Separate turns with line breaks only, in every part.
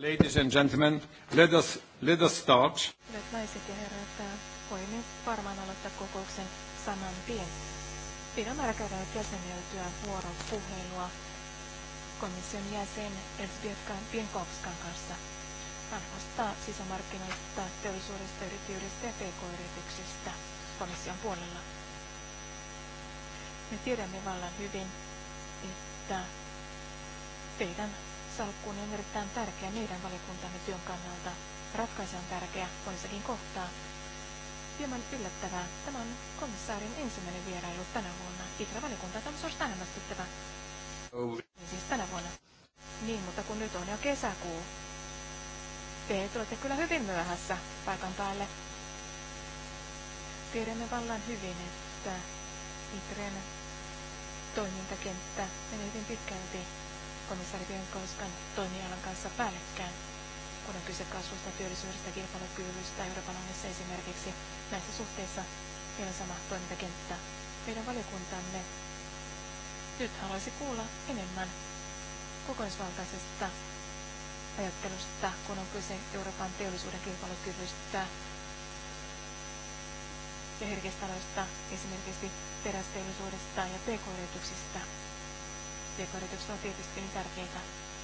Ladies and gentlemen, let us, let us start.
Hyvät
naiset ja herrat, voimme varmaan aloittaa kokouksen saman tien. Pidän jäseneltyä vuoropuhelua komission jäsen Elsbietka Pienkovskan kanssa. Hän vastaa sisämarkkinoista, teollisuudesta, ja pk-yrityksistä komission puolella. Me tiedämme vallan hyvin, että teidän salkkuun on erittäin tärkeä meidän valiokuntamme työn kannalta. Ratkaisu on tärkeä monessakin kohtaa. Hieman yllättävää. Tämä on komissaarin ensimmäinen vierailu tänä vuonna. Itra-valiokunta tämä olisi hämmästyttävä. Oh. Siis tänä vuonna. Niin, mutta kun nyt on jo kesäkuu. Te tulette kyllä hyvin myöhässä paikan päälle. Tiedämme vallan hyvin, että Itren toimintakenttä menee hyvin pitkälti komissaari Pienkoskan toimialan kanssa päällekkäin, kun on kyse kasvusta, työllisyydestä, kilpailukyvystä Euroopan unionissa esimerkiksi. Näissä suhteissa meillä on sama toimintakenttä meidän valiokuntamme. Nyt haluaisi kuulla enemmän kokoisvaltaisesta ajattelusta, kun on kyse Euroopan teollisuuden kilpailukyvystä ja herkistä aloista, esimerkiksi terästeollisuudesta ja pk-yrityksistä pk on tietysti niin tärkeitä.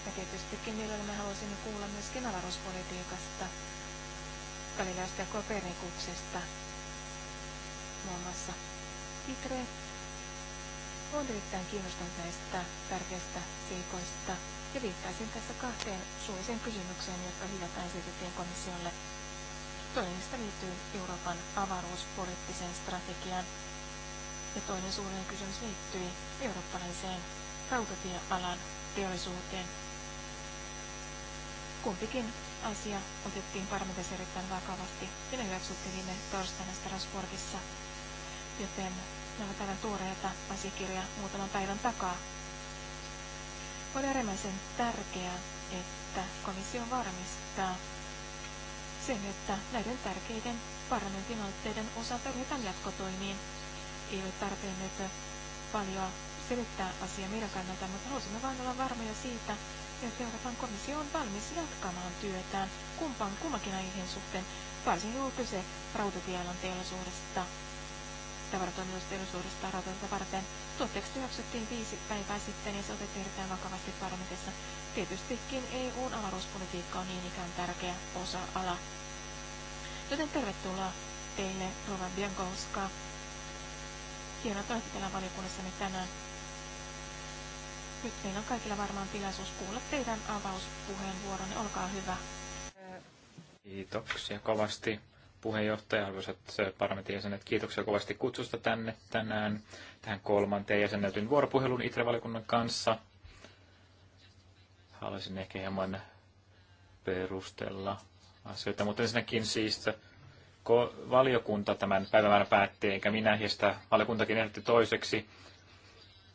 Ja tietystikin mielellämme haluaisin kuulla myöskin avaruuspolitiikasta, Galileasta ja Kopernikuksesta muun muassa. Itre on erittäin kiinnostunut näistä tärkeistä seikoista ja viittaisin tässä kahteen suosien kysymykseen, jotka hiljattain esitettiin komissiolle. Toinen niistä liittyy Euroopan avaruuspoliittiseen strategiaan ja toinen suurin kysymys liittyy eurooppalaiseen rautatiealan teollisuuteen. Kumpikin asia otettiin parlamentissa erittäin vakavasti ja ne hyväksyttiin viime torstaina Strasbourgissa, joten ne ovat aivan tuoreita asiakirjaa muutaman päivän takaa. On äärimmäisen tärkeää, että komissio varmistaa sen, että näiden tärkeiden parlamentin aloitteiden osalta ryhdytään jatkotoimiin. Ei ole tarpeen että paljon selittää asia meidän kannalta, mutta halusimme vain olla varmoja siitä, että Euroopan komissio on valmis jatkamaan työtään kumpaan kummakin aiheen suhteen, varsinkin juuri kyse rautatialan teollisuudesta teollisuudesta rautatilta varten. Tuotteeksi hyväksyttiin viisi päivää sitten ja se otettiin erittäin vakavasti parlamentissa. Tietystikin EUn avaruuspolitiikka on niin ikään tärkeä osa-ala. Joten tervetuloa teille, Rova Bianco, hienoa, että olette täällä valiokunnassamme tänään nyt meillä on kaikilla varmaan tilaisuus kuulla teidän avauspuheenvuoronne. Olkaa hyvä.
Kiitoksia kovasti puheenjohtaja, arvoisat parlamentin jäsenet, kiitoksia kovasti kutsusta tänne tänään tähän kolmanteen jäsenneltyyn vuoropuhelun itre kanssa. Haluaisin ehkä hieman perustella asioita, mutta ensinnäkin siis valiokunta tämän päivämäärän päätti, eikä minä, ja sitä valiokuntakin ehdotti toiseksi.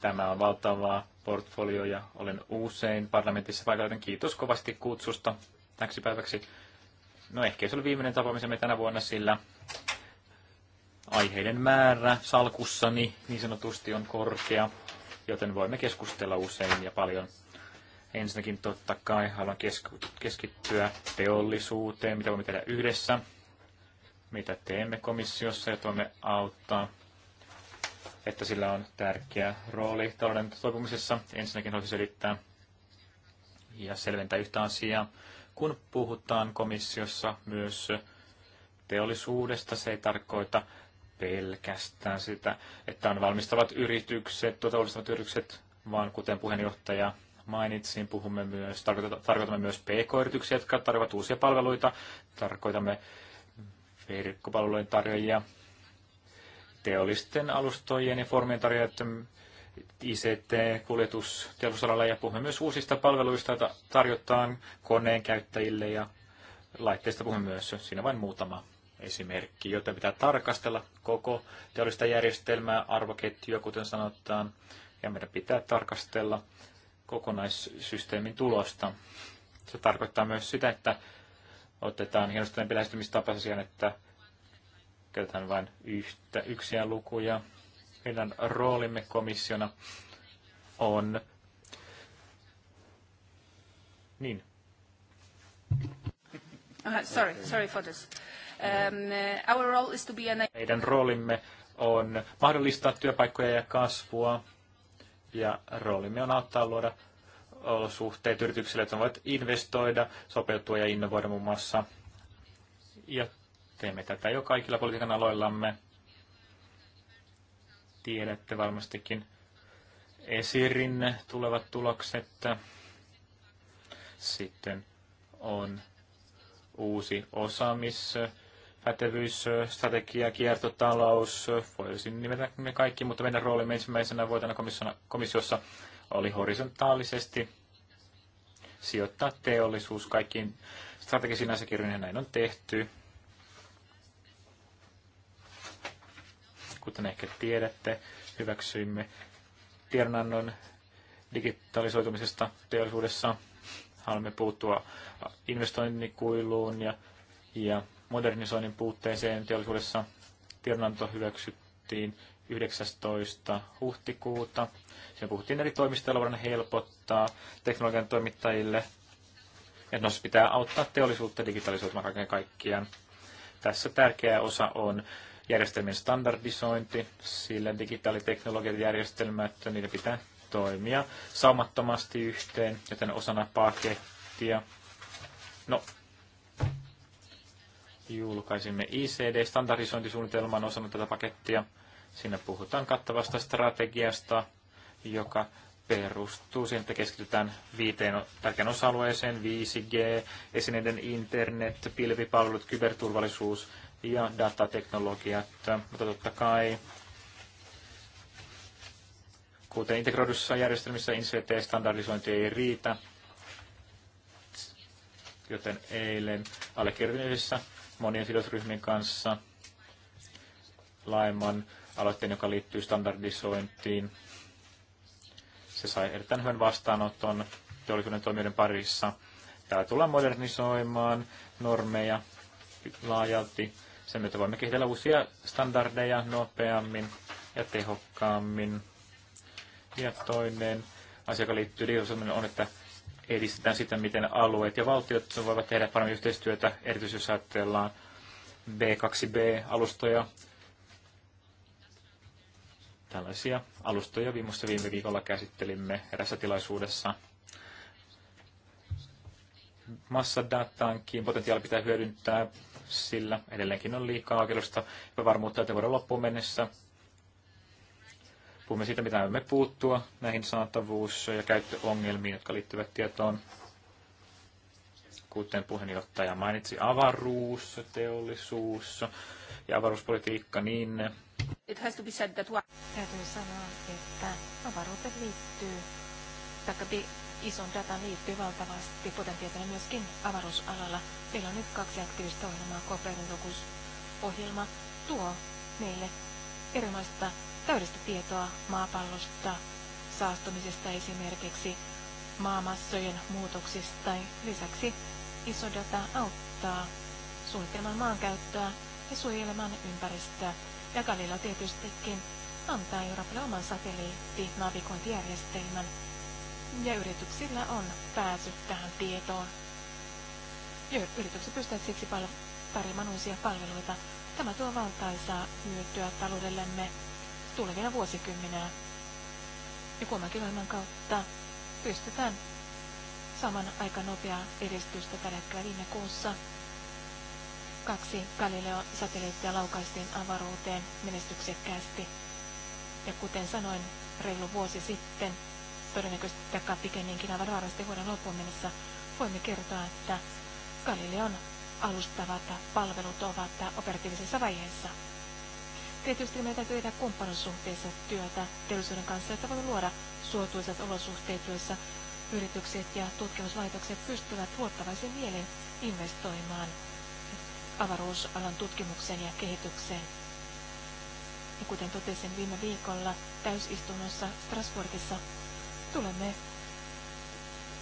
Tämä on valtavaa portfolio ja olen usein parlamentissa paikalla, kiitos kovasti kutsusta täksi päiväksi. No ehkä se oli viimeinen tapaamisemme tänä vuonna, sillä aiheiden määrä salkussani niin sanotusti on korkea, joten voimme keskustella usein ja paljon. Ensinnäkin totta kai haluan keskittyä teollisuuteen, mitä voimme tehdä yhdessä, mitä teemme komissiossa ja voimme auttaa että sillä on tärkeä rooli talouden toipumisessa. Ensinnäkin haluaisin selittää ja selventää yhtä asiaa. Kun puhutaan komissiossa myös teollisuudesta, se ei tarkoita pelkästään sitä, että on valmistavat yritykset, toteutustavat yritykset, vaan kuten puheenjohtaja mainitsin, puhumme myös, tarkoitamme myös pk-yrityksiä, jotka tarjoavat uusia palveluita, tarkoitamme verkkopalvelujen tarjoajia, teollisten alustojen ja formien tarjoajien ICT, kuljetus, teollisuusalalla ja puhumme myös uusista palveluista, joita tarjotaan koneen käyttäjille ja laitteista puhumme myös. Siinä vain muutama esimerkki, joten pitää tarkastella koko teollista järjestelmää, arvoketjua, kuten sanotaan, ja meidän pitää tarkastella kokonaissysteemin tulosta. Se tarkoittaa myös sitä, että otetaan hienosti lähestymistapa sen sijaan, että käytetään vain yhtä, yksiä lukuja. Meidän roolimme komissiona on... Niin.
Uh,
sorry, sorry for this. Um,
uh, our role is to be an... Meidän
roolimme on mahdollistaa työpaikkoja ja kasvua. Ja roolimme on auttaa luoda olosuhteet yrityksille, että voivat investoida, sopeutua ja innovoida muun muassa. Ja Teemme tätä jo kaikilla politiikan aloillamme. Tiedätte varmastikin esirinne tulevat tulokset. Sitten on uusi osaamis, pätevyys, strategia, kiertotalous, voisin nimetä ne kaikki, mutta meidän roolimme ensimmäisenä vuotena komissiossa oli horisontaalisesti sijoittaa teollisuus kaikkiin strategisiin asiakirjoihin, näin on tehty. kuten ehkä tiedätte, hyväksyimme tiedonannon digitalisoitumisesta teollisuudessa. Haluamme puuttua investoinnikuiluun ja, ja modernisoinnin puutteeseen teollisuudessa. Tiedonanto hyväksyttiin 19. huhtikuuta. Siinä puhuttiin eri toimista, joilla voidaan helpottaa teknologian toimittajille, että pitää auttaa teollisuutta digitalisoitumaan kaiken kaikkiaan. Tässä tärkeä osa on järjestelmien standardisointi, sillä digitaaliteknologiat järjestelmä, järjestelmät, niiden pitää toimia saumattomasti yhteen, joten osana pakettia. No, julkaisimme ICD-standardisointisuunnitelman osana tätä pakettia. Siinä puhutaan kattavasta strategiasta, joka perustuu siihen, että keskitytään viiteen tärkeän osa-alueeseen, 5G, esineiden internet, pilvipalvelut, kyberturvallisuus ja datateknologiat, mutta totta kai kuten integroidussa järjestelmissä ICT-standardisointi ei riitä, joten eilen allekirjoituksessa monien sidosryhmien kanssa laajemman aloitteen, joka liittyy standardisointiin. Se sai erittäin hyvän vastaanoton teollisuuden toimijoiden parissa. Täällä tullaan modernisoimaan normeja laajalti se myötä voimme kehitellä uusia standardeja nopeammin ja tehokkaammin. Ja toinen asia, joka liittyy digitalisoimiseen, on, että edistetään sitä, miten alueet ja valtiot voivat tehdä paremmin yhteistyötä, erityisesti jos ajatellaan B2B-alustoja, tällaisia alustoja viimusta viime viikolla käsittelimme erässä tilaisuudessa. Massadataankin potentiaali pitää hyödyntää sillä edelleenkin on liikaa oikeudellista epävarmuutta että vuoden loppuun mennessä. Puhumme siitä, mitä me puuttua näihin saatavuus- ja käyttöongelmiin, jotka liittyvät tietoon. Kuten puheenjohtaja mainitsi, avaruus, teollisuus ja avaruuspolitiikka, niin
It has to be said that Täytyy sanoa, että avaruuteen liittyy, tai ison datan liittyy valtavasti potentiaalinen myöskin avaruusalalla. Meillä on nyt kaksi aktiivista ohjelmaa, Copernicus-ohjelma tuo meille erilaista täydellistä tietoa maapallosta, saastumisesta esimerkiksi, maamassojen muutoksista. Lisäksi iso data auttaa suunnittelemaan maankäyttöä ja suojelemaan ympäristöä. Ja Galileo tietystikin antaa Euroopalle oman satelliittinavigointijärjestelmän, ja yrityksillä on pääsy tähän tietoon. Yritykset pystyvät siksi tarjoamaan uusia palveluita. Tämä tuo valtaisaa hyötyä taloudellemme tulevina vuosikymmeninä. Ja kummankin kautta pystytään saman aika nopeaa edistystä tällä hetkellä viime kuussa. Kaksi Galileo-satelliittia laukaistiin avaruuteen menestyksekkäästi. Ja kuten sanoin reilu vuosi sitten, todennäköisesti takaa pikemminkin aivan varmasti vuoden loppuun mennessä voimme kertoa, että Galileon alustavat palvelut ovat operatiivisessa vaiheessa. Tietysti meidän täytyy tehdä kumppanuussuhteessa työtä teollisuuden kanssa, että voimme luoda suotuisat olosuhteet, joissa yritykset ja tutkimuslaitokset pystyvät luottavaisen mieleen investoimaan avaruusalan tutkimukseen ja kehitykseen. Ja kuten totesin viime viikolla täysistunnossa Strasbourgissa, tulemme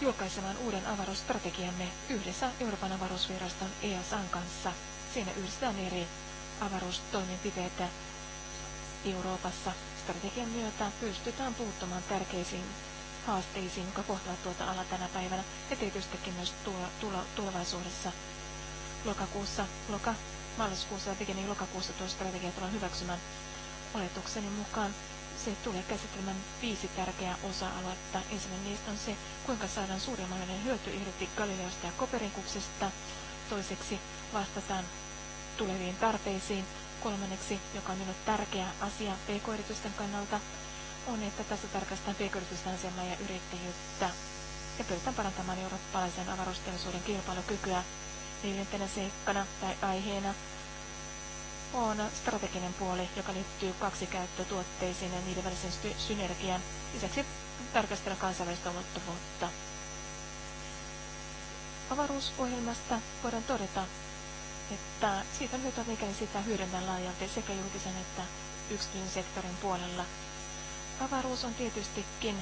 julkaisemaan uuden avaruusstrategiamme yhdessä Euroopan avaruusviraston ESAn kanssa. Siinä yhdistetään eri avaruustoimenpiteitä Euroopassa. Strategian myötä pystytään puuttumaan tärkeisiin haasteisiin, jotka kohtavat tuota ala tänä päivänä ja tietystikin myös tulevaisuudessa. Lokakuussa, loka, maaliskuussa ja pikemmin lokakuussa tuo strategia tullaan hyväksymään. Oletukseni mukaan se tulee käsittelemään viisi tärkeää osa-aluetta. Ensimmäinen niistä on se, kuinka saadaan suurimmallinen hyöty irti Galileosta ja Koperinkuksesta. Toiseksi vastataan tuleviin tarpeisiin. Kolmanneksi, joka on minun tärkeä asia pk-yritysten kannalta, on, että tässä tarkastetaan pk-yritysten asemaa ja yrittäjyyttä ja pyritään parantamaan eurooppalaisen avaruusteollisuuden kilpailukykyä. Neljäntenä seikkana tai aiheena on strateginen puoli, joka liittyy kaksikäyttötuotteisiin ja niiden välisen synergian. Lisäksi tarkastella kansainvälistä ulottuvuutta. Avaruusohjelmasta voidaan todeta, että siitä on hyötyä, mikäli sitä hyödynnään laajalti sekä julkisen että yksityisen sektorin puolella. Avaruus on tietystikin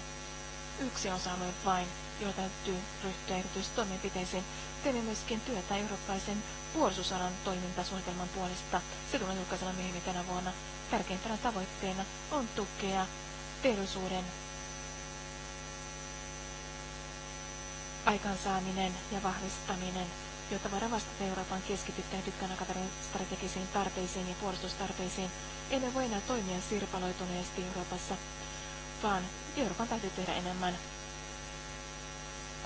yksi osa-alue vain, joita täytyy ryhtyä erityistoimenpiteisiin. Teemme myöskin työtä eurooppalaisen puolustusalan toimintasuunnitelman puolesta. Se tulee julkaisena myöhemmin tänä vuonna. Tärkeimpänä tavoitteena on tukea teollisuuden aikansaaminen ja vahvistaminen, jotta voidaan vastata Euroopan keskityttäen pitkän aikavälin strategisiin tarpeisiin ja puolustustarpeisiin. Emme voi enää toimia sirpaloituneesti Euroopassa, vaan Euroopan täytyy tehdä enemmän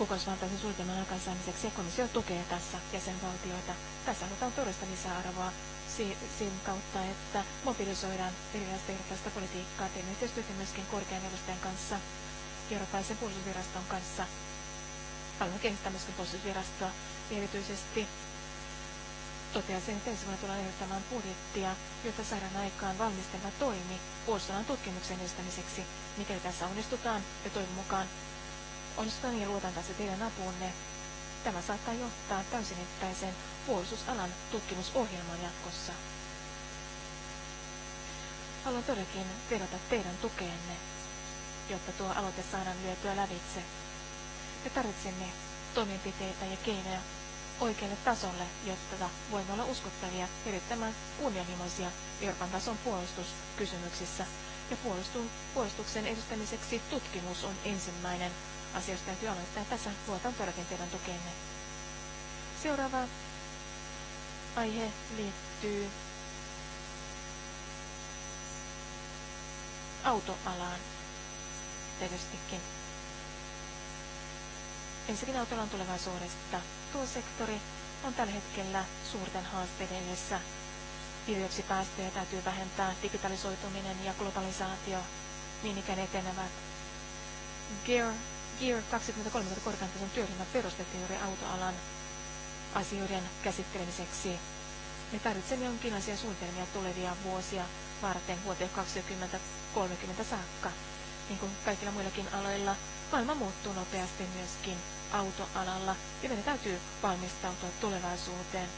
kokonaisvaltaisen suunnitelman aikaansaamiseksi ja komissio tukee tässä jäsenvaltioita. Tässä halutaan todesta lisäarvoa sen kautta, että mobilisoidaan erilaista erilaista politiikkaa. Teemme yhteistyötä myöskin korkean edustajan kanssa, eurooppalaisen puolustusviraston kanssa. Haluamme kehittää myöskin puolustusvirastoa erityisesti toteaisin, että ensi vuonna tullaan ehdottamaan budjettia, jotta saadaan aikaan valmisteleva toimi puolustusalan tutkimuksen edistämiseksi. Mikäli tässä onnistutaan ja toivon mukaan on ja luotan kanssa teidän apunne. Tämä saattaa johtaa täysin täysimittaiseen puolustusalan tutkimusohjelmaan jatkossa. Haluan todellakin vedota teidän tukeenne, jotta tuo aloite saadaan lyötyä lävitse. Me tarvitsemme toimenpiteitä ja keinoja oikealle tasolle, jotta voimme olla uskottavia erittämään kunnianhimoisia Euroopan tason puolustuskysymyksissä. Ja puolustuksen edistämiseksi tutkimus on ensimmäinen asiasta täytyy aloittaa. Tässä luotan todellakin teidän tukenne. Seuraava aihe liittyy autoalaan tietystikin. Ensinnäkin autoalan tulevaisuudesta. Tuo sektori on tällä hetkellä suurten haasteiden edessä. Hiilidioksidipäästöjä täytyy vähentää, digitalisoituminen ja globalisaatio niin ikään etenevät. Gear Gear 2030 korkean tason työryhmä perustettiin juuri autoalan asioiden käsittelemiseksi. Me tarvitsemme jonkinlaisia suunnitelmia tulevia vuosia varten vuoteen 2030 saakka. Niin kuin kaikilla muillakin aloilla, maailma muuttuu nopeasti myöskin autoalalla ja meidän täytyy valmistautua tulevaisuuteen.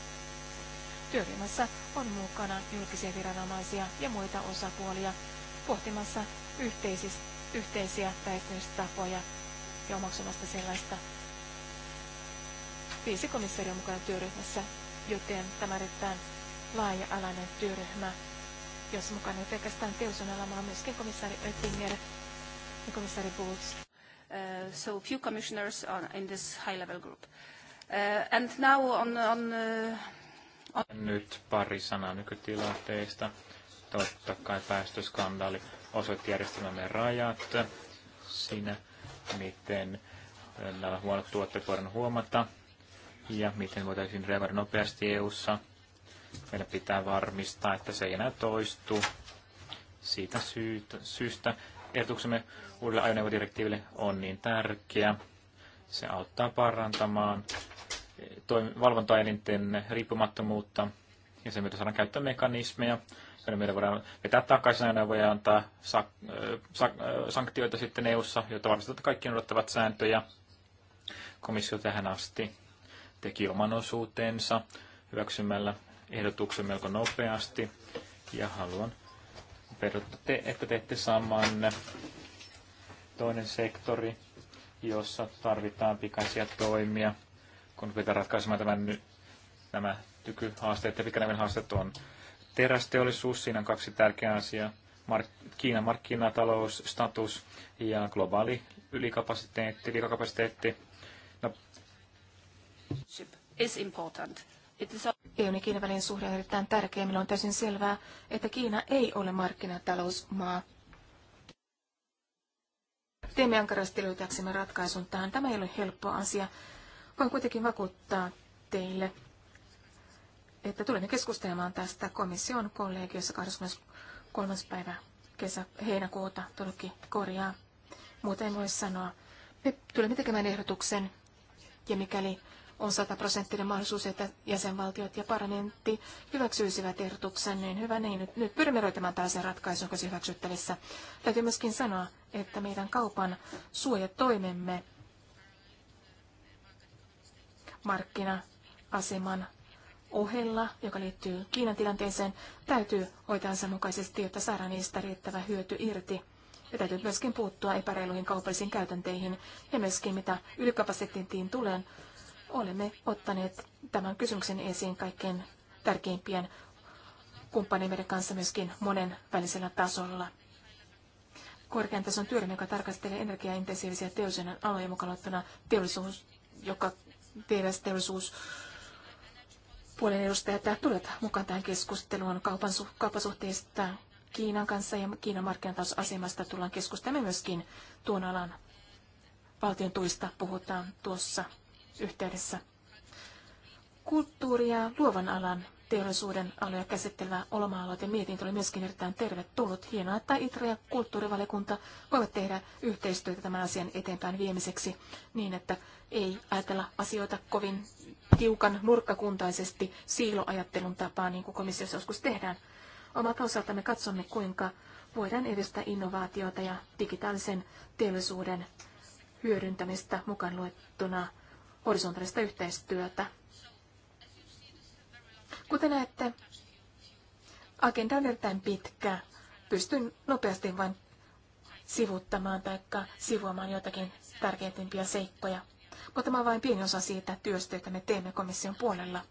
Työryhmässä on mukana julkisia viranomaisia ja muita osapuolia pohtimassa yhteisistä, yhteisiä lähestymistapoja ja omaksumasta sellaista. Viisi komissaria mukana työryhmässä, joten tämä erittäin laaja-alainen työryhmä, jossa mukana ei pelkästään teosun alama, myöskin komissaari Oettinger ja komissaari Bulls. Uh, so few commissioners on, in this high-level group.
Uh, and now on, on, uh,
on... Nyt pari sanaa nykytilanteista. Totta kai päästöskandaali osoitti järjestelmämme rajat. Siinä miten nämä huonot tuotteet voidaan huomata ja miten voitaisiin reagoida nopeasti EU-ssa. Meidän pitää varmistaa, että se ei enää toistu. Siitä syytä, syystä ehdotuksemme uudelle ajoneuvodirektiiville on niin tärkeä. Se auttaa parantamaan eh, valvontaelinten riippumattomuutta ja sen myötä saadaan käyttää mekanismeja, niin meidän voidaan vetää takaisin aina ja antaa sak- sak- sanktioita sitten EU-ssa, jotta varmistetaan, että kaikki noudattavat sääntöjä. Komissio tähän asti teki oman osuutensa hyväksymällä ehdotuksen melko nopeasti. Ja haluan vedota, että teette saman toinen sektori, jossa tarvitaan pikaisia toimia, kun pitää ratkaisemaan tämän, nämä tykyhaasteet ja pikanävin haasteet on Terästeollisuus, siinä on kaksi tärkeää asiaa. Mark- Kiinan markkinatalous, status ja globaali ylikapasiteetti, ylikapasiteetti. No.
Is important. EUn ja Kiinan välinen suhde on erittäin tärkeä. Minulla on täysin selvää, että Kiina ei ole markkinatalousmaa. Teemme ankarasti löytääksemme ratkaisun tähän. Tämä ei ole helppo asia. Voin kuitenkin vakuuttaa teille, että tulemme keskustelemaan tästä komission kollegiossa 23. päivä kesä, heinäkuuta Turkki korjaa. Muuten voi sanoa, me tulemme tekemään ehdotuksen ja mikäli on sataprosenttinen mahdollisuus, että jäsenvaltiot ja parlamentti hyväksyisivät ehdotuksen, niin hyvä niin. Nyt, nyt pyrimme löytämään tällaisen ratkaisun, joka hyväksyttävissä. Täytyy myöskin sanoa, että meidän kaupan suojatoimemme markkina-aseman ohella, joka liittyy Kiinan tilanteeseen, täytyy hoitaa sen mukaisesti, jotta saadaan niistä riittävä hyöty irti. Ja täytyy myöskin puuttua epäreiluihin kaupallisiin käytänteihin ja myöskin mitä ylikapasiteettiin tulee. Olemme ottaneet tämän kysymyksen esiin kaikkein tärkeimpien kumppanimme kanssa myöskin monen välisellä tasolla. Korkean tason työryhmä, joka tarkastelee energiaintensiivisiä teollisuuden aloja mukaan teollisuus, joka teollisuus puolen että tulet mukaan tähän keskusteluun kaupan, kaupasuhteista Kiinan kanssa ja Kiinan markkinatausasemasta tullaan keskustelemaan myöskin tuon alan valtion tuista puhutaan tuossa yhteydessä. Kulttuuri ja luovan alan teollisuuden aloja käsittelevä olma aloite mietintö oli myöskin erittäin tervetullut. Hienoa, että ITRA ja kulttuurivaliokunta voivat tehdä yhteistyötä tämän asian eteenpäin viemiseksi niin, että ei ajatella asioita kovin tiukan nurkkakuntaisesti siiloajattelun tapaa, niin kuin komissiossa joskus tehdään. Omalta osaltamme katsomme, kuinka voidaan edistää innovaatiota ja digitaalisen teollisuuden hyödyntämistä mukaan luettuna horisontaalista yhteistyötä Kuten näette, agenda on erittäin pitkä. Pystyn nopeasti vain sivuttamaan tai sivuamaan jotakin tärkeimpiä seikkoja. Mutta tämä on vain pieni osa siitä työstä, jota me teemme komission puolella.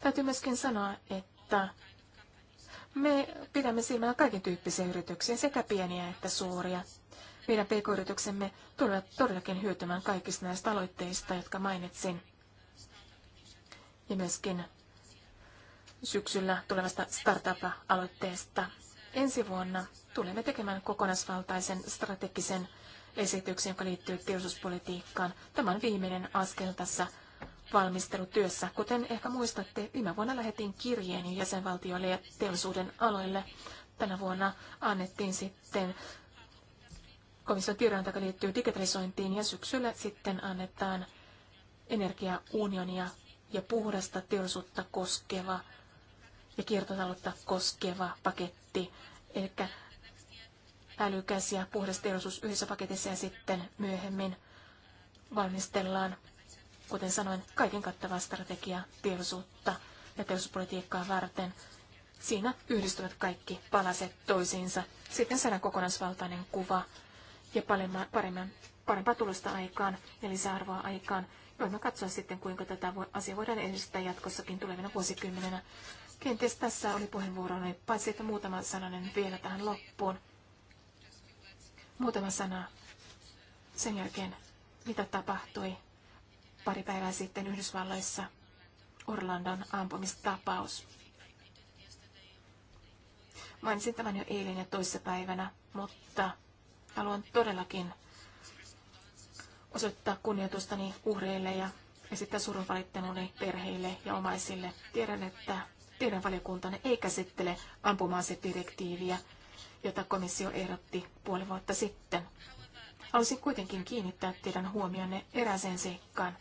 Täytyy myöskin sanoa, että me pidämme silmällä kaiken tyyppisiä yrityksiä, sekä pieniä että suuria. Meidän pk-yrityksemme tulevat todellakin hyötymään kaikista näistä aloitteista, jotka mainitsin. Ja myöskin syksyllä tulevasta startup-aloitteesta. Ensi vuonna tulemme tekemään kokonaisvaltaisen strategisen esityksen, joka liittyy teollisuuspolitiikkaan. Tämä on viimeinen askel tässä valmistelutyössä. Kuten ehkä muistatte, viime vuonna lähetin kirjeen jäsenvaltioille ja teollisuuden aloille. Tänä vuonna annettiin sitten komission tiedonanto, joka liittyy digitalisointiin, ja syksyllä sitten annetaan energiaunionia ja puhdasta teollisuutta koskeva ja kiertotaloutta koskeva paketti, eli älykäs ja puhdas teollisuus yhdessä paketissa ja sitten myöhemmin valmistellaan, kuten sanoin, kaiken kattavaa strategiaa teollisuutta ja teollisuuspolitiikkaa varten. Siinä yhdistyvät kaikki palaset toisiinsa. Sitten saadaan kokonaisvaltainen kuva ja paremman parempaa tulosta aikaan ja lisäarvoa aikaan. Voimme katsoa sitten, kuinka tätä asia voidaan edistää jatkossakin tulevina vuosikymmeninä. Kenties tässä oli puheenvuoroni, paitsi että muutama sananen vielä tähän loppuun. Muutama sana sen jälkeen, mitä tapahtui pari päivää sitten Yhdysvalloissa Orlandon ampumistapaus. Mainitsin tämän jo eilen ja toissapäivänä, mutta haluan todellakin osoittaa kunnioitustani uhreille ja esittää surun perheille ja omaisille. Tiedän, että Teidän valiokuntanne ei käsittele ampuma-asedirektiiviä, jota komissio ehdotti puoli vuotta sitten. Haluaisin kuitenkin kiinnittää teidän huomionne erääseen seikkaan.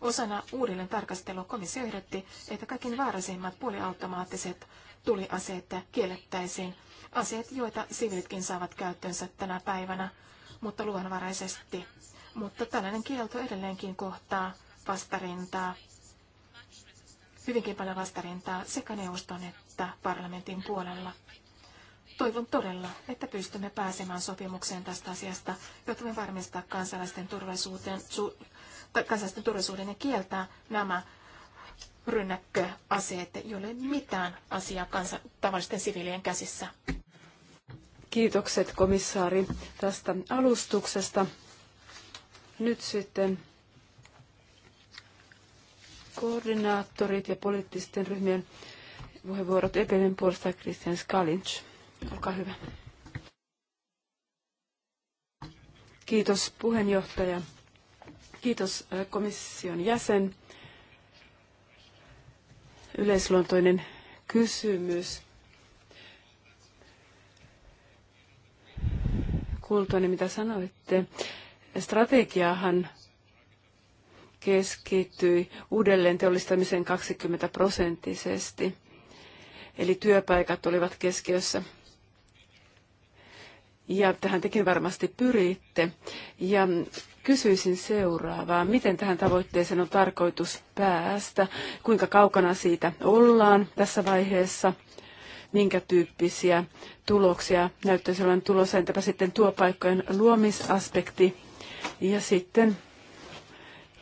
Osana uudelleen tarkastelua komissio ehdotti, että kaikin vaarallisimmat puoliautomaattiset tuliaseet kiellettäisiin. Aseet, joita siviilitkin saavat käyttöönsä tänä päivänä, mutta luonvaraisesti, Mutta tällainen kielto edelleenkin kohtaa vastarintaa hyvinkin paljon vastarintaa sekä neuvoston että parlamentin puolella. Toivon todella, että pystymme pääsemään sopimukseen tästä asiasta, jotta me varmistaa kansalaisten turvallisuuden, su, kansalaisten turvallisuuden ja kieltää nämä rynnäkköaseet, joille ei ole mitään asiaa kansa, tavallisten siviilien käsissä.
Kiitokset komissaari tästä alustuksesta. Nyt sitten Koordinaattorit ja poliittisten ryhmien puheenvuorot EPN puolesta Christian Skalinch. Olkaa hyvä. Kiitos puheenjohtaja. Kiitos komission jäsen. Yleisluontoinen kysymys. Kuultuani mitä sanoitte. Strategiahan keskittyi uudelleen teollistamiseen 20 prosenttisesti, eli työpaikat olivat keskiössä. Ja tähän tekin varmasti pyritte. Ja kysyisin seuraavaa. Miten tähän tavoitteeseen on tarkoitus päästä? Kuinka kaukana siitä ollaan tässä vaiheessa? Minkä tyyppisiä tuloksia näyttäisi olevan tulossa? Entäpä sitten tuopaikkojen luomisaspekti? Ja sitten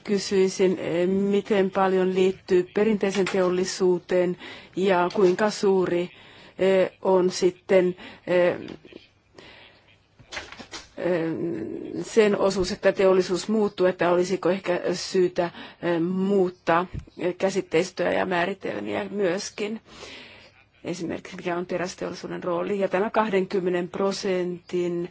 kysyisin, eh, miten paljon liittyy perinteisen teollisuuteen ja kuinka suuri eh, on sitten eh, sen osuus, että teollisuus muuttuu, että olisiko ehkä syytä muuttaa käsitteistöä ja määritelmiä myöskin. Esimerkiksi mikä on terästeollisuuden rooli. Ja tämä 20 prosentin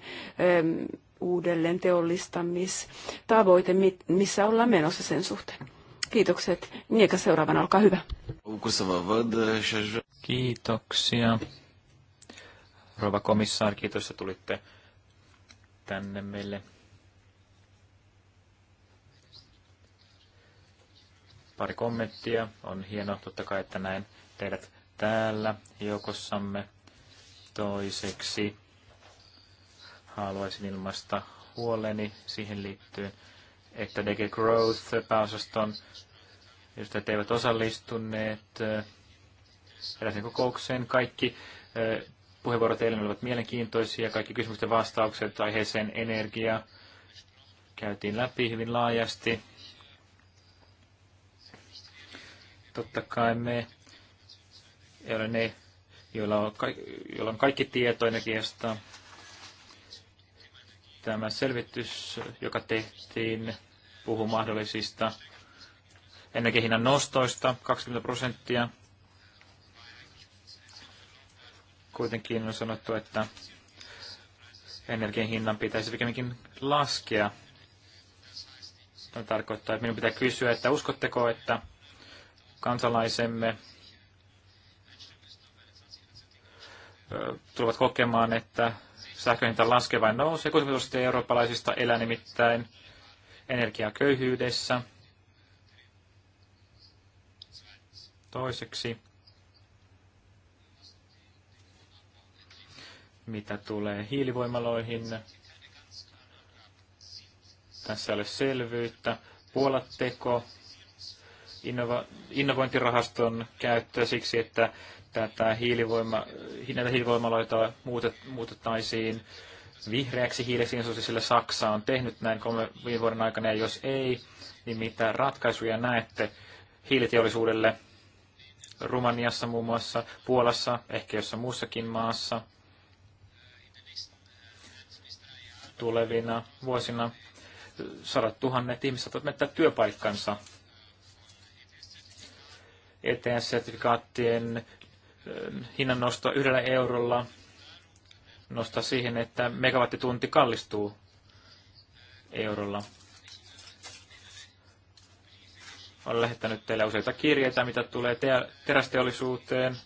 uudelleen teollistamistavoite, missä ollaan menossa sen suhteen. Kiitokset. Nieka seuraavana, olkaa hyvä.
Kiitoksia. Rova komissaari, kiitos, että tulitte tänne meille. Pari kommenttia. On hienoa totta kai, että näin teidät täällä joukossamme toiseksi haluaisin ilmaista huoleni siihen liittyen, että DG Growth-pääosaston edustajat eivät osallistuneet eräisen kokoukseen. Kaikki puheenvuorot eilen olivat mielenkiintoisia, kaikki kysymysten vastaukset aiheeseen energia käytiin läpi hyvin laajasti. Totta kai me, ne, joilla on, joilla on kaikki tieto energiasta, Tämä selvitys, joka tehtiin, puhuu mahdollisista energiahinnan nostoista 20 prosenttia. Kuitenkin on sanottu, että energian hinnan pitäisi pikemminkin laskea. Tämä tarkoittaa, että minun pitää kysyä, että uskotteko, että kansalaisemme tulevat kokemaan, että sähkön hinta laskee vai nousee. 60 prosenttia eurooppalaisista elää nimittäin energiaköyhyydessä. Toiseksi, mitä tulee hiilivoimaloihin, tässä ei ole selvyyttä. Puolatteko innova, innovointirahaston käyttö siksi, että että tämä hiilivoima, näitä hiilivoimaloita muutet, muutettaisiin vihreäksi hiileksi, niin sillä Saksa on tehnyt näin kolme viime vuoden aikana, ja jos ei, niin mitä ratkaisuja näette hiiliteollisuudelle Rumaniassa muun muassa, Puolassa, ehkä jossain muussakin maassa tulevina vuosina sadat tuhannet ihmiset saattavat menettää työpaikkansa. ETS-sertifikaattien hinnan nosto yhdellä eurolla nostaa siihen, että megawattitunti kallistuu eurolla. Olen lähettänyt teille useita kirjeitä, mitä tulee te- terästeollisuuteen.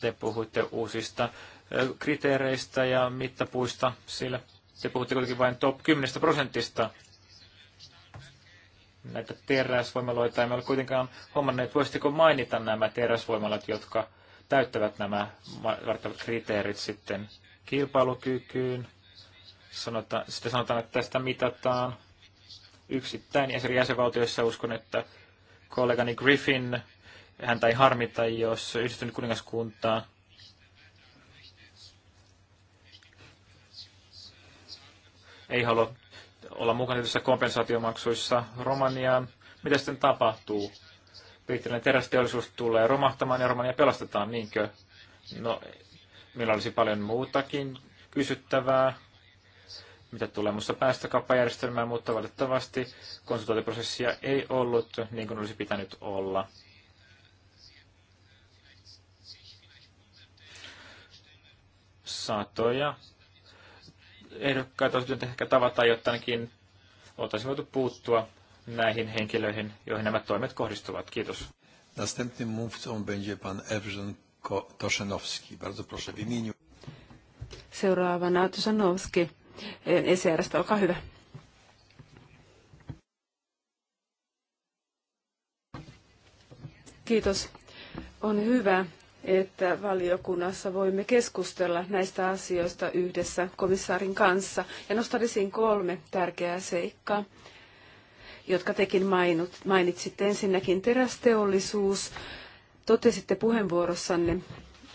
Te puhuitte uusista kriteereistä ja mittapuista, sillä te puhutte kuitenkin vain top 10 prosentista näitä teräsvoimaloita. Emme ole kuitenkaan huomanneet, voisitteko mainita nämä teräsvoimalat, jotka täyttävät nämä vaadittavat kriteerit sitten kilpailukykyyn. Sanotaan, sitten sanotaan, että tästä mitataan yksittäin ja jäsenvaltioissa uskon, että kollegani Griffin, häntä ei harmita, jos yhdistynyt kuningaskuntaa ei halua olla mukana tässä kompensaatiomaksuissa Romaniaan. Mitä sitten tapahtuu? Britannian terästeollisuus tulee romahtamaan ja Romania pelastetaan, niinkö? No, meillä olisi paljon muutakin kysyttävää, mitä tulee muussa päästökauppajärjestelmään, mutta valitettavasti konsultointiprosessia ei ollut niin kuin olisi pitänyt olla. Satoja ehdokkaita olisi pitänyt ehkä tavata, jotta ainakin oltaisiin voitu puuttua näihin henkilöihin, joihin nämä toimet kohdistuvat. Kiitos. Następnym mówcą będzie pan Evgen
Toszenowski. Bardzo proszę w imieniu. Seuraavana Toszenowski. E, olkaa hyvä. Kiitos. On hyvä, että valiokunnassa voimme keskustella näistä asioista yhdessä komissaarin kanssa ja nostaisin kolme tärkeää seikkaa jotka tekin mainut, mainitsitte. Ensinnäkin terästeollisuus. Totesitte puheenvuorossanne,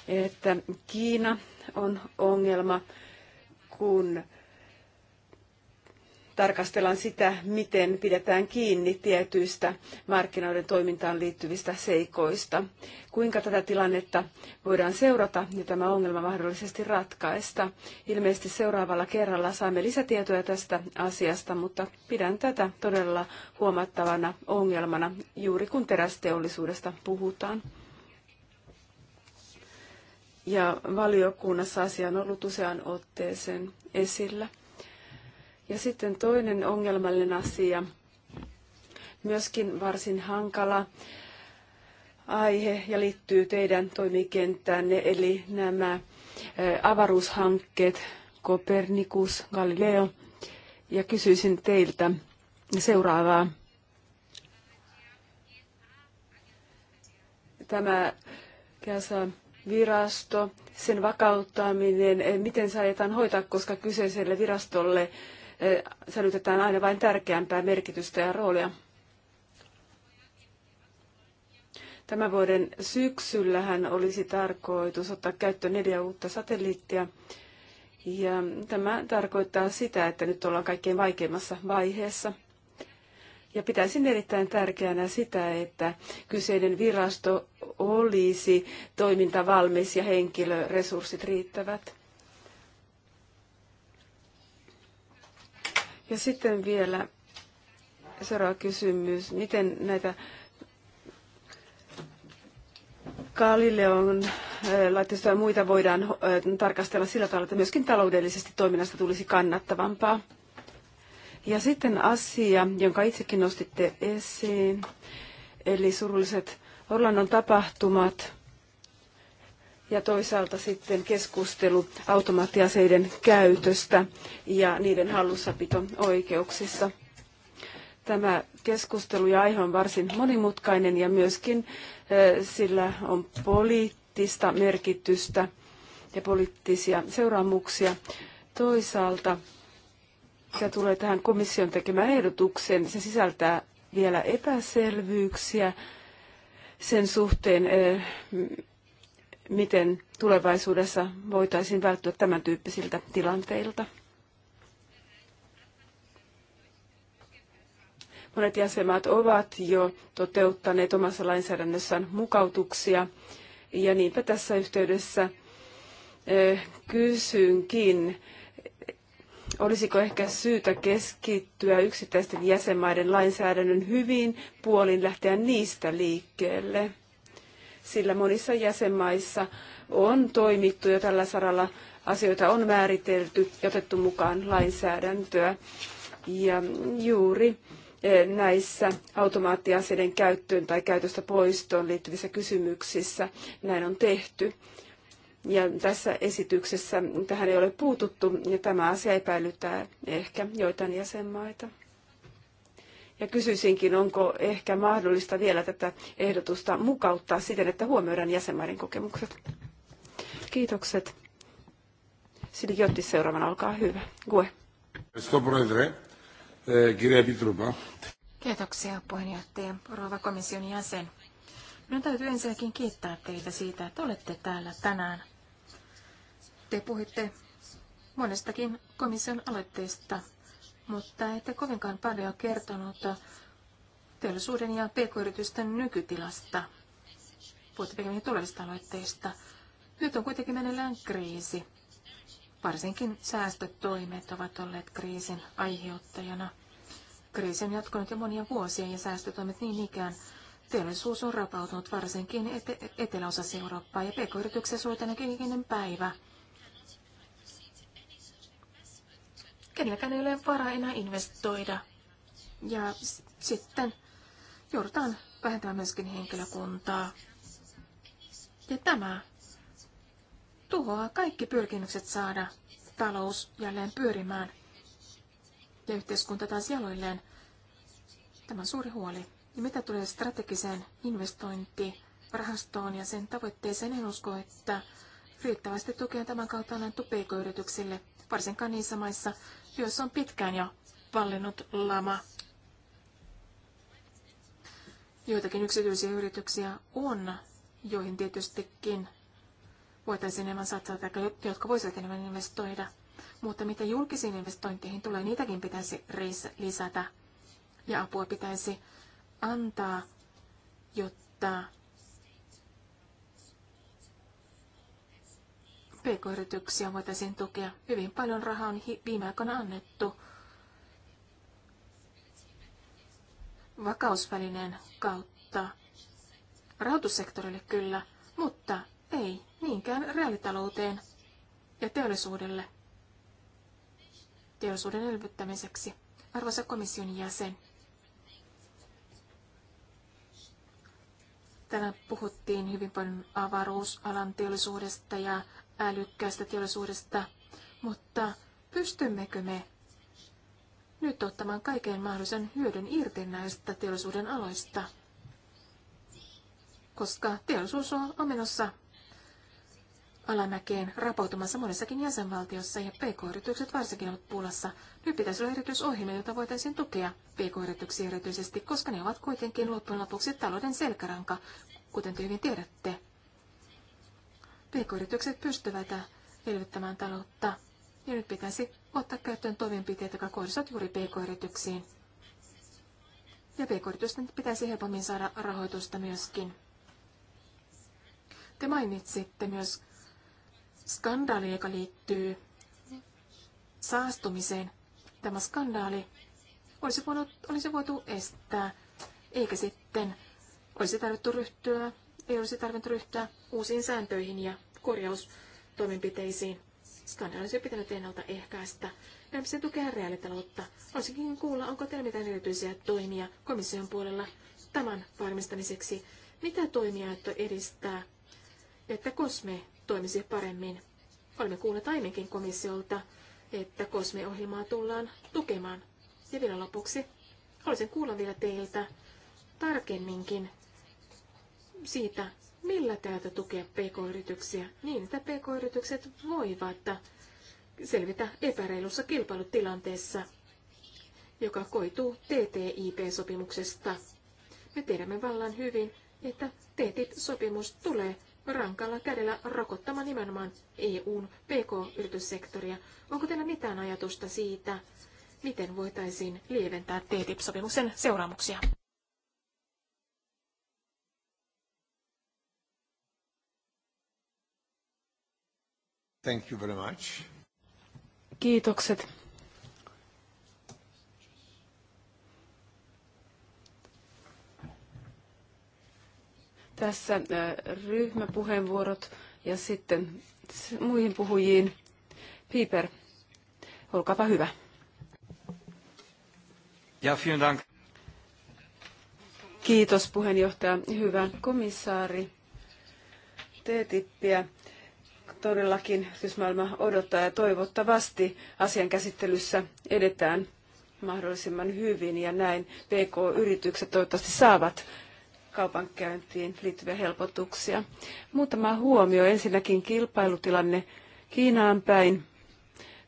että Kiina on ongelma, kun tarkastellaan sitä, miten pidetään kiinni tietyistä markkinoiden toimintaan liittyvistä seikoista. Kuinka tätä tilannetta voidaan seurata ja tämä ongelma mahdollisesti ratkaista. Ilmeisesti seuraavalla kerralla saamme lisätietoja tästä asiasta, mutta pidän tätä todella huomattavana ongelmana juuri kun terästeollisuudesta puhutaan. Ja valiokunnassa asia on ollut usean otteeseen esillä. Ja sitten toinen ongelmallinen asia, myöskin varsin hankala aihe ja liittyy teidän toimikenttäänne, eli nämä avaruushankkeet, Copernicus, Galileo. Ja kysyisin teiltä seuraavaa. Tämä käsä virasto, sen vakauttaminen, miten se hoitaa, koska kyseiselle virastolle sälytetään aina vain tärkeämpää merkitystä ja roolia. Tämän vuoden syksyllähän olisi tarkoitus ottaa käyttöön neljä uutta satelliittia. Ja tämä tarkoittaa sitä, että nyt ollaan kaikkein vaikeimmassa vaiheessa. Ja pitäisin erittäin tärkeänä sitä, että kyseinen virasto olisi toimintavalmis ja henkilöresurssit riittävät. Ja sitten vielä seuraava kysymys. Miten näitä Galileon eh, laitteistoja ja muita voidaan eh, tarkastella sillä tavalla, että myöskin taloudellisesti toiminnasta tulisi kannattavampaa. Ja sitten asia, jonka itsekin nostitte esiin, eli surulliset Orlannon tapahtumat ja toisaalta sitten keskustelu automaattiaseiden käytöstä ja niiden hallussapito-oikeuksista. Tämä keskustelu ja aihe on varsin monimutkainen ja myöskin sillä on poliittista merkitystä ja poliittisia seuraamuksia. Toisaalta, se tulee tähän komission tekemään ehdotukseen, se sisältää vielä epäselvyyksiä sen suhteen, miten tulevaisuudessa voitaisiin välttyä tämän tyyppisiltä tilanteilta. Monet jäsenmaat ovat jo toteuttaneet omassa lainsäädännössään mukautuksia, ja niinpä tässä yhteydessä kysynkin, olisiko ehkä syytä keskittyä yksittäisten jäsenmaiden lainsäädännön hyviin puolin, lähteä niistä liikkeelle sillä monissa jäsenmaissa on toimittu jo tällä saralla, asioita on määritelty ja otettu mukaan lainsäädäntöä. Ja juuri e, näissä automaattiaseiden käyttöön tai käytöstä poistoon liittyvissä kysymyksissä näin on tehty. Ja tässä esityksessä tähän ei ole puututtu ja tämä asia epäilyttää ehkä joitain jäsenmaita. Ja kysyisinkin, onko ehkä mahdollista vielä tätä ehdotusta mukauttaa siten, että huomioidaan jäsenmaiden kokemukset. Kiitokset. Sidi Jottis seuraavana, olkaa hyvä. Gue. Eh, Kiitoksia puheenjohtaja, rouva
komission jäsen. Minun täytyy ensinnäkin kiittää teitä siitä, että olette täällä tänään. Te puhitte monestakin komission aloitteesta mutta ette kovinkaan paljon kertonut teollisuuden ja pk-yritysten nykytilasta. Puhutte pikemminkin tulevista aloitteista. Nyt on kuitenkin meneillään kriisi. Varsinkin säästötoimet ovat olleet kriisin aiheuttajana. Kriisi on jatkunut jo monia vuosia ja säästötoimet niin ikään. Teollisuus on rapautunut varsinkin ete- eteläosassa Eurooppaa ja pk yrityksessä suotaan päivä. kenelläkään ei ole varaa enää investoida. Ja sitten joudutaan vähentämään myöskin henkilökuntaa. Ja tämä tuhoaa kaikki pyrkimykset saada talous jälleen pyörimään ja yhteiskunta taas jaloilleen. Tämä on suuri huoli. Ja mitä tulee strategiseen investointirahastoon ja sen tavoitteeseen, en usko, että riittävästi tukea tämän kautta annettu pk-yrityksille, varsinkaan niissä maissa, joissa on pitkään jo vallinnut lama. Joitakin yksityisiä yrityksiä on, joihin tietystikin voitaisiin enemmän satsata, tai jotka voisivat enemmän investoida. Mutta mitä julkisiin investointeihin tulee, niitäkin pitäisi lisätä ja apua pitäisi antaa, jotta PK-yrityksiä voitaisiin tukea. Hyvin paljon rahaa on viime aikoina annettu vakausvälineen kautta rahoitussektorille kyllä, mutta ei niinkään reaalitalouteen ja teollisuudelle teollisuuden elvyttämiseksi. Arvoisa komission jäsen, Tänään puhuttiin hyvin paljon avaruusalan teollisuudesta ja älykkäästä teollisuudesta, mutta pystymmekö me nyt ottamaan kaiken mahdollisen hyödyn irti näistä teollisuuden aloista, koska teollisuus on menossa alamäkeen rapautumassa monessakin jäsenvaltiossa ja pk-yritykset varsinkin ovat pulassa. Nyt pitäisi olla erityisohjelma, jota voitaisiin tukea pk-yrityksiä erityisesti, koska ne ovat kuitenkin loppujen lopuksi talouden selkäranka, kuten te hyvin tiedätte. PK-yritykset pystyvät elvyttämään taloutta. Ja nyt pitäisi ottaa käyttöön toimenpiteitä, jotka kohdistuvat juuri PK-yrityksiin. Ja PK-yritysten pitäisi helpommin saada rahoitusta myöskin. Te mainitsitte myös skandaali, joka liittyy saastumiseen. Tämä skandaali olisi, voinut, olisi voitu estää, eikä sitten olisi tarvittu ryhtyä, ei olisi tarvinnut ryhtyä uusiin sääntöihin ja korjaustoimenpiteisiin. olisi pitänyt ennaltaehkäistä. Lämpisen tukea reaalitaloutta. Olisikin kuulla, onko teillä mitään erityisiä toimia komission puolella tämän varmistamiseksi. Mitä toimia, että edistää, että kosme toimisi paremmin? Olemme kuulleet aiemminkin komissiolta, että kosmeohjelmaa tullaan tukemaan. Ja vielä lopuksi haluaisin kuulla vielä teiltä tarkemminkin siitä, Millä täältä tukea pk-yrityksiä? Niin, että pk-yritykset voivat selvitä epäreilussa kilpailutilanteessa, joka koituu TTIP-sopimuksesta. Me tiedämme vallan hyvin, että TTIP-sopimus tulee rankalla kädellä rokottamaan nimenomaan EUn PK-yrityssektoria. Onko teillä mitään ajatusta siitä, miten voitaisiin lieventää TTIP-sopimuksen seuraamuksia? Thank you very much.
Kiitokset. Tässä ryhmäpuheenvuorot ja sitten muihin puhujiin. Piper, olkaapa hyvä. Ja, vielen dank. Kiitos puheenjohtaja. Hyvä komissaari. TTIPiä todellakin yritysmaailma odottaa ja toivottavasti asian käsittelyssä edetään mahdollisimman hyvin ja näin PK-yritykset toivottavasti saavat kaupankäyntiin liittyviä helpotuksia. Muutama huomio. Ensinnäkin kilpailutilanne Kiinaan päin.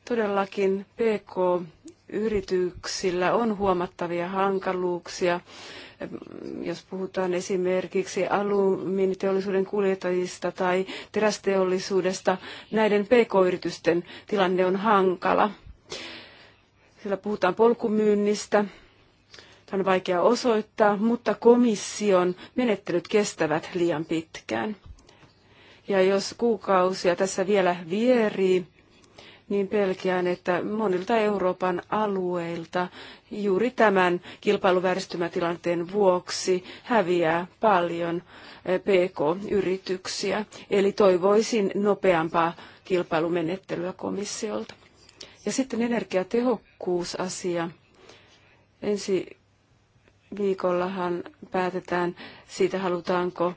Todellakin PK-yrityksillä on huomattavia hankaluuksia jos puhutaan esimerkiksi alumiiniteollisuuden kuljettajista tai terästeollisuudesta, näiden pk-yritysten tilanne on hankala. Sillä puhutaan polkumyynnistä, Tämä on vaikea osoittaa, mutta komission menettelyt kestävät liian pitkään. Ja jos kuukausia tässä vielä vierii, niin pelkään, että monilta Euroopan alueilta juuri tämän kilpailuvääristymätilanteen vuoksi häviää paljon eh, PK-yrityksiä. Eli toivoisin nopeampaa kilpailumenettelyä komissiolta. Ja sitten energiatehokkuusasia. Ensi viikollahan päätetään siitä, halutaanko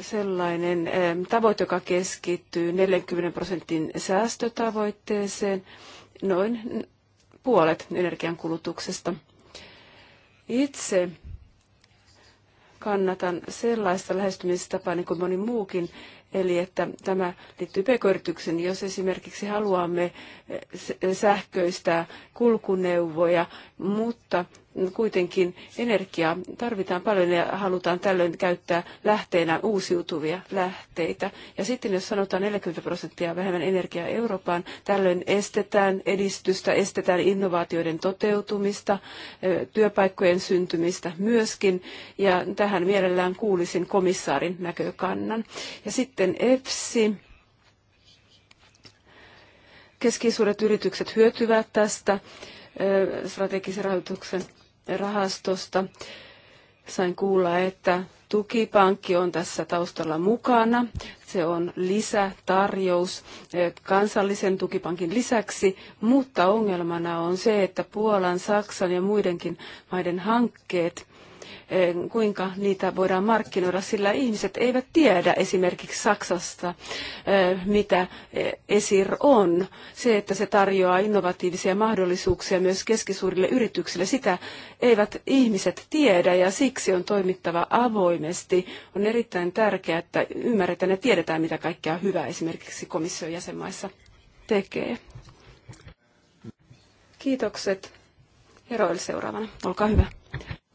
sellainen tavoite, joka keskittyy 40 prosentin säästötavoitteeseen, noin puolet energiankulutuksesta. Itse kannatan sellaista lähestymistapaa, niin kuin moni muukin, Eli että tämä liittyy pk niin Jos esimerkiksi haluamme eh, sähköistää kulkuneuvoja, mutta kuitenkin energiaa tarvitaan paljon ja halutaan tällöin käyttää lähteenä uusiutuvia lähteitä. Ja sitten jos sanotaan 40 prosenttia vähemmän energiaa Eurooppaan, tällöin estetään edistystä, estetään innovaatioiden toteutumista, eh, työpaikkojen syntymistä myöskin. Ja tähän mielellään kuulisin komissaarin näkökannan. Ja sitten sitten EFSI. Keskisuuret yritykset hyötyvät tästä strategisen rahoituksen rahastosta. Sain kuulla, että tukipankki on tässä taustalla mukana. Se on lisätarjous kansallisen tukipankin lisäksi, mutta ongelmana on se, että Puolan, Saksan ja muidenkin maiden hankkeet Eh, kuinka niitä voidaan markkinoida, sillä ihmiset eivät tiedä esimerkiksi Saksasta, eh, mitä eh, ESIR on. Se, että se tarjoaa innovatiivisia mahdollisuuksia myös keskisuurille yrityksille, sitä eivät ihmiset tiedä ja siksi on toimittava avoimesti. On erittäin tärkeää, että ymmärretään ja tiedetään, mitä kaikkea hyvää esimerkiksi komission jäsenmaissa tekee. Kiitokset. Heroille seuraavana. Olkaa hyvä.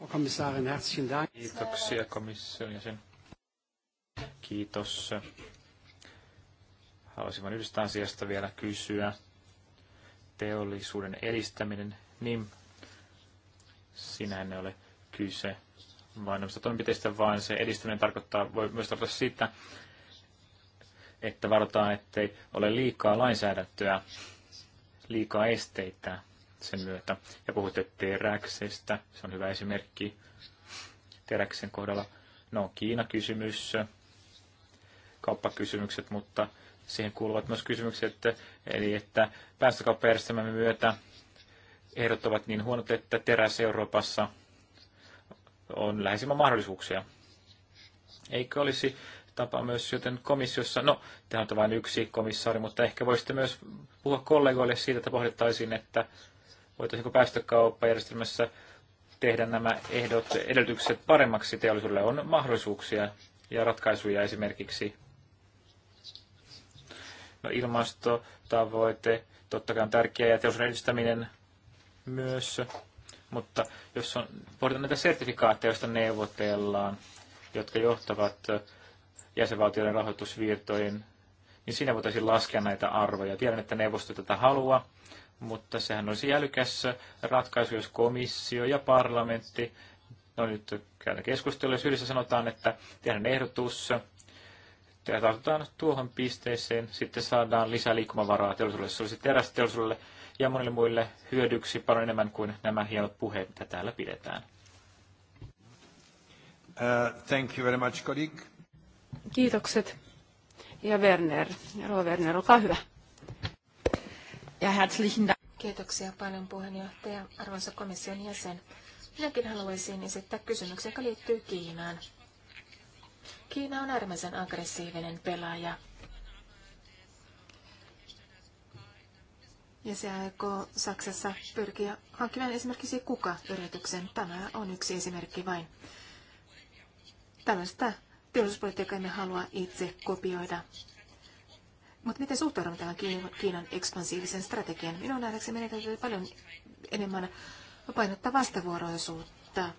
Kiitoksia komission jäsen. Kiitos. Haluaisin vain yhdestä asiasta vielä kysyä. Teollisuuden edistäminen, niin sinähän ei ole kyse vain toimenpiteistä, vaan se edistäminen tarkoittaa, voi myös tarkoittaa sitä, että varotaan, ettei ole liikaa lainsäädäntöä, liikaa esteitä sen myötä. Ja puhutte teräksestä, se on hyvä esimerkki teräksen kohdalla. No, Kiina-kysymys, kauppakysymykset, mutta siihen kuuluvat myös kysymykset, eli että päästökauppajärjestelmän myötä ehdot ovat niin huonot, että teräs Euroopassa on läheisimmän mahdollisuuksia. Eikö olisi tapa myös joten komissiossa, no tämä on vain yksi komissaari, mutta ehkä voisitte myös puhua kollegoille siitä, että pohdittaisiin, että voitaisiinko päästökauppajärjestelmässä tehdä nämä ehdot, edellytykset paremmaksi teollisuudelle? On mahdollisuuksia ja ratkaisuja esimerkiksi no, ilmastotavoite, totta kai on tärkeä ja teollisuuden edistäminen myös, mutta jos on, pohditaan näitä sertifikaatteja, joista neuvotellaan, jotka johtavat jäsenvaltioiden rahoitusvirtojen, niin siinä voitaisiin laskea näitä arvoja. Tiedän, että neuvosto tätä haluaa, mutta sehän olisi jälkässä ratkaisu, jos komissio ja parlamentti, no nyt käydään keskustelua, jos yhdessä sanotaan, että tehdään ehdotus, ja tartutaan tuohon pisteeseen, sitten saadaan lisää liikkumavaraa teollisuudelle, se olisi terästeollisuudelle ja monille muille hyödyksi paljon enemmän kuin nämä hienot puheet, mitä täällä pidetään. Uh, thank you very much, colleague.
Kiitokset. Ja Werner, Rova Werner, olkaa hyvä. Ja herzlichen Dank. Kiitoksia
paljon puheenjohtaja, arvoisa komission jäsen. Minäkin haluaisin esittää kysymyksen, joka liittyy Kiinaan. Kiina on äärimmäisen aggressiivinen pelaaja. Ja se aikoo Saksassa pyrkiä hankkimaan esimerkiksi Kuka-yrityksen. Tämä on yksi esimerkki vain. Tällaista teollisuuspolitiikkaa emme halua itse kopioida. Mutta miten suhtaudumme tähän Kiinan ekspansiivisen strategian? Minun nähdäkseni meidän täytyy paljon enemmän painottaa vastavuoroisuutta.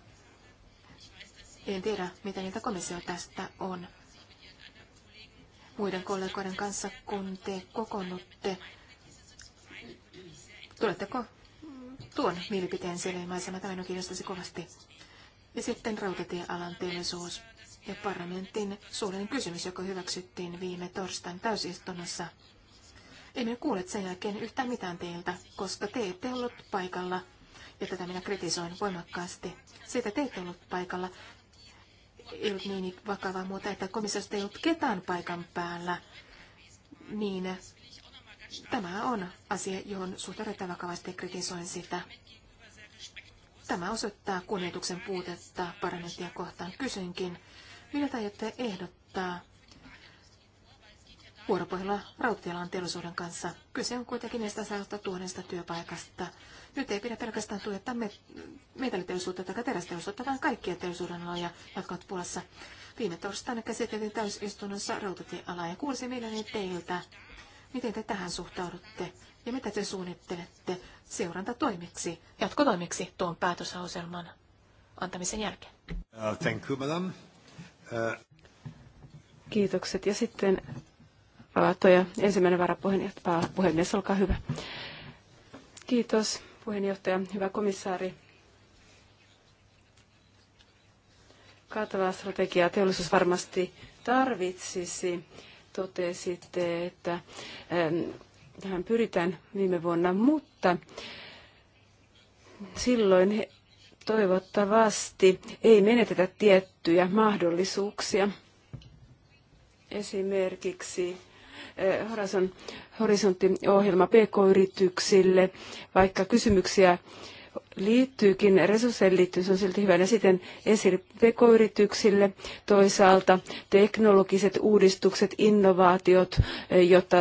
En tiedä, mitä niiltä komissio tästä on. Muiden kollegoiden kanssa, kun te kokoonnutte, tuletteko tuon mielipiteen siellä ilmaisemaan? Tämä minua kiinnostaisi kovasti. Ja sitten rautatiealan teollisuus ja parlamentin suurin kysymys, joka hyväksyttiin viime torstain täysistunnossa. Emme kuule sen jälkeen yhtään mitään teiltä, koska te ette ollut paikalla, ja tätä minä kritisoin voimakkaasti. Siitä te ette ollut paikalla. Ei ollut niin vakavaa muuta, että komissiosta ei ollut ketään paikan päällä. Niin tämä on asia, johon suhtaudutaan vakavasti kritisoin sitä. Tämä osoittaa kunnioituksen puutetta parlamenttia kohtaan. Kysynkin, mitä aiotte ehdottaa vuoropuhelua rautatialan teollisuuden kanssa? Kyse on kuitenkin näistä saavutta tuhannesta työpaikasta. Nyt ei pidä pelkästään tuetta metalliteollisuutta tai terästeollisuutta, vaan kaikkia teollisuuden aloja, jotka ovat pulassa. Viime torstaina käsiteltiin täysistunnossa rautatiealaa ja kuulisin mielelläni teiltä, miten te tähän suhtaudutte ja mitä te suunnittelette seurantatoimiksi, jatkotoimiksi tuon päätösauselman antamisen jälkeen.
Uh, thank you, madam.
Kiitokset. Ja sitten Aatoja, ensimmäinen varapuheenjohtaja, puhemies, olkaa hyvä. Kiitos puheenjohtaja, hyvä komissaari. Kaatavaa strategiaa teollisuus varmasti tarvitsisi. Totesitte, että tähän pyritään viime vuonna, mutta silloin toivottavasti ei menetetä tiettyjä mahdollisuuksia. Esimerkiksi eh, Horizon, horisonttiohjelma PK-yrityksille, vaikka kysymyksiä liittyykin, resursseihin liittyy, se on silti hyvänä sitten esille pk-yrityksille, toisaalta teknologiset uudistukset, innovaatiot, eh, jotta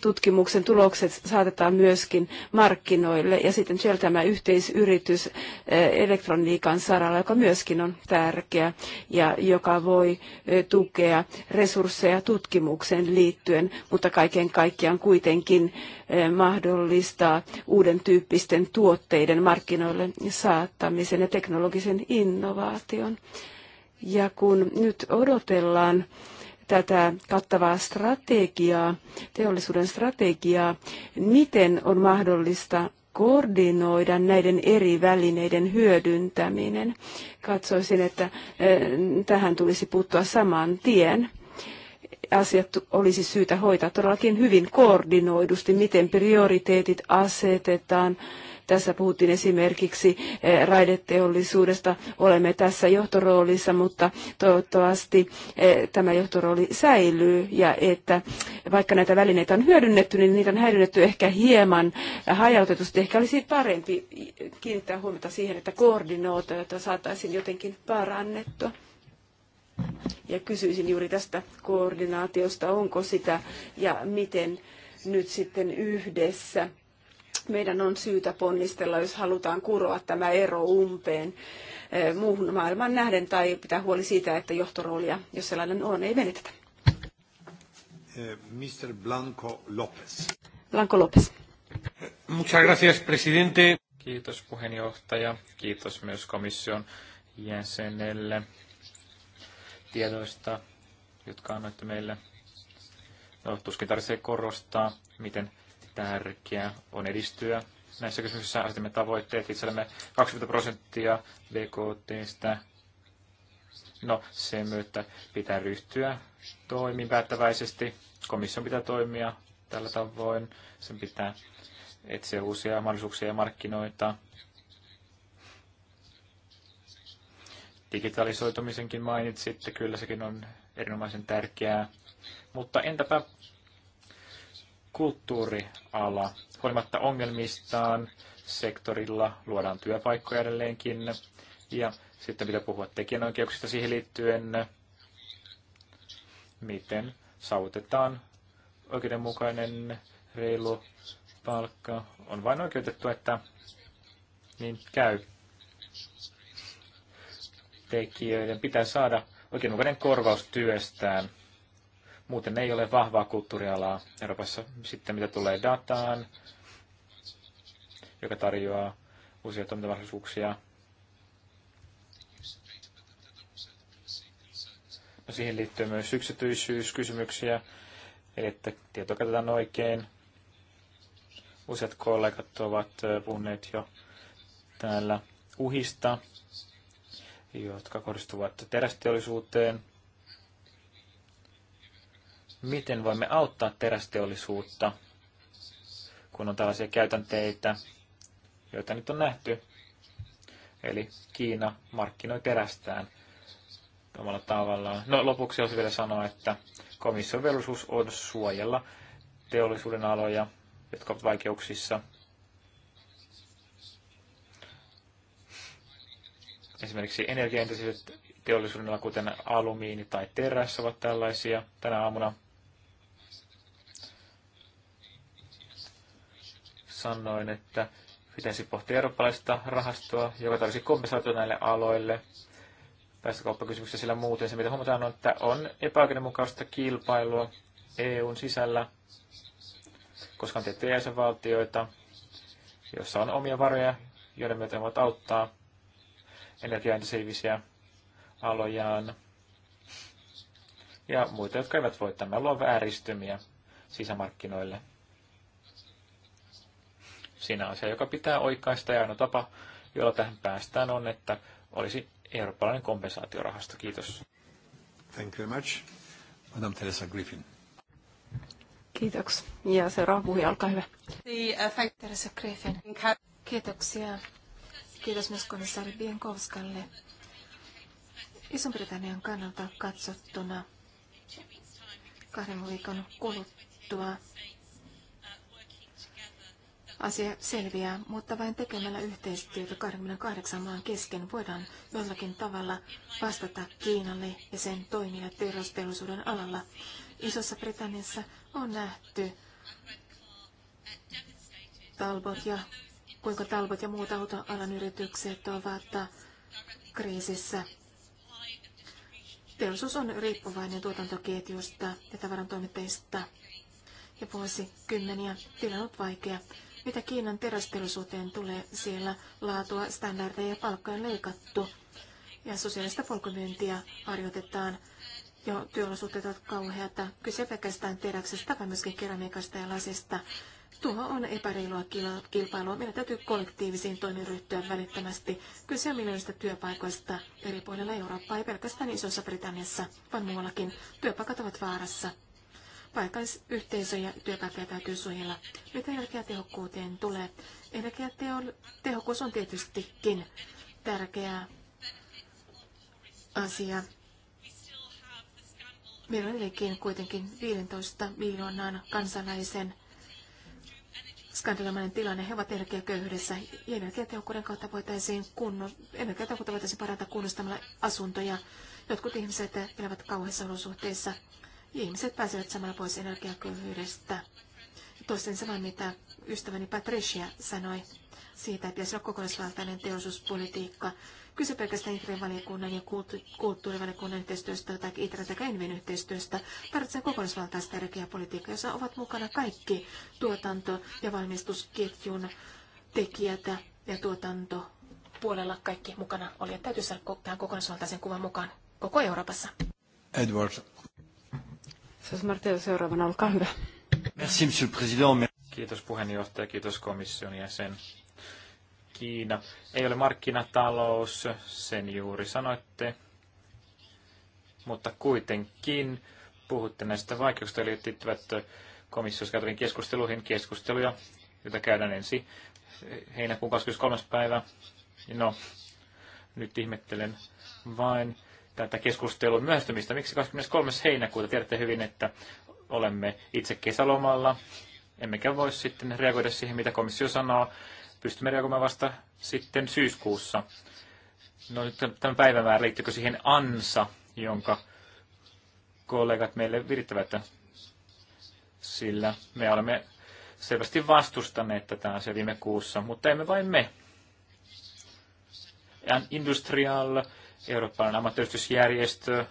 tutkimuksen tulokset saatetaan myöskin markkinoille. Ja sitten siellä tämä yhteisyritys eh, elektroniikan saralla, joka myöskin on tärkeä ja joka voi eh, tukea resursseja tutkimukseen liittyen, mutta kaiken kaikkiaan kuitenkin eh, mahdollistaa uuden tyyppisten tuotteiden markkinoille saattamisen ja teknologisen innovaation. Ja kun nyt odotellaan tätä kattavaa strategiaa, teollisuuden strategiaa, miten on mahdollista koordinoida näiden eri välineiden hyödyntäminen. Katsoisin, että eh, tähän tulisi puuttua saman tien. Asiat olisi syytä hoitaa todellakin hyvin koordinoidusti, miten prioriteetit asetetaan, tässä puhuttiin esimerkiksi eh, raideteollisuudesta. Olemme tässä johtoroolissa, mutta toivottavasti eh, tämä johtorooli säilyy ja että vaikka näitä välineitä on hyödynnetty, niin niitä on häirinnetty ehkä hieman hajautetusti. Ehkä olisi parempi kiinnittää huomiota siihen, että koordinoota saataisiin jotenkin parannettua. Ja kysyisin juuri tästä koordinaatiosta, onko sitä ja miten nyt sitten yhdessä meidän on syytä ponnistella, jos halutaan kuroa tämä ero umpeen eh, muuhun maailmaan nähden tai pitää huoli siitä, että johtoroolia, jos sellainen on, ei menetetä. Eh,
Mr. Blanco López.
Blanco López. Eh, muchas gracias, presidente.
Kiitos puheenjohtaja. Kiitos myös komission jäsenelle tiedoista, jotka annoitte meille. No, tuskin tarvitsee korostaa, miten tärkeää on edistyä. Näissä kysymyksissä asetimme tavoitteet itsellemme 20 prosenttia BKTstä. No, sen myötä pitää ryhtyä toimiin päättäväisesti. Komission pitää toimia tällä tavoin. Sen pitää etsiä uusia mahdollisuuksia ja markkinoita. Digitalisoitumisenkin mainitsitte, kyllä sekin on erinomaisen tärkeää. Mutta entäpä kulttuuriala. Huolimatta ongelmistaan sektorilla luodaan työpaikkoja edelleenkin. Ja sitten pitää puhua tekijänoikeuksista siihen liittyen, miten saavutetaan oikeudenmukainen reilu palkka. On vain oikeutettu, että niin käy. Tekijöiden pitää saada oikeudenmukainen korvaus työstään. Muuten ei ole vahvaa kulttuurialaa Euroopassa. Sitten mitä tulee dataan, joka tarjoaa uusia toimintamahdollisuuksia. No siihen liittyy myös yksityisyyskysymyksiä, että tieto katsotaan oikein. Useat kollegat ovat puhuneet jo täällä uhista, jotka kohdistuvat terästeollisuuteen – miten voimme auttaa terästeollisuutta, kun on tällaisia käytänteitä, joita nyt on nähty. Eli Kiina markkinoi terästään omalla tavallaan. No lopuksi olisi vielä sanoa, että komission velvollisuus on suojella teollisuuden aloja, jotka ovat vaikeuksissa. Esimerkiksi energiaintensiiviset teollisuuden kuten alumiini tai teräs, ovat tällaisia tänä aamuna sanoin, että pitäisi pohtia eurooppalaista rahastoa, joka tarvitsisi kompensaatio näille aloille päästökauppakysymyksessä, sillä muuten se, mitä huomataan, on, että on epäoikeudenmukaista kilpailua EUn sisällä, koska on tiettyjä jäsenvaltioita, joissa on omia varoja, joiden myötä voivat auttaa energiaintensiivisiä alojaan ja muita, jotka eivät voi. Tämä luo vääristymiä sisämarkkinoille siinä asia, joka pitää oikaista ja ainoa tapa, jolla tähän päästään on, että olisi eurooppalainen kompensaatiorahasto. Kiitos. Thank you very much.
Madam Teresa Griffin. Kiitoksia. Ja seuraava puhuja, olkaa hyvä.
Uh, thank Teresa Griffin. Kiitoksia. Kiitos myös komissaari Bienkovskalle. iso britannian kannalta katsottuna kahden viikon kuluttua Asia selviää, mutta vain tekemällä yhteistyötä 28 maan kesken voidaan jollakin tavalla vastata Kiinalle ja sen toimia terveysteollisuuden alalla. Isossa Britanniassa on nähty talbot ja kuinka talbot ja muut autoalan yritykset ovat kriisissä. Teollisuus on riippuvainen tuotantoketjusta ja tavarantoimittajista. Ja vuosikymmeniä tilannut vaikea. Mitä Kiinan terästeollisuuteen tulee, siellä laatua, standardeja ja palkkaa on leikattu ja sosiaalista polkumyyntiä harjoitetaan Jo työolosuhteet ovat kauheata. Kyse pelkästään teräksestä, vaan myöskin keramiikasta ja lasista. Tuo on epäreilua kilpailua. Meidän täytyy kollektiivisiin toimiin ryhtyä välittömästi. Kyse on miljoonista työpaikoista eri puolilla Eurooppaa, ei pelkästään Isossa Britanniassa, vaan muuallakin. Työpaikat ovat vaarassa. Paikallisyhteisöjä työpaikkoja täytyy suojella. Mitä energiatehokkuuteen tulee? Energiatehokkuus on tietystikin tärkeä asia. Meillä on edelleenkin kuitenkin 15 miljoonan kansalaisen skandalomainen tilanne. He ovat energiaköyhyydessä ja energiatehokkuuden kautta voitaisiin, kunno, energiatehokkuutta voitaisiin parantaa kunnostamalla asuntoja. Jotkut ihmiset elävät kauheissa olosuhteissa ihmiset pääsevät samalla pois energiaköyhyydestä. Toisten samaa, mitä ystäväni Patricia sanoi siitä, että pitäisi olla kokonaisvaltainen teollisuuspolitiikka. Kyse pelkästään Itren valiokunnan ja kulttuurivaliokunnan yhteistyöstä tai Itren tai Envin yhteistyöstä. Tarvitsee kokonaisvaltaista energiapolitiikkaa, jossa ovat mukana kaikki tuotanto- ja valmistusketjun tekijät ja tuotanto puolella kaikki mukana oli. Täytyy saada tähän kokonaisvaltaisen kuvan mukaan
koko Euroopassa. Edward Joseph Martel seuraavana, olkaa hyvä.
Merci, monsieur le président. Kiitos puheenjohtaja, kiitos komission jäsen. Kiina ei ole markkinatalous, sen juuri sanoitte. Mutta kuitenkin puhutte näistä vaikeuksista liittyvät komissiossa käytäviin keskusteluihin keskusteluja, joita käydään ensi heinäkuun 23. päivä. No, nyt ihmettelen vain, tätä keskustelun myöhästymistä. Miksi 23. heinäkuuta? Tiedätte hyvin, että olemme itse kesälomalla, emmekä voi sitten reagoida siihen, mitä komissio sanoo. Pystymme reagoimaan vasta sitten syyskuussa. No nyt tämän päivämäärä liittyykö siihen ansa, jonka kollegat meille virittävät, sillä me olemme selvästi vastustaneet tätä asiaa viime kuussa, mutta emme vain me. Industrial Eurooppalainen ammattiyhdistysjärjestö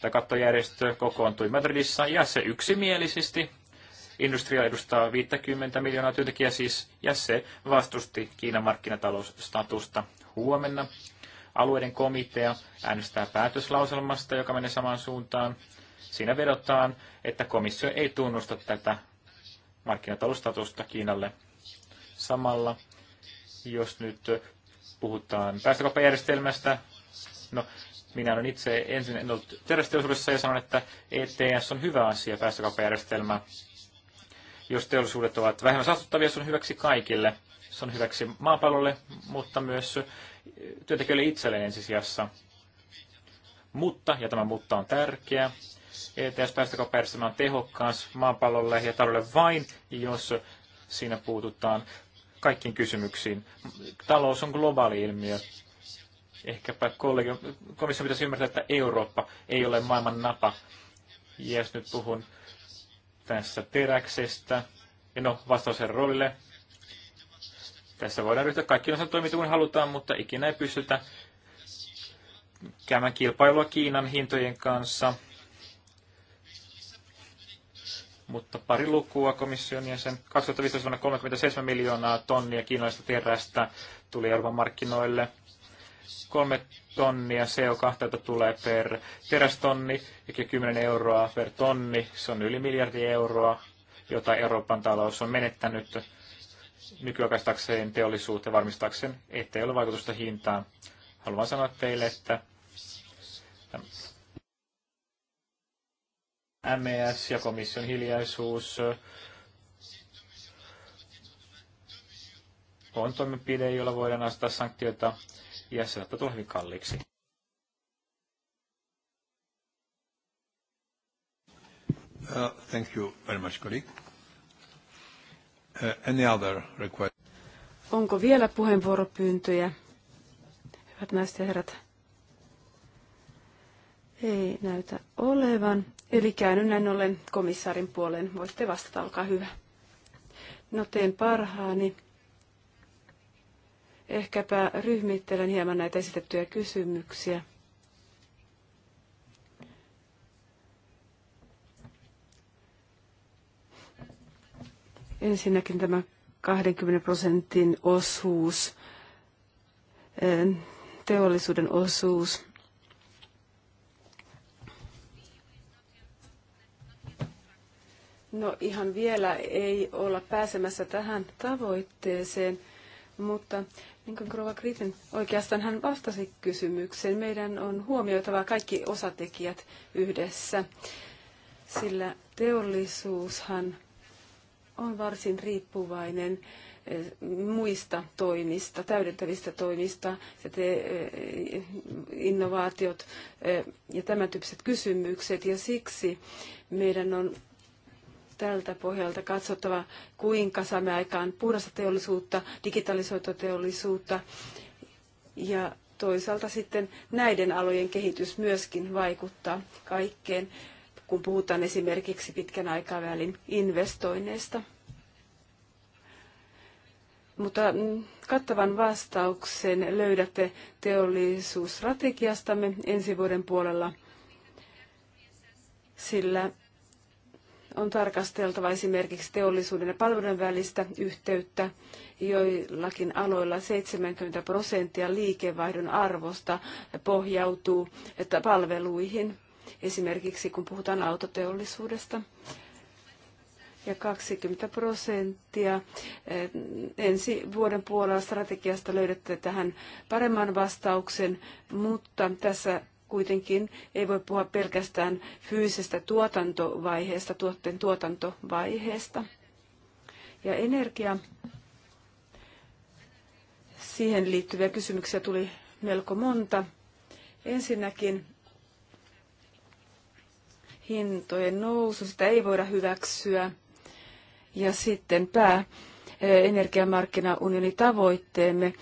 tai kattojärjestö kokoontui Madridissa ja se yksimielisesti Industria edustaa 50 miljoonaa työntekijää siis, ja se vastusti Kiinan markkinatalousstatusta huomenna. Alueiden komitea äänestää päätöslauselmasta, joka menee samaan suuntaan. Siinä vedotaan, että komissio ei tunnusta tätä markkinataloustatusta Kiinalle samalla. Jos nyt puhutaan päästökauppajärjestelmästä, No, minä olen itse ensin en ollut terästeollisuudessa ja sanon, että ETS on hyvä asia, päästökauppajärjestelmä. Jos teollisuudet ovat vähemmän saastuttavia, se on hyväksi kaikille. Se on hyväksi maapallolle, mutta myös työntekijöille itselleen ensisijassa. Mutta, ja tämä mutta on tärkeä, ETS-päästökauppajärjestelmä on tehokkaas maapallolle ja taloudelle vain, jos siinä puututaan kaikkiin kysymyksiin. Talous on globaali ilmiö ehkäpä kollegio, komissio pitäisi ymmärtää, että Eurooppa ei ole maailman napa. Ja nyt puhun tässä teräksestä, ja no, vastaus roolille. Tässä voidaan ryhtyä kaikki osa toimintaan, kun halutaan, mutta ikinä ei pystytä käymään kilpailua Kiinan hintojen kanssa. Mutta pari lukua komission jäsen. 2015 vuonna 37 miljoonaa tonnia kiinalaista terästä tuli Euroopan markkinoille kolme tonnia CO2 tulee per terästonni, eli 10 euroa per tonni, se on yli miljardi euroa, jota Euroopan talous on menettänyt nykyaikaistakseen teollisuuteen varmistakseen, ettei ole vaikutusta hintaan. Haluan sanoa teille, että MES ja komission hiljaisuus on toimenpide, jolla voidaan astaa sanktioita ja se saattaa tulla hyvin kalliiksi.
Uh, thank you very much, colleague. Uh, any other request? Onko vielä puheenvuoropyyntöjä? Hyvät naiset ja herrat. Ei näytä olevan. Eli käännyn näin ollen komissaarin puoleen. Voitte vastata, olkaa hyvä. No teen parhaani. Ehkäpä ryhmittelen hieman näitä esitettyjä kysymyksiä. Ensinnäkin tämä 20 prosentin osuus, eh, teollisuuden osuus. No ihan vielä ei olla pääsemässä tähän tavoitteeseen. Mutta niin kuin Grova Griffin, oikeastaan hän vastasi kysymykseen. Meidän on huomioitava kaikki osatekijät yhdessä, sillä teollisuushan on varsin riippuvainen eh, muista toimista, täydentävistä toimista, eh, innovaatiot eh, ja tämän tyyppiset kysymykset. Ja siksi meidän on tältä pohjalta katsottava, kuinka saamme aikaan puhdasta teollisuutta, digitalisoitua teollisuutta ja toisaalta sitten näiden alojen kehitys myöskin vaikuttaa kaikkeen, kun puhutaan esimerkiksi pitkän aikavälin investoinneista. Mutta mm, kattavan vastauksen löydätte teollisuusstrategiastamme ensi vuoden puolella, sillä on tarkasteltava esimerkiksi teollisuuden ja palveluiden välistä yhteyttä. Joillakin aloilla 70 prosenttia liikevaihdon arvosta pohjautuu että palveluihin, esimerkiksi kun puhutaan autoteollisuudesta. Ja 20 prosenttia eh, ensi vuoden puolella strategiasta löydätte tähän paremman vastauksen, mutta tässä kuitenkin ei voi puhua pelkästään fyysisestä tuotantovaiheesta, tuotteen tuotantovaiheesta. Ja energia, siihen liittyviä kysymyksiä tuli melko monta. Ensinnäkin hintojen nousu, sitä ei voida hyväksyä. Ja sitten pää eh, energiamarkkinaunionin tavoitteemme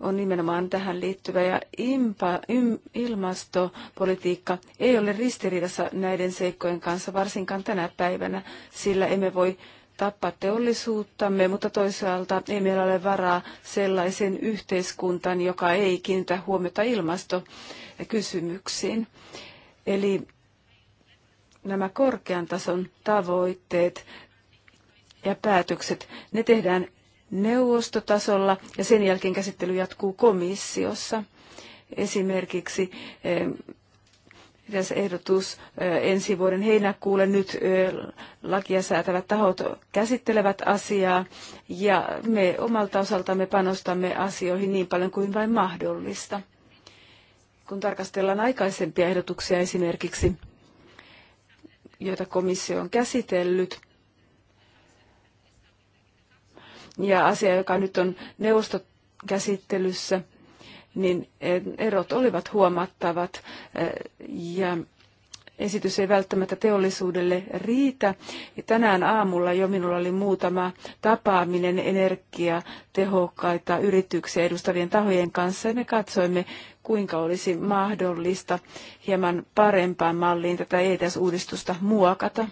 on nimenomaan tähän liittyvä ja impa, im, ilmastopolitiikka ei ole ristiriidassa näiden seikkojen kanssa varsinkaan tänä päivänä, sillä emme voi tappaa teollisuuttamme, mutta toisaalta ei meillä ole varaa sellaisen yhteiskuntaan, joka ei kiinnitä huomiota ilmastokysymyksiin. Eli nämä korkean tason tavoitteet ja päätökset, ne tehdään neuvostotasolla ja sen jälkeen käsittely jatkuu komissiossa. Esimerkiksi eh, tässä ehdotus eh, ensi vuoden heinäkuulle nyt eh, lakia säätävät tahot käsittelevät asiaa ja me omalta osaltamme panostamme asioihin niin paljon kuin vain mahdollista. Kun tarkastellaan aikaisempia ehdotuksia esimerkiksi, joita komissio on käsitellyt, ja asia, joka nyt on neuvostokäsittelyssä, niin eh, erot olivat huomattavat eh, ja esitys ei välttämättä teollisuudelle riitä. Tänään aamulla jo minulla oli muutama tapaaminen energiatehokkaita yrityksiä edustavien tahojen kanssa ja me katsoimme, kuinka olisi mahdollista hieman parempaan malliin tätä ETS-uudistusta muokata.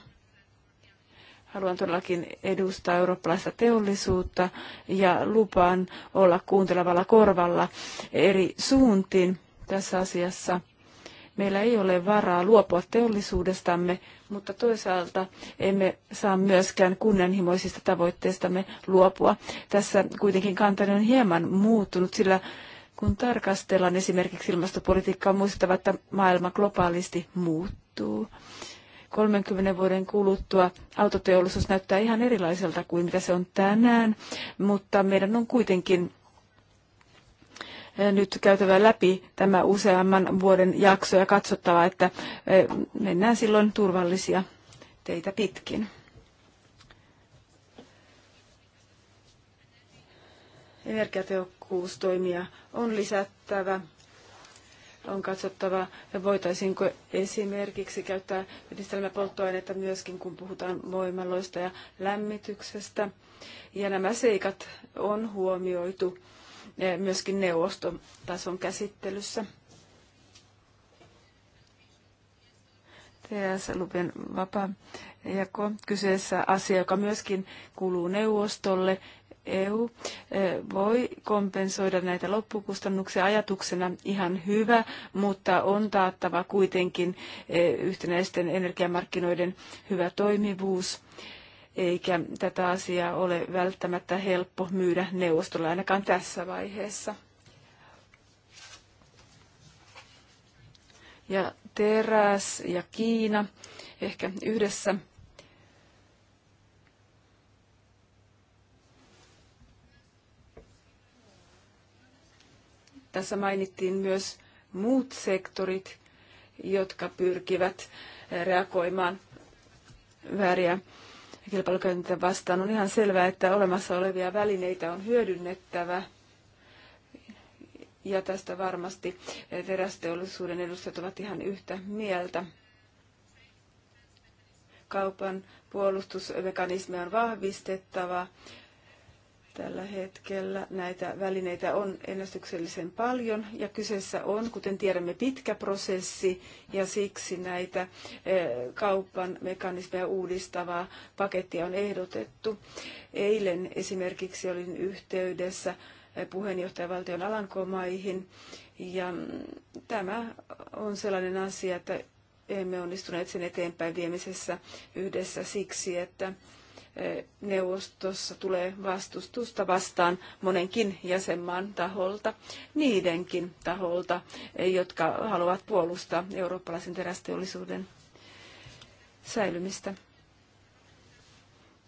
Haluan todellakin edustaa eurooppalaista teollisuutta ja lupaan olla kuuntelevalla korvalla eri suuntiin tässä asiassa. Meillä ei ole varaa luopua teollisuudestamme, mutta toisaalta emme saa myöskään kunnianhimoisista tavoitteistamme luopua. Tässä kuitenkin kantani on hieman muuttunut, sillä kun tarkastellaan esimerkiksi ilmastopolitiikkaa, on muistettava, että maailma globaalisti muuttuu 30 vuoden kuluttua autoteollisuus näyttää ihan erilaiselta kuin mitä se on tänään, mutta meidän on kuitenkin eh, nyt käytävä läpi tämä useamman vuoden jakso ja katsottava, että eh, mennään silloin turvallisia teitä pitkin. Energiatehokkuustoimia on lisättävä on katsottava, voitaisiinko esimerkiksi käyttää yhdistelmäpolttoaineita myöskin, kun puhutaan voimaloista ja lämmityksestä. Ja nämä seikat on huomioitu eh, myöskin neuvostotason käsittelyssä. TS-lupien vapaa jako kyseessä asia, joka myöskin kuuluu neuvostolle EU e, voi kompensoida näitä loppukustannuksia ajatuksena ihan hyvä, mutta on taattava kuitenkin e, yhtenäisten energiamarkkinoiden hyvä toimivuus eikä tätä asiaa ole välttämättä helppo myydä neuvostolle ainakaan tässä vaiheessa. Ja teräs ja Kiina ehkä yhdessä Tässä mainittiin myös muut sektorit, jotka pyrkivät eh, reagoimaan vääriä kilpailukäytäntöjä vastaan. On ihan selvää, että olemassa olevia välineitä on hyödynnettävä. Ja tästä varmasti eh, terästeollisuuden edustajat ovat ihan yhtä mieltä. Kaupan puolustusmekanismi on vahvistettava Tällä hetkellä näitä välineitä on ennästyksellisen paljon ja kyseessä on, kuten tiedämme, pitkä prosessi ja siksi näitä eh, kaupan mekanismeja uudistavaa pakettia on ehdotettu. Eilen esimerkiksi olin yhteydessä eh, puheenjohtajavaltion Alankomaihin ja mm, tämä on sellainen asia, että emme onnistuneet sen eteenpäin viemisessä yhdessä siksi, että neuvostossa tulee vastustusta vastaan monenkin jäsenmaan taholta, niidenkin taholta, jotka haluavat puolustaa eurooppalaisen terästeollisuuden säilymistä.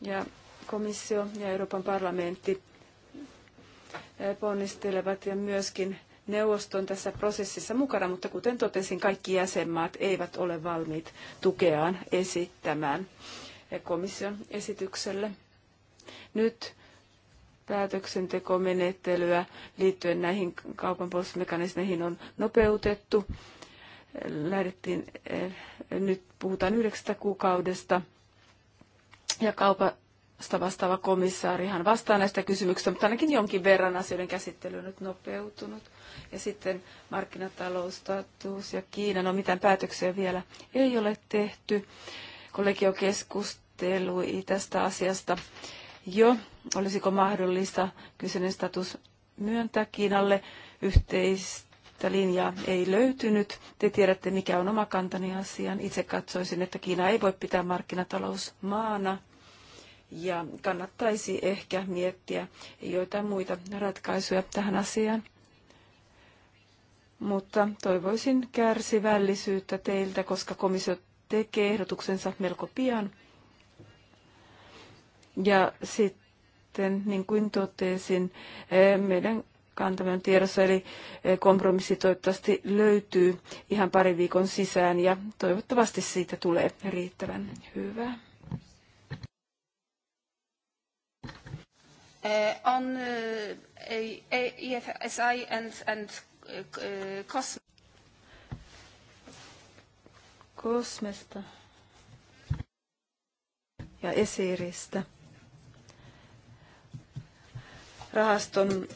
Ja komissio ja Euroopan parlamentti ponnistelevat ja myöskin neuvosto on tässä prosessissa mukana, mutta kuten totesin, kaikki jäsenmaat eivät ole valmiit tukeaan esittämään komission esitykselle. Nyt päätöksentekomenettelyä liittyen näihin kaupan puolustusmekanismeihin on nopeutettu. Lähdettiin, eh, nyt puhutaan yhdeksästä kuukaudesta ja kaupasta vastaava komissaarihan vastaa näistä kysymyksistä, mutta ainakin jonkin verran asioiden käsittely on nyt nopeutunut. Ja sitten markkinataloustatus ja Kiina, no mitään päätöksiä vielä ei ole tehty. Kollegiokeskusta keskustelui tästä asiasta jo. Olisiko mahdollista kyseinen status myöntää Kiinalle yhteistä linjaa ei löytynyt. Te tiedätte, mikä on oma kantani asiaan. Itse katsoisin, että Kiina ei voi pitää markkinatalousmaana ja kannattaisi ehkä miettiä joitain muita ratkaisuja tähän asiaan. Mutta toivoisin kärsivällisyyttä teiltä, koska komissio tekee ehdotuksensa melko pian. Ja sitten, niin kuin totesin, eh, meidän kantamme on tiedossa, eli eh, kompromissi toivottavasti löytyy ihan pari viikon sisään ja toivottavasti siitä tulee riittävän hyvä. Eh, on EFSI e and, and COSME. COSMEsta ja esiristä rahaston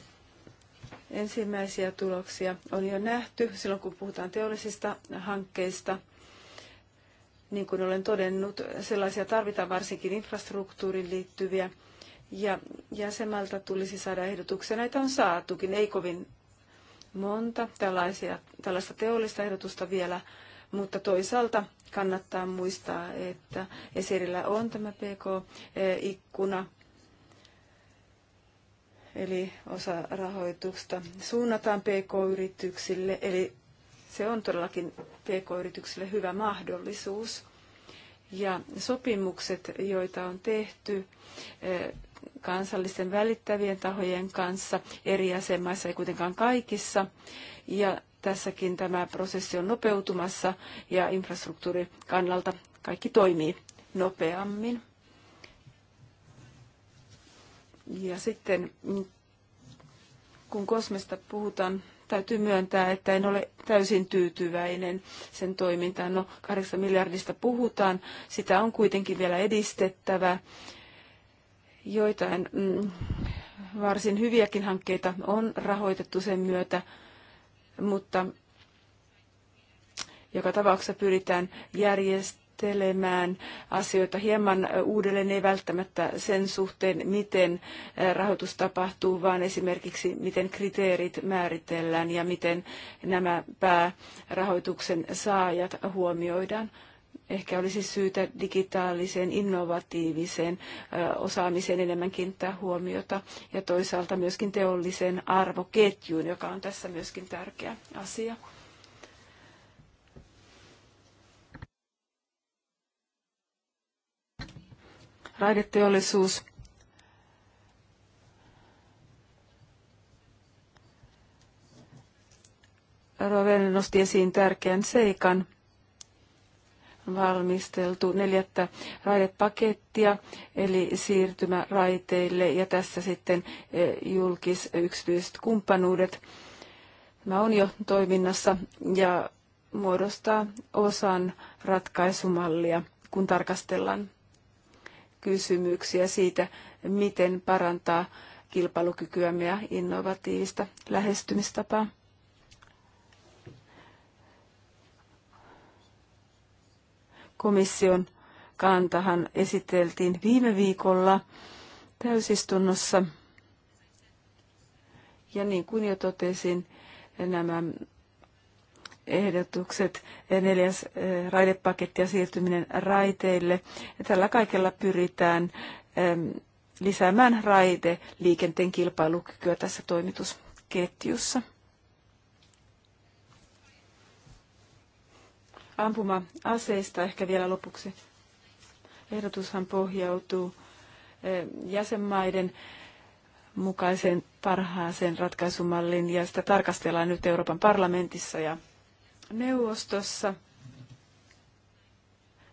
ensimmäisiä tuloksia on jo nähty silloin, kun puhutaan teollisista hankkeista. Niin kuin olen todennut, sellaisia tarvitaan varsinkin infrastruktuuriin liittyviä. Ja jäsenmältä tulisi saada ehdotuksia. Näitä on saatukin, ei kovin monta tällaisia, tällaista teollista ehdotusta vielä, mutta toisaalta kannattaa muistaa, että Esirillä on tämä PK-ikkuna eli osa rahoitusta suunnataan PK-yrityksille, eli se on todellakin PK-yrityksille hyvä mahdollisuus. Ja sopimukset, joita on tehty eh, kansallisten välittävien tahojen kanssa eri jäsenmaissa, ei kuitenkaan kaikissa, ja tässäkin tämä prosessi on nopeutumassa ja infrastruktuurin kannalta kaikki toimii nopeammin. Ja sitten mm, kun Kosmesta puhutaan, täytyy myöntää, että en ole täysin tyytyväinen sen toimintaan. No, kahdeksan miljardista puhutaan, sitä on kuitenkin vielä edistettävä. Joitain mm, varsin hyviäkin hankkeita on rahoitettu sen myötä, mutta joka tapauksessa pyritään järjestämään määrittelemään asioita hieman uudelleen, ei välttämättä sen suhteen, miten rahoitus tapahtuu, vaan esimerkiksi miten kriteerit määritellään ja miten nämä päärahoituksen saajat huomioidaan. Ehkä olisi syytä digitaaliseen, innovatiiviseen osaamiseen enemmän kiinnittää huomiota ja toisaalta myöskin teolliseen arvoketjuun, joka on tässä myöskin tärkeä asia. raideteollisuus. Rovene nosti esiin tärkeän seikan. On valmisteltu neljättä raidepakettia, eli siirtymä raiteille ja tässä sitten e, julkis-yksityiset kumppanuudet. Tämä on jo toiminnassa ja muodostaa osan ratkaisumallia, kun tarkastellaan kysymyksiä siitä, miten parantaa kilpailukykyämme ja innovatiivista lähestymistapaa. Komission kantahan esiteltiin viime viikolla täysistunnossa. Ja niin kuin jo totesin, nämä ehdotukset, neljäs eh, raidepaketti ja siirtyminen raiteille. Tällä kaikella pyritään lisäämään raideliikenteen kilpailukykyä tässä toimitusketjussa. Ampuma-aseista ehkä vielä lopuksi. Ehdotushan pohjautuu jäsenmaiden mukaiseen parhaaseen ratkaisumallin ja sitä tarkastellaan nyt Euroopan parlamentissa ja neuvostossa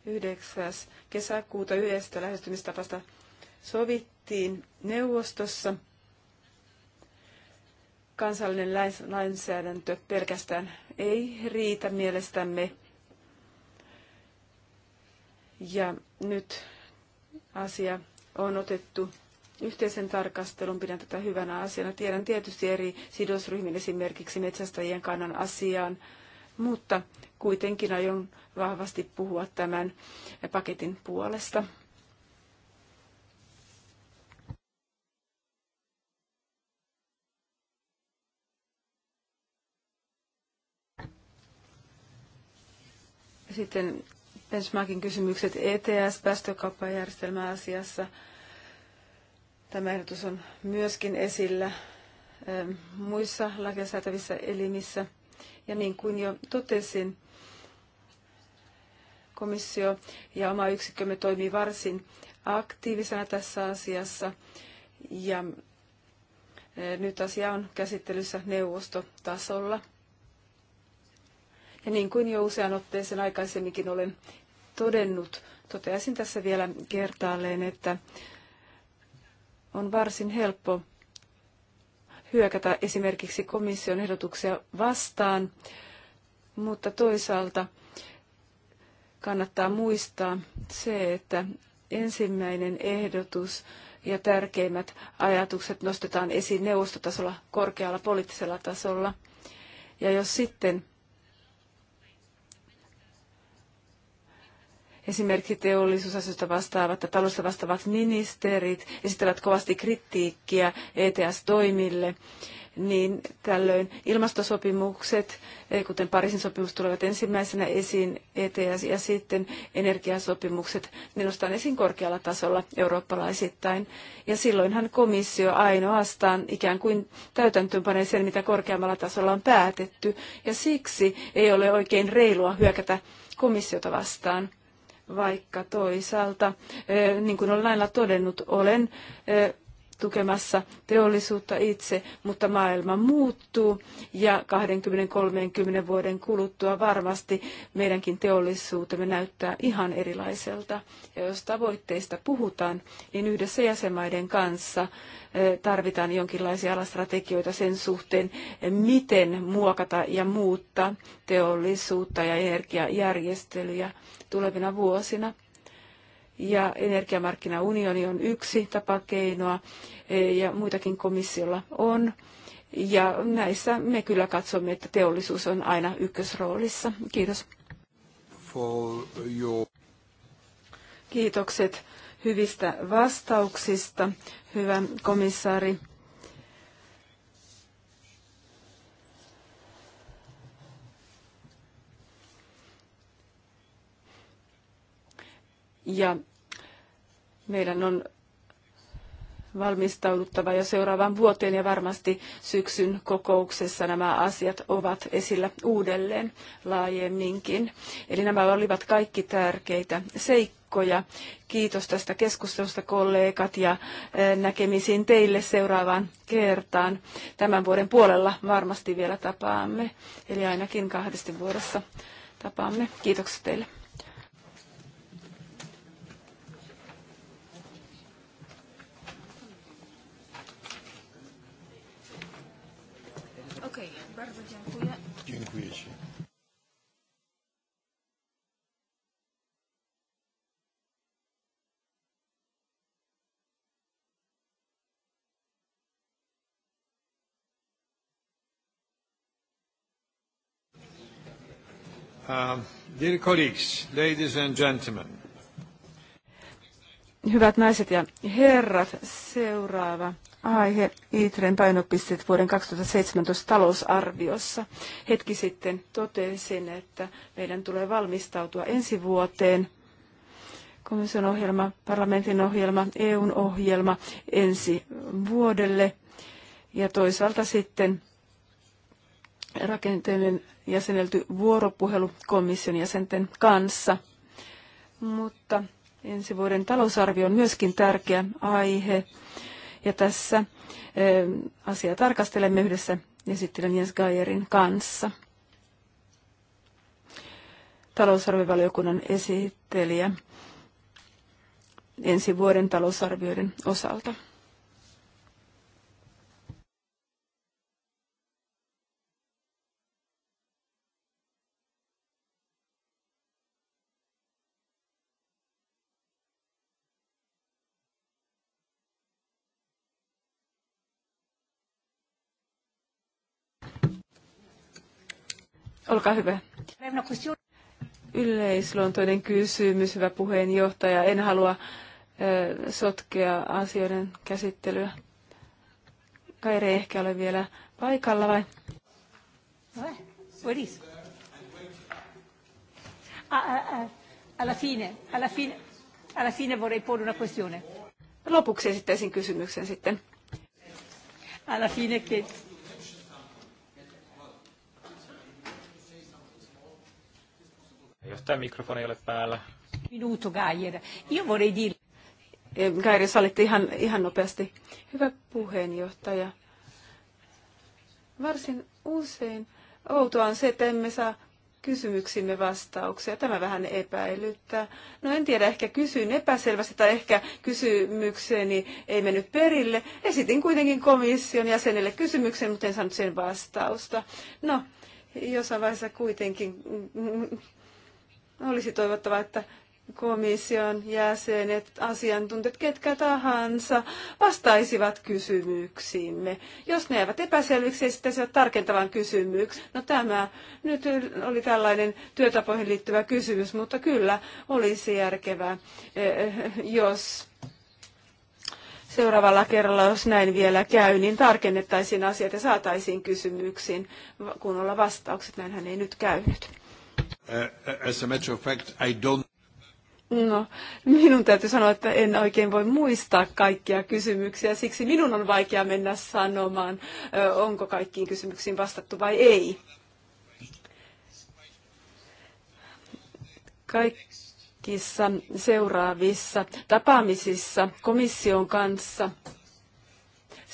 9. kesäkuuta yhdestä lähestymistapasta sovittiin neuvostossa. Kansallinen lainsäädäntö pelkästään ei riitä mielestämme. Ja nyt asia on otettu yhteisen tarkastelun. Pidän tätä hyvänä asiana. Tiedän tietysti eri sidosryhmien esimerkiksi metsästäjien kannan asiaan mutta kuitenkin aion vahvasti puhua tämän paketin puolesta. Sitten benchmarkin kysymykset ets asiassa. Tämä ehdotus on myöskin esillä eh, muissa lakia säätävissä elimissä. Ja niin kuin jo totesin, komissio ja oma yksikkömme toimii varsin aktiivisena tässä asiassa. Ja e, nyt asia on käsittelyssä neuvostotasolla. Ja niin kuin jo usean otteeseen aikaisemminkin olen todennut, toteaisin tässä vielä kertaalleen, että on varsin helppo hyökätä esimerkiksi komission ehdotuksia vastaan, mutta toisaalta kannattaa muistaa se, että ensimmäinen ehdotus ja tärkeimmät ajatukset nostetaan esiin neuvostotasolla korkealla poliittisella tasolla. Ja jos sitten esimerkiksi teollisuusasioista vastaavat ja talousta vastaavat ministerit esittävät kovasti kritiikkiä ETS-toimille, niin tällöin ilmastosopimukset, eh, kuten Pariisin sopimus, tulevat ensimmäisenä esiin ETS ja sitten energiasopimukset, ne nostan esiin korkealla tasolla eurooppalaisittain. Ja silloinhan komissio ainoastaan ikään kuin täytäntöönpanee sen, mitä korkeammalla tasolla on päätetty, ja siksi ei ole oikein reilua hyökätä komissiota vastaan vaikka toisaalta, niin kuin olen lailla todennut, olen tukemassa teollisuutta itse, mutta maailma muuttuu ja 20-30 vuoden kuluttua varmasti meidänkin teollisuutemme näyttää ihan erilaiselta. Ja jos tavoitteista puhutaan, niin yhdessä jäsenmaiden kanssa tarvitaan jonkinlaisia alastrategioita sen suhteen, miten muokata ja muuttaa teollisuutta ja energiajärjestelyjä tulevina vuosina. Ja energiamarkkinaunioni on yksi tapa keinoa e, ja muitakin komissiolla on. Ja näissä me kyllä katsomme, että teollisuus on aina ykkösroolissa. Kiitos. Kiitokset hyvistä vastauksista, hyvä komissaari. Ja meidän on valmistauduttava jo seuraavan vuoteen ja varmasti syksyn kokouksessa nämä asiat ovat esillä uudelleen laajemminkin. Eli nämä olivat kaikki tärkeitä seikkoja. Kiitos tästä keskustelusta kollegat ja näkemisiin teille seuraavaan kertaan. Tämän vuoden puolella varmasti vielä tapaamme, eli ainakin kahdesti vuodessa tapaamme. Kiitokset teille. Um, dear colleagues, ladies and gentlemen. Hyvät naiset ja herrat, seuraava aihe ITREn painopisteet vuoden 2017 talousarviossa. Hetki sitten totesin, että meidän tulee valmistautua ensi vuoteen. Komission ohjelma, parlamentin ohjelma, EUn ohjelma ensi vuodelle ja toisaalta sitten rakenteellinen jäsenelty vuoropuhelu komission jäsenten kanssa. Mutta ensi vuoden talousarvio on myöskin tärkeä aihe. Ja tässä eh, asiaa tarkastelemme yhdessä esittelen Jens Geierin kanssa. Talousarvivaliokunnan esittelijä ensi vuoden talousarvioiden osalta. Olkaa hyvä. Yleisluontoinen kysymys, hyvä puheenjohtaja. En halua sotkea asioiden käsittelyä. Kaire ei ehkä ole vielä paikalla vai? What is? Ah, ah, ah. Alla fine, alla fine, alla fine vorrei porre una questione. Lopuksi esittäisin kysymyksen sitten. Alla fine che
Jos tämä mikrofoni ei ole päällä.
Minuutu Gaier. Io vorrei dire... Eh, Gaier, jos ihan, ihan nopeasti. Hyvä puheenjohtaja. Varsin usein outoa on se, että emme saa kysymyksimme vastauksia. Tämä vähän epäilyttää. No en tiedä, ehkä kysyin epäselvästi tai ehkä kysymykseni ei mennyt perille. Esitin kuitenkin komission jäsenelle kysymyksen, mutta en saanut sen vastausta. No, jossain vaiheessa kuitenkin olisi toivottavaa, että komission jäsenet, asiantuntijat, ketkä tahansa, vastaisivat kysymyksiimme. Jos ne eivät epäselviksi, esittäisivät tarkentavan kysymyksen. No tämä nyt oli tällainen työtapoihin liittyvä kysymys, mutta kyllä olisi järkevää, eh, jos seuraavalla kerralla, jos näin vielä käy, niin tarkennettaisiin asiat ja saataisiin kysymyksiin kunnolla vastaukset. Näinhän ei nyt käynyt. As a matter of fact, I don't... No, minun täytyy sanoa, että en oikein voi muistaa kaikkia kysymyksiä, siksi minun on vaikea mennä sanomaan, onko kaikkiin kysymyksiin vastattu vai ei. Kaikissa seuraavissa tapaamisissa komission kanssa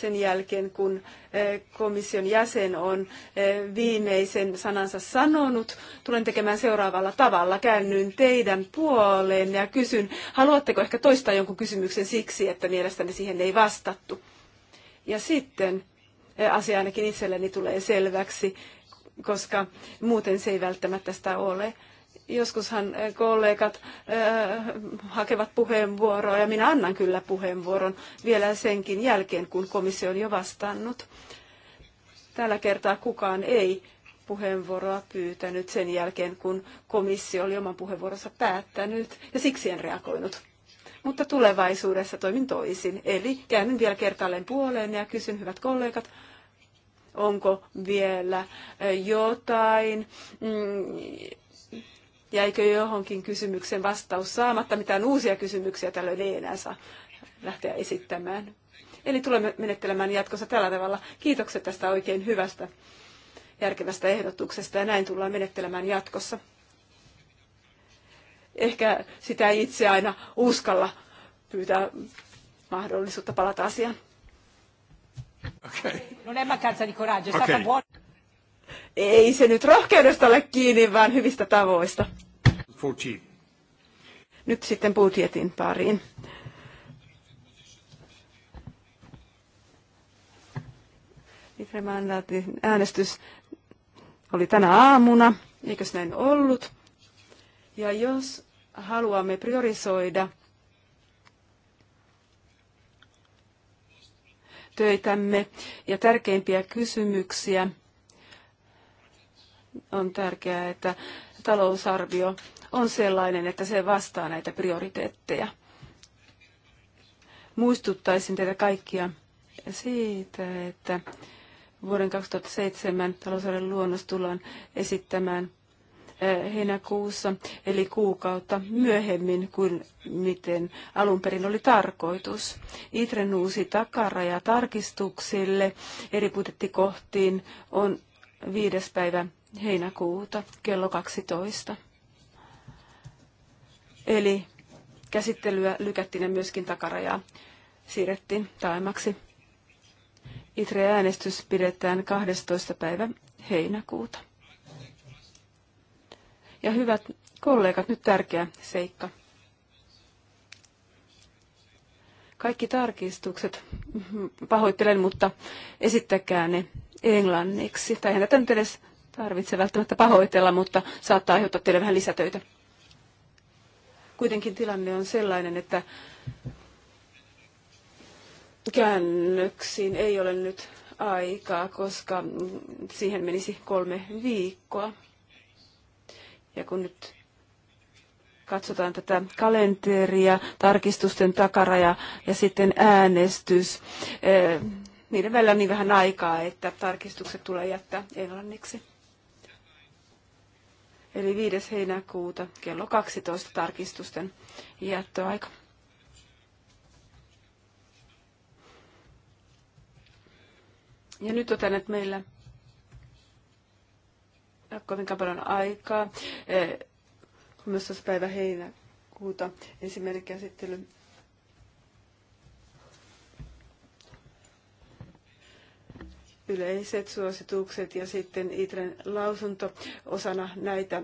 sen jälkeen, kun eh, komission jäsen on eh, viimeisen sanansa sanonut. Tulen tekemään seuraavalla tavalla. Käännyn teidän puoleen ja kysyn, haluatteko ehkä toistaa jonkun kysymyksen siksi, että mielestäni siihen ei vastattu. Ja sitten eh, asia ainakin itselleni tulee selväksi, koska muuten se ei välttämättä sitä ole. Joskushan eh, kollegat eh, hakevat puheenvuoroa ja minä annan kyllä puheenvuoron vielä senkin jälkeen, kun komissio on jo vastannut. Tällä kertaa kukaan ei puheenvuoroa pyytänyt sen jälkeen, kun komissio oli oman puheenvuoronsa päättänyt ja siksi en reagoinut. Mutta tulevaisuudessa toimin toisin. Eli käännyn vielä kertaalleen puoleen ja kysyn, hyvät kollegat, onko vielä eh, jotain, mm, jäikö johonkin kysymyksen vastaus saamatta, mitään uusia kysymyksiä tällöin ei enää saa lähteä esittämään. Eli tulemme menettelemään jatkossa tällä tavalla. Kiitokset tästä oikein hyvästä järkevästä ehdotuksesta ja näin tullaan menettelemään jatkossa. Ehkä sitä ei itse aina uskalla pyytää mahdollisuutta palata asiaan. Okay. Non è mancanza di coraggio, è okay. stata buona ei se nyt rohkeudesta ole kiinni, vaan hyvistä tavoista. Nyt sitten budjetin pariin. Itremandaatin äänestys oli tänä aamuna, eikös näin ollut? Ja jos haluamme priorisoida töitämme ja tärkeimpiä kysymyksiä, on tärkeää, että talousarvio on sellainen, että se vastaa näitä prioriteetteja. Muistuttaisin teitä kaikkia siitä, että vuoden 2007 talousarvion luonnos tullaan esittämään eh, heinäkuussa, eli kuukautta myöhemmin kuin miten alun perin oli tarkoitus. Itren uusi takaraja tarkistuksille eri budjettikohtiin on viides päivä heinäkuuta kello 12. Eli käsittelyä lykättiin ja myöskin takarajaa siirrettiin taimaksi. ITRE-äänestys pidetään 12. päivä heinäkuuta. Ja hyvät kollegat, nyt tärkeä seikka. Kaikki tarkistukset, pahoittelen, mutta esittäkää ne englanniksi. Tai en tätä nyt edes tarvitse välttämättä pahoitella, mutta saattaa aiheuttaa teille vähän lisätöitä. Kuitenkin tilanne on sellainen, että käännöksiin ei ole nyt aikaa, koska siihen menisi kolme viikkoa. Ja kun nyt katsotaan tätä kalenteria, tarkistusten takaraja ja sitten äänestys, eh, niiden välillä on niin vähän aikaa, että tarkistukset tulee jättää englanniksi eli 5. heinäkuuta kello 12 tarkistusten jättöaika. Ja nyt otan, että meillä ei ole kovinkaan paljon aikaa. 13. Eh, päivä heinäkuuta ensimmäinen käsittely yleiset suositukset ja sitten ITREn lausunto osana näitä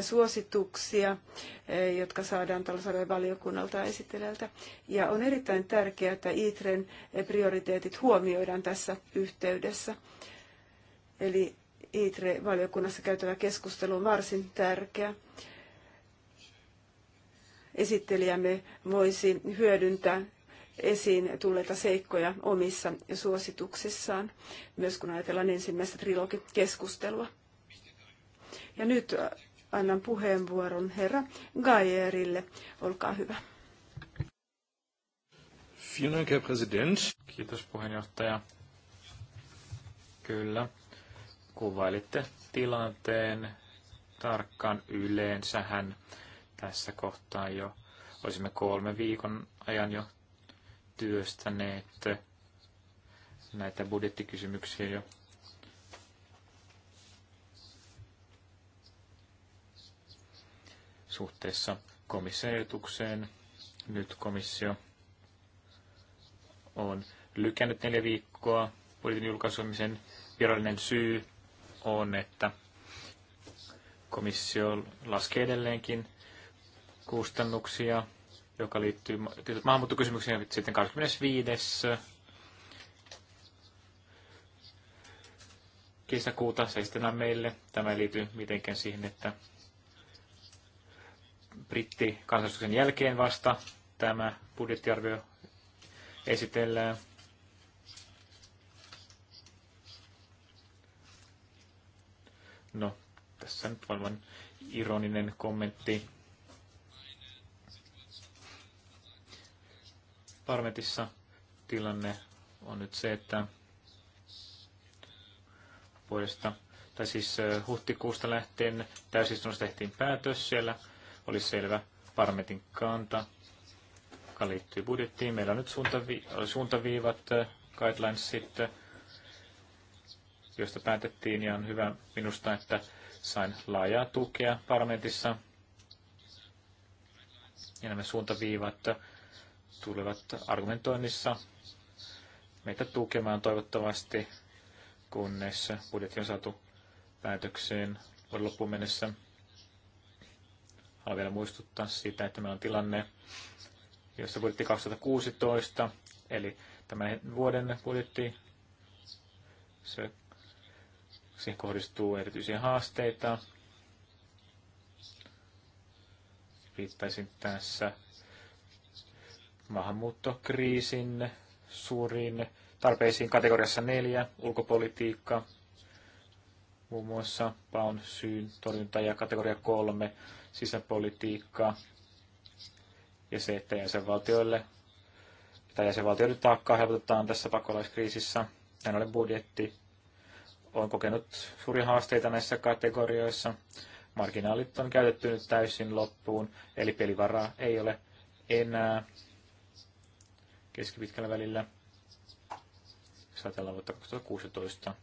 suosituksia, eh, jotka saadaan talousarvojen valiokunnalta ja esittelijältä. Ja on erittäin tärkeää, että ITREn prioriteetit huomioidaan tässä yhteydessä. Eli ITRE-valiokunnassa käytävä keskustelu on varsin tärkeä esittelijämme voisi hyödyntää esiin tulleita seikkoja omissa suosituksissaan, myös kun ajatellaan ensimmäistä trilogikeskustelua. Ja nyt äh, annan puheenvuoron herra Gaierille. Olkaa hyvä.
Kiitos puheenjohtaja. Kyllä. Kuvailitte tilanteen tarkkaan yleensähän tässä kohtaa jo. Olisimme kolme viikon ajan jo työstäneet näitä budjettikysymyksiä jo. suhteessa komissioitukseen. Nyt komissio on lykännyt neljä viikkoa budjetin julkaisemisen. Virallinen syy on, että komissio laskee edelleenkin kustannuksia joka liittyy maahanmuuttokysymyksiin, sitten 25. kesäkuuta se esitellään meille. Tämä ei liity mitenkään siihen, että britti kansallistuksen jälkeen vasta tämä budjettiarvio esitellään. No, tässä nyt varmaan ironinen kommentti. parlamentissa tilanne on nyt se, että vuodesta, tai siis huhtikuusta lähtien täysistunnossa tehtiin päätös siellä, oli selvä Parmetin kanta, joka liittyy budjettiin. Meillä on nyt suuntavi- suuntaviivat, guidelines sitten, josta päätettiin, ja on hyvä minusta, että sain laajaa tukea parlamentissa. Ja nämä suuntaviivat tulevat argumentoinnissa meitä tukemaan toivottavasti, kunnes budjetti on saatu päätökseen vuoden loppuun mennessä. Haluan vielä muistuttaa siitä, että meillä on tilanne, jossa budjetti 2016, eli tämän vuoden budjetti, se, siihen kohdistuu erityisiä haasteita. Viittaisin tässä maahanmuuttokriisin suuriin tarpeisiin kategoriassa neljä, ulkopolitiikka, muun muassa paon syyn torjunta ja kategoria kolme, sisäpolitiikka ja se, että jäsenvaltioille tai jäsenvaltioiden taakkaa helpotetaan tässä pakolaiskriisissä. Näin ollen budjetti on kokenut suuria haasteita näissä kategorioissa. Marginaalit on käytetty nyt täysin loppuun, eli pelivaraa ei ole enää keskipitkällä välillä. Jos ajatellaan vuotta 2016.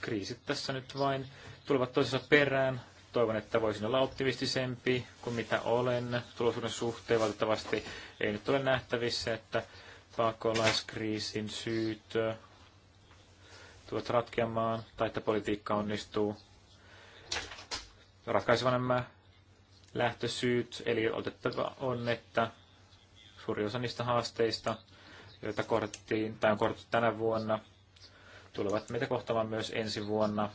Kriisit tässä nyt vain tulevat toisensa perään. Toivon, että voisin olla optimistisempi kuin mitä olen tulosuuden suhteen. Valitettavasti ei nyt ole nähtävissä, että pakolaiskriisin syyt tulevat ratkeamaan tai että politiikka onnistuu ratkaisevan nämä lähtösyyt, eli otettava on, että suuri osa niistä haasteista, joita korttiin tai on korttu tänä vuonna, tulevat meitä kohtaamaan myös ensi vuonna.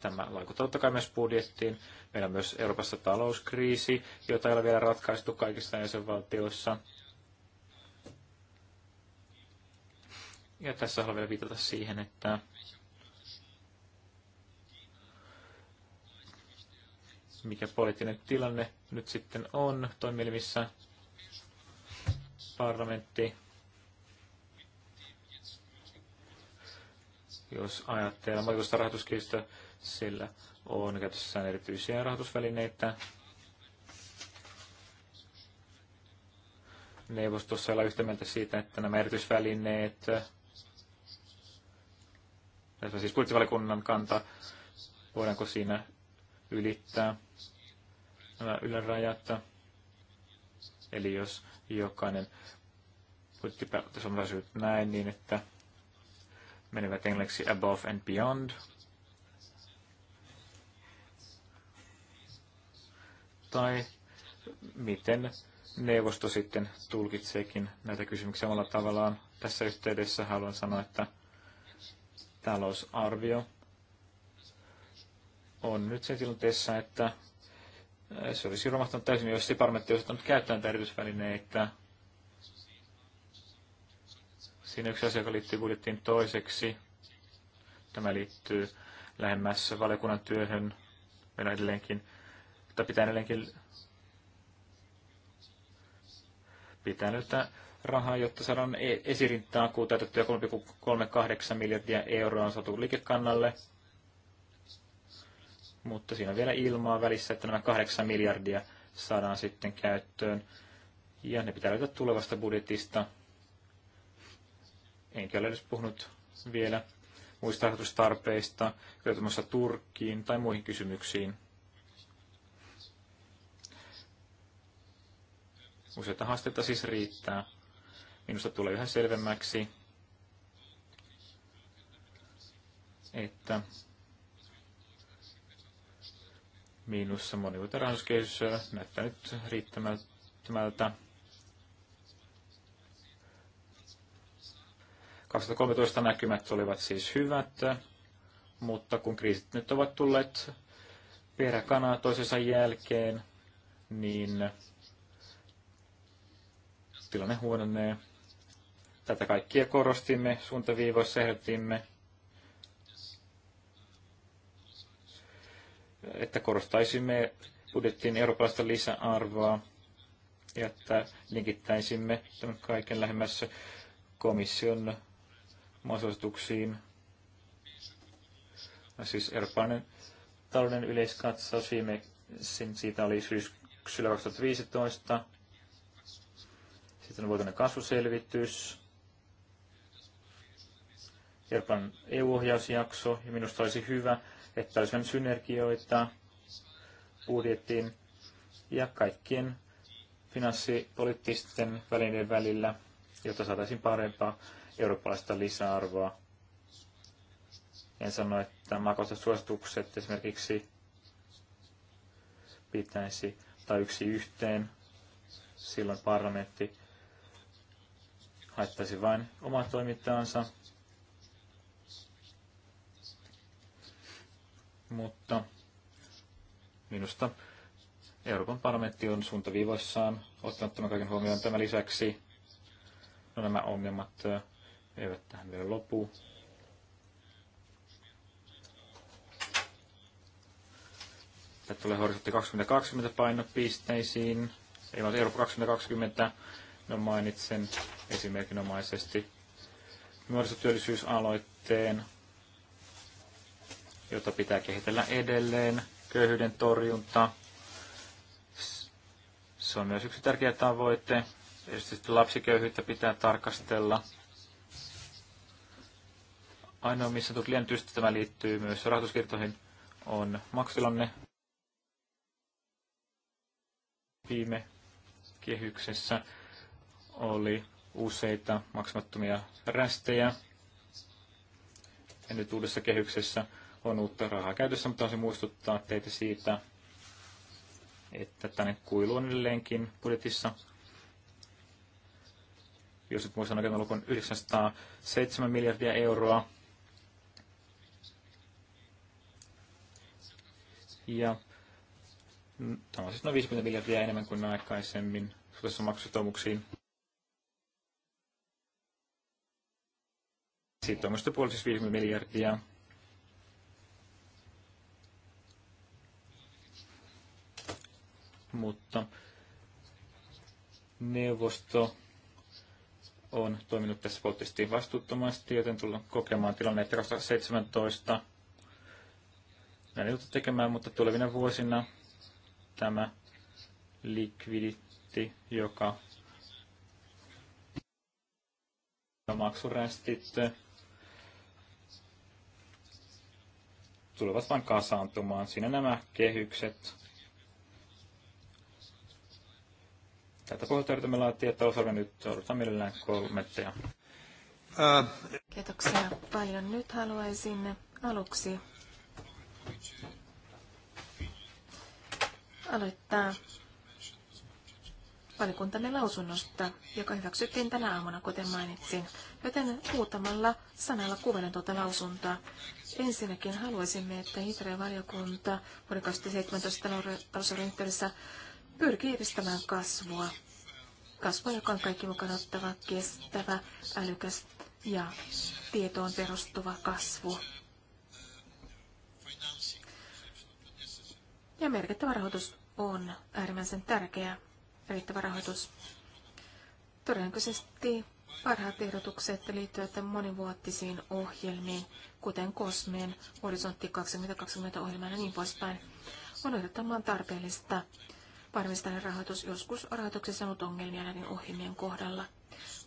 Tämä vaikuttaa totta kai myös budjettiin. Meillä on myös Euroopassa talouskriisi, jota ei ole vielä ratkaistu kaikissa jäsenvaltioissa. Ja tässä haluan vielä viitata siihen, että mikä poliittinen tilanne nyt sitten on toimielimissä. Parlamentti, jos ajattelee vaikutusta rahoituskirjasta, sillä on käytössään erityisiä rahoitusvälineitä. Neuvostossa ole yhtä mieltä siitä, että nämä erityisvälineet, tässä siis budjettivalikunnan kanta, voidaanko siinä ylittää nämä ylärajat. Eli jos jokainen budjettipäätös on väsynyt näin, niin että menevät englanniksi above and beyond. Tai miten neuvosto sitten tulkitseekin näitä kysymyksiä omalla tavallaan. Tässä yhteydessä haluan sanoa, että talousarvio on nyt se tilanteessa, että se olisi romahtanut täysin, jos se parmetti olisi ottanut käyttöön näitä Siinä yksi asia, joka liittyy budjettiin toiseksi. Tämä liittyy lähemmäs valiokunnan työhön. Meillä edelleenkin, tai pitää edelleenkin pitää nyt rahaa, jotta saadaan e- esirintaan kuutäytettyä 3,38 miljardia euroa on saatu liikekannalle mutta siinä on vielä ilmaa välissä, että nämä kahdeksan miljardia saadaan sitten käyttöön. Ja ne pitää löytää tulevasta budjetista. Enkä ole edes puhunut vielä muista rahoitustarpeista, joutumassa Turkkiin tai muihin kysymyksiin. Useita haasteita siis riittää. Minusta tulee yhä selvemmäksi, että miinussa monivuotinen näyttänyt näyttää riittämättömältä. 2013 näkymät olivat siis hyvät, mutta kun kriisit nyt ovat tulleet peräkanaa toisensa jälkeen, niin tilanne huononee. Tätä kaikkia korostimme, suuntaviivoissa ehdotimme että korostaisimme budjettiin eurooppalaista lisäarvoa ja että linkittäisimme tämän kaiken lähemmässä komission mahdollisuuksiin. Siis eurooppalainen talouden yleiskatsaus viime siitä oli syksyllä 2015. Sitten on vuotinen kasvuselvitys, Euroopan EU-ohjausjakso, ja minusta olisi hyvä, että olisi synergioita budjettiin ja kaikkien finanssipoliittisten välineiden välillä, jotta saataisiin parempaa eurooppalaista lisäarvoa. En sano, että maakohtaiset suositukset esimerkiksi pitäisi tai yksi yhteen. Silloin parlamentti haittaisi vain omaa toimintaansa mutta minusta Euroopan parlamentti on suuntaviivoissaan ottanut tämän kaiken huomioon. Tämän lisäksi no nämä ongelmat eivät tähän vielä lopu. Tämä tulee horisontti 2020 painopisteisiin. Ei ole Eurooppa 2020, no mainitsen esimerkinomaisesti nuorisotyöllisyysaloitteen, jota pitää kehitellä edelleen, köyhyyden torjunta. Se on myös yksi tärkeä tavoite. Erityisesti lapsiköyhyyttä pitää tarkastella. Ainoa, missä tuli lientystä tämä liittyy myös rahoituskirtoihin, on maksilanne viime kehyksessä oli useita maksamattomia rästejä. Ja nyt uudessa kehyksessä on uutta rahaa käytössä, mutta se muistuttaa teitä siitä, että tänne kuilu on edelleenkin budjetissa. Jos nyt muistan oikein lukun 907 miljardia euroa. Ja tämä on siis noin 50 miljardia enemmän kuin aikaisemmin suhteessa Siitä on myös siis 50 miljardia mutta neuvosto on toiminut tässä poliittisesti vastuuttomasti, joten tullaan kokemaan tilanne, että 2017 näin joutuu tekemään, mutta tulevina vuosina tämä likviditti, joka maksurästit tulevat vain kasaantumaan. Siinä nämä kehykset Tätä pohjalta yritämme että talousarvion nyt odotan mielellään kommentteja. Äh.
Kiitoksia paljon. Nyt haluaisin aluksi aloittaa valikuntamme lausunnosta, joka hyväksyttiin tänä aamuna, kuten mainitsin, joten muutamalla sanalla kuvelen tuota lausuntoa. Ensinnäkin haluaisimme, että Itre-valiokunta vuoden 2017 talousarvon yhteydessä pyrkii edistämään kasvua. Kasvua, joka on kaikki mukaan ottava, kestävä, älykäs ja tietoon perustuva kasvu. Ja merkittävä rahoitus on äärimmäisen tärkeä, riittävä rahoitus. Todennäköisesti parhaat ehdotukset liittyvät monivuottisiin ohjelmiin, kuten Kosmeen, Horisontti 2020 ohjelmaan ja niin poispäin. On ehdottoman tarpeellista varmistainen rahoitus. Joskus rahoituksessa ollut ongelmia näiden ohjelmien kohdalla.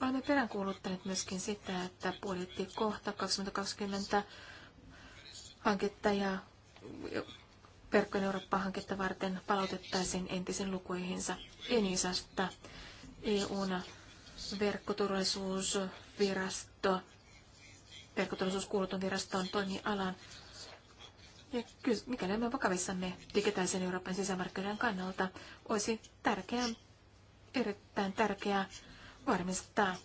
Olemme peräänkuuluttaneet myöskin sitä, että budjetti kohta 2020 hanketta ja Verkkojen Eurooppa-hanketta varten palautettaisiin entisen lukuihinsa Enisasta. EUn verkkoturvallisuusvirasto, verkkoturvallisuuskuuluton viraston toimialan ja mikäli me vakavissamme digitaalisen Euroopan sisämarkkinoiden kannalta, olisi tärkeää, erittäin tärkeää varmistaa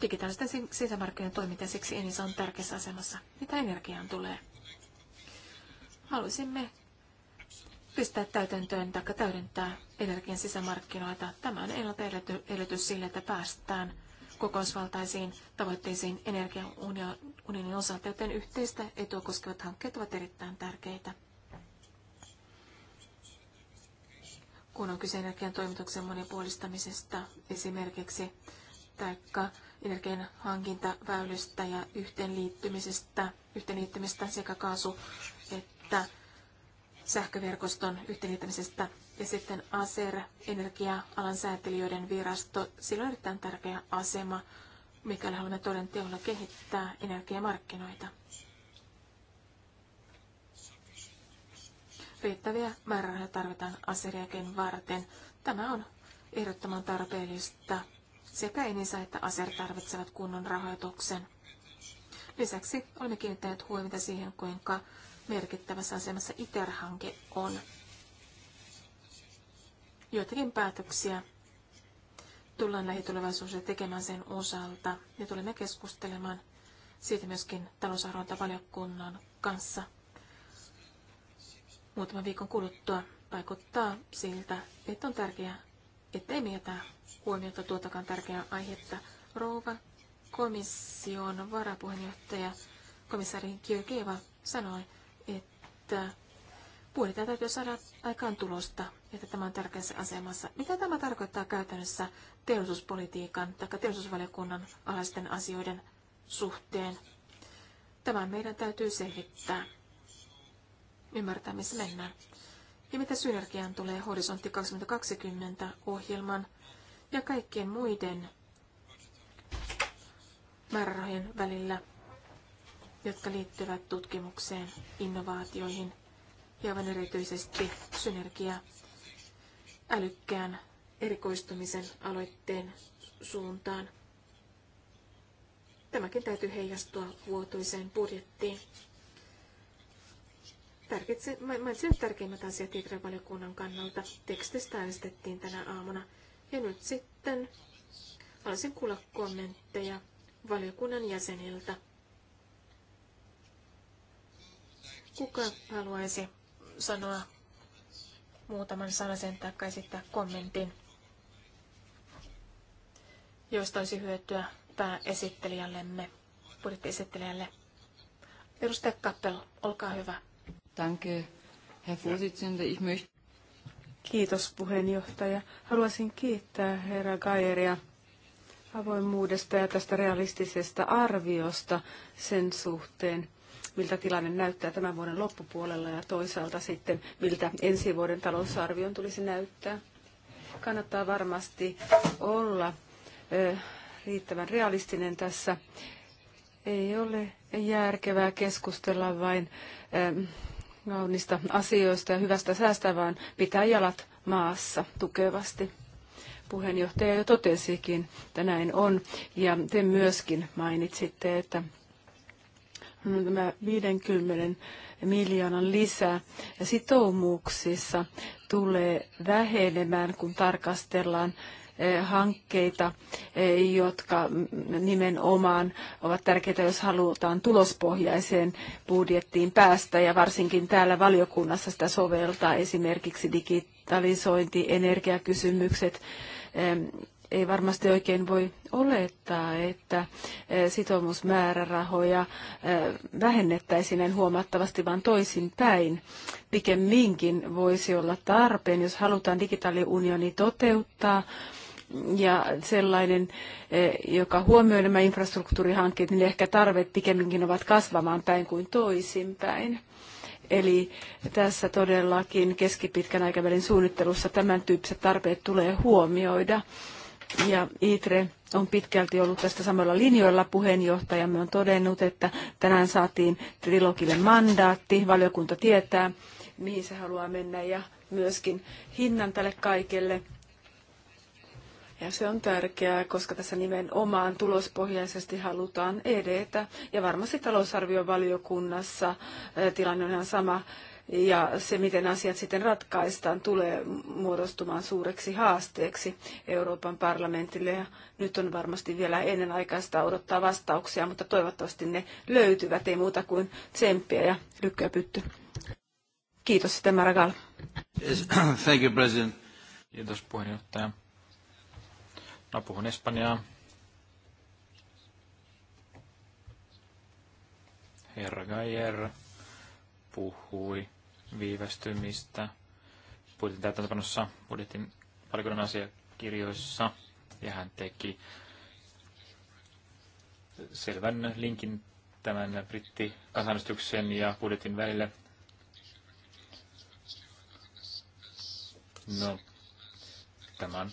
digitaalisten sisämarkkinoiden toiminta, siksi Enisa on tärkeässä asemassa, mitä energiaan tulee. Haluaisimme pistää täytäntöön tai täydentää energian sisämarkkinoita. Tämä on edellytys sille, että päästään kokonaisvaltaisiin tavoitteisiin energiaunionin osalta, joten yhteistä etua koskevat hankkeet ovat erittäin tärkeitä. Kun on kyse energian toimituksen monipuolistamisesta esimerkiksi, taikka energian hankintaväylistä ja yhteenliittymisestä, yhteenliittymistä sekä kaasu- että sähköverkoston yhteenliittämisestä ja sitten ASER, energia-alan säätelijöiden virasto, sillä on erittäin tärkeä asema, mikäli haluamme toden teolla kehittää energiamarkkinoita. Riittäviä määrärahoja tarvitaan aseriakin varten. Tämä on ehdottoman tarpeellista. Sekä Enisa että ASER tarvitsevat kunnon rahoituksen. Lisäksi olemme kiinnittäneet huomiota siihen, kuinka merkittävässä asemassa ITER-hanke on joitakin päätöksiä tullaan lähitulevaisuudessa tekemään sen osalta. Ja tulemme keskustelemaan siitä myöskin talousarvontavaliokunnan kanssa muutaman viikon kuluttua. Vaikuttaa siltä, että on tärkeää, ettei mietä huomiota tuotakaan tärkeää aihetta. Rouva komission varapuheenjohtaja komissaari Georgieva sanoi, että Puolitaan täytyy saada aikaan tulosta, että tämä on tärkeässä asemassa. Mitä tämä tarkoittaa käytännössä teollisuuspolitiikan tai teollisuusvaliokunnan alaisten asioiden suhteen? Tämä meidän täytyy selvittää. Ymmärtää, missä mennään. Ja mitä synergiaan tulee Horisontti 2020 ohjelman ja kaikkien muiden määrärahojen välillä, jotka liittyvät tutkimukseen, innovaatioihin – ja aivan erityisesti synergia älykkään erikoistumisen aloitteen suuntaan. Tämäkin täytyy heijastua vuotuiseen budjettiin. Mainitsin tärkeimmät asiat valiokunnan kannalta. Tekstistä äänestettiin tänä aamuna. Ja nyt sitten haluaisin kuulla kommentteja valiokunnan jäseniltä. Kuka haluaisi sanoa muutaman sanasen tai esittää kommentin, joista olisi hyötyä pääesittelijällemme, budjettiesittelijälle. Edustaja
Kappel, olkaa hyvä. Danke, Herr Vorsitzender. Ich möchte... Kiitos puheenjohtaja. Haluaisin kiittää herra Gaieria avoimuudesta ja tästä realistisesta arviosta sen suhteen, miltä tilanne näyttää tämän vuoden loppupuolella ja toisaalta sitten, miltä ensi vuoden talousarvion tulisi näyttää. Kannattaa varmasti olla riittävän realistinen tässä. Ei ole järkevää keskustella vain kaunista asioista ja hyvästä säästä, vaan pitää jalat maassa tukevasti. Puheenjohtaja jo totesikin, että näin on. Ja te myöskin mainitsitte, että tämä 50 miljoonan lisä ja sitoumuksissa tulee vähenemään, kun tarkastellaan eh, hankkeita, eh, jotka nimenomaan ovat tärkeitä, jos halutaan tulospohjaiseen budjettiin päästä. Ja varsinkin täällä valiokunnassa sitä soveltaa esimerkiksi digitalisointi, energiakysymykset ei varmasti oikein voi olettaa, että e, sitoumusmäärärahoja e, vähennettäisiin näin huomattavasti, vaan toisinpäin. Pikemminkin voisi olla tarpeen, jos halutaan digitaaliunioni toteuttaa, ja sellainen, e, joka huomioi nämä infrastruktuurihankkeet, niin ehkä tarvet pikemminkin ovat kasvamaan päin kuin toisinpäin. Eli tässä todellakin keskipitkän aikavälin suunnittelussa tämän tyyppiset tarpeet tulee huomioida ja ITRE on pitkälti ollut tästä samalla linjoilla. Puheenjohtajamme on todennut, että tänään saatiin trilogille mandaatti. Valiokunta tietää, mihin se haluaa mennä ja myöskin hinnan tälle kaikelle. Ja se on tärkeää, koska tässä nimenomaan tulospohjaisesti halutaan edetä. Ja varmasti talousarviovaliokunnassa eh, tilanne on ihan sama ja se, miten asiat sitten ratkaistaan, tulee muodostumaan suureksi haasteeksi Euroopan parlamentille. Ja nyt on varmasti vielä ennen aikaista odottaa vastauksia, mutta toivottavasti ne löytyvät, ei muuta kuin tsemppiä ja lykkyä pytty. Kiitos sitten Maragall. Yes. Thank you,
President. Kiitos puheenjohtaja. No, puhun Espanjaa. Herra Gajer puhui viivästymistä budjetin täytäntöpanossa budjetin valikoiden asiakirjoissa ja hän teki selvän linkin tämän britti ja budjetin välille. No, tämä on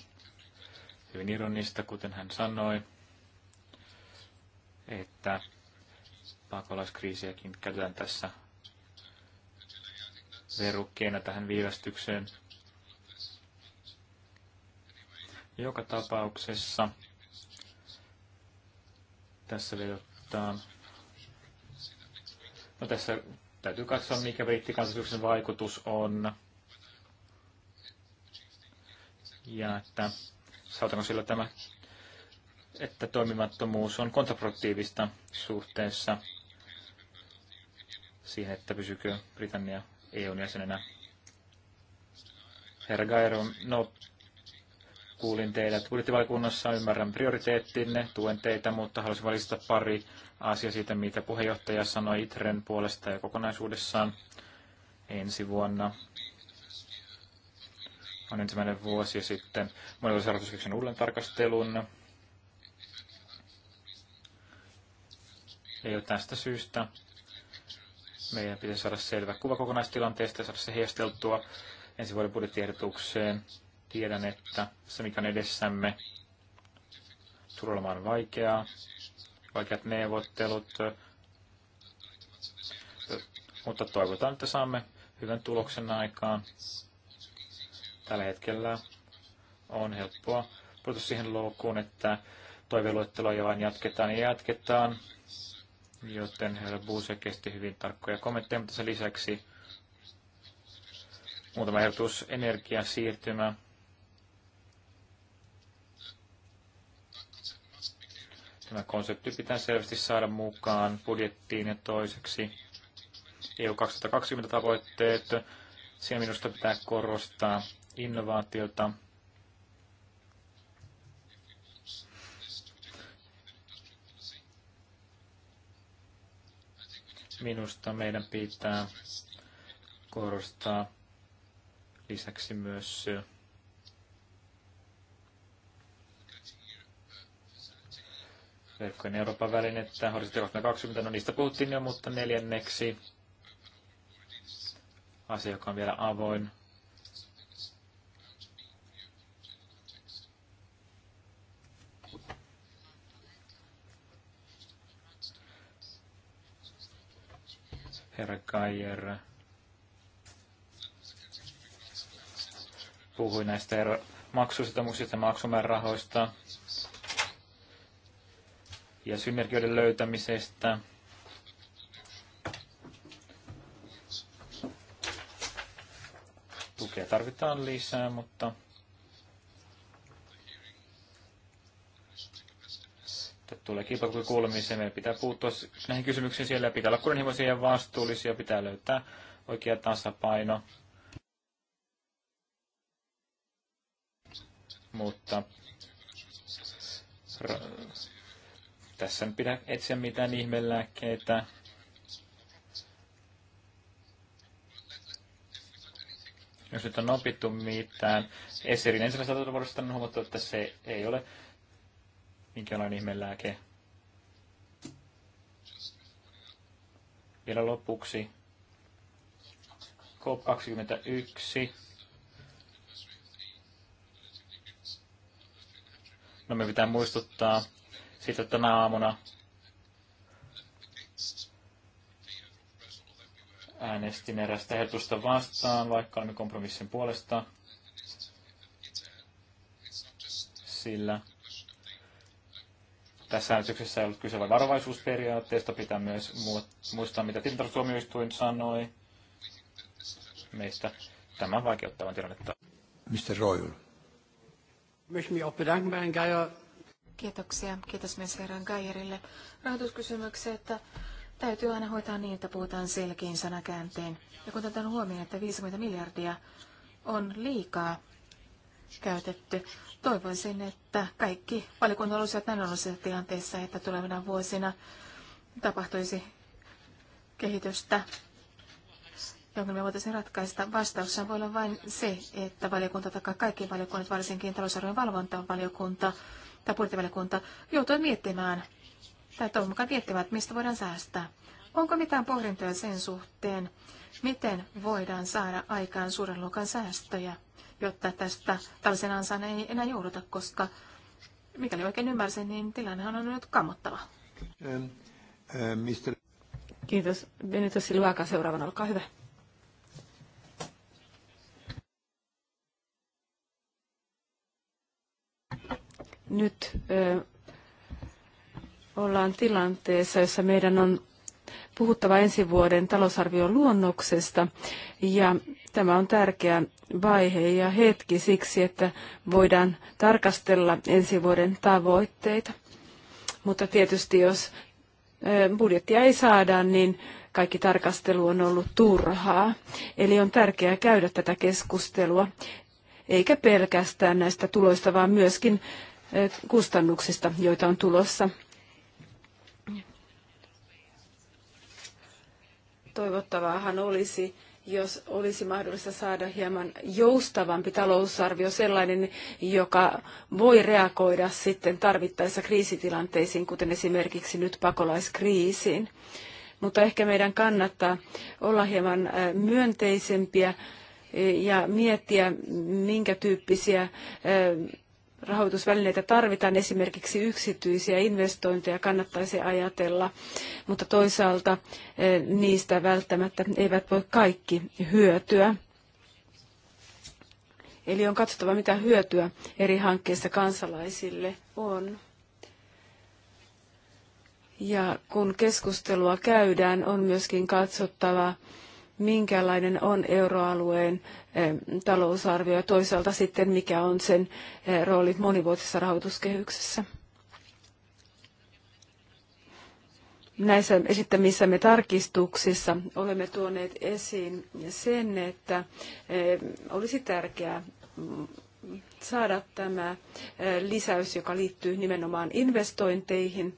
hyvin ironista, kuten hän sanoi, että pakolaiskriisiäkin käytetään tässä verukkeena tähän viivästykseen. Joka tapauksessa tässä vedottaa. No tässä täytyy katsoa, mikä brittikansallisuuden vaikutus on. Ja että saatanko sillä tämä, että toimimattomuus on kontraproduktiivista suhteessa siihen, että pysykö Britannia EUn jäsenenä. Herra Gairon, no kuulin teidät budjettivalikunnassa, ymmärrän prioriteettinne, tuen teitä, mutta haluaisin valistaa pari asiaa siitä, mitä puheenjohtaja sanoi ITREn puolesta ja kokonaisuudessaan ensi vuonna. On ensimmäinen vuosi sitten monivuotisarvoituskeksen uuden tarkastelun. Ei ole tästä syystä meidän pitäisi saada selvä kuva kokonaistilanteesta ja saada se heijasteltua ensi vuoden budjettiehdotukseen. Tiedän, että se mikä on edessämme tulee olemaan vaikeaa. Vaikeat neuvottelut, mutta toivotaan, että saamme hyvän tuloksen aikaan. Tällä hetkellä on helppoa puuttua siihen loukkuun, että toiveluetteloja vain jatketaan ja jatketaan joten herra Buuse kesti hyvin tarkkoja kommentteja, mutta sen lisäksi muutama ehdotus energiasiirtymä. Tämä konsepti pitää selvästi saada mukaan budjettiin ja toiseksi EU 2020 tavoitteet. Siinä minusta pitää korostaa innovaatiota, Minusta meidän pitää korostaa lisäksi myös eh, verkkojen Euroopan välinettä, horisontti 20, no niistä puhuttiin jo, mutta neljänneksi asia, joka on vielä avoin, Herra Kajer puhui näistä ero- ja maksumäärärahoista ja synergioiden löytämisestä. Tukea tarvitaan lisää, mutta tulee kilpailukykykuulemiseen. Meidän pitää puuttua näihin kysymyksiin siellä. Pitää olla kunnianhimoisia ja vastuullisia. Pitää löytää oikea tasapaino. Mutta tässä en pidä etsiä mitään ihmelääkkeitä. Jos nyt on opittu mitään, Eserin ensimmäisestä vuodesta niin on huomattu, että se ei ole minkälainen lääke. Vielä lopuksi COP21. No me pitää muistuttaa siitä tänä aamuna äänestin erästä ehdotusta vastaan, vaikka olemme kompromissin puolesta. Sillä tässä äänestyksessä ei ollut kyse vain varovaisuusperiaatteesta, pitää myös muistaa, mitä tilintarkastustuomioistuin sanoi meistä tämän vaikeuttavan tilannetta.
Mr. Royal.
Kiitoksia. Kiitos myös herran Gajerille. että täytyy aina hoitaa niin, että puhutaan selkiin sanakäänteen. Ja kun otetaan huomioon, että 50 miljardia on liikaa käytetty. Toivoisin, että kaikki valiokunta olisivat näin olleessa tilanteessa, että tulevina vuosina tapahtuisi kehitystä, jonka me voitaisiin ratkaista. Vastauksessa voi olla vain se, että valiokunta takaa kaikki valiokunnat, varsinkin talousarvojen valiokunta tai budjettivaliokunta, joutuu miettimään tai toivon mukaan miettivät, mistä voidaan säästää. Onko mitään pohdintoja sen suhteen, miten voidaan saada aikaan suuren luokan säästöjä jotta tästä tällaisen ansaan ei enää jouduta, koska mikäli oikein ymmärsin, niin tilannehan
on nyt kammottava. Ähm, äh, mister... Kiitos. Benito Silvaka seuraavana, olkaa hyvä. Nyt ö, ollaan tilanteessa, jossa meidän on puhuttava ensi vuoden talousarvion luonnoksesta ja tämä on tärkeä vaihe ja hetki siksi, että voidaan tarkastella ensi vuoden tavoitteita. Mutta tietysti jos budjettia ei saada, niin kaikki tarkastelu on ollut turhaa. Eli on tärkeää käydä tätä keskustelua, eikä pelkästään näistä tuloista, vaan myöskin kustannuksista, joita on tulossa Toivottavaahan olisi, jos olisi mahdollista saada hieman joustavampi talousarvio, sellainen, joka voi reagoida sitten tarvittaessa kriisitilanteisiin, kuten esimerkiksi nyt pakolaiskriisiin. Mutta ehkä meidän kannattaa olla hieman myönteisempiä ja miettiä, minkä tyyppisiä rahoitusvälineitä tarvitaan, esimerkiksi yksityisiä investointeja kannattaisi ajatella, mutta toisaalta eh, niistä välttämättä eivät voi kaikki hyötyä. Eli on katsottava, mitä hyötyä eri hankkeissa kansalaisille on. Ja kun keskustelua käydään, on myöskin katsottava, minkälainen on euroalueen eh, talousarvio ja toisaalta sitten mikä on sen eh, rooli monivuotisessa rahoituskehyksessä. Näissä esittämissämme tarkistuksissa olemme tuoneet esiin sen, että eh, olisi tärkeää mm, saada tämä lisäys, joka liittyy nimenomaan investointeihin –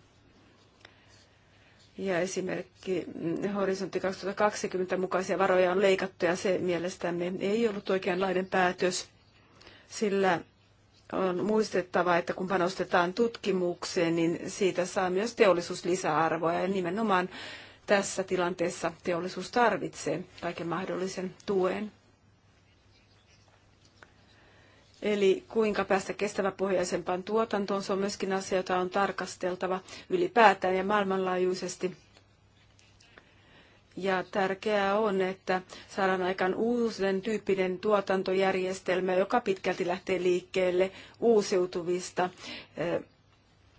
ja esimerkki mm, Horisontti 2020 mukaisia varoja on leikattu ja se mielestämme ei ollut oikeanlainen päätös, sillä on muistettava, että kun panostetaan tutkimukseen, niin siitä saa myös teollisuus lisäarvoa ja nimenomaan tässä tilanteessa teollisuus tarvitsee kaiken mahdollisen tuen. Eli kuinka päästä kestäväpohjaisempaan tuotantoon, se on myöskin asia, jota on tarkasteltava ylipäätään ja maailmanlaajuisesti. Ja tärkeää on, että saadaan aikaan uusen tyyppinen tuotantojärjestelmä, joka pitkälti lähtee liikkeelle uusiutuvista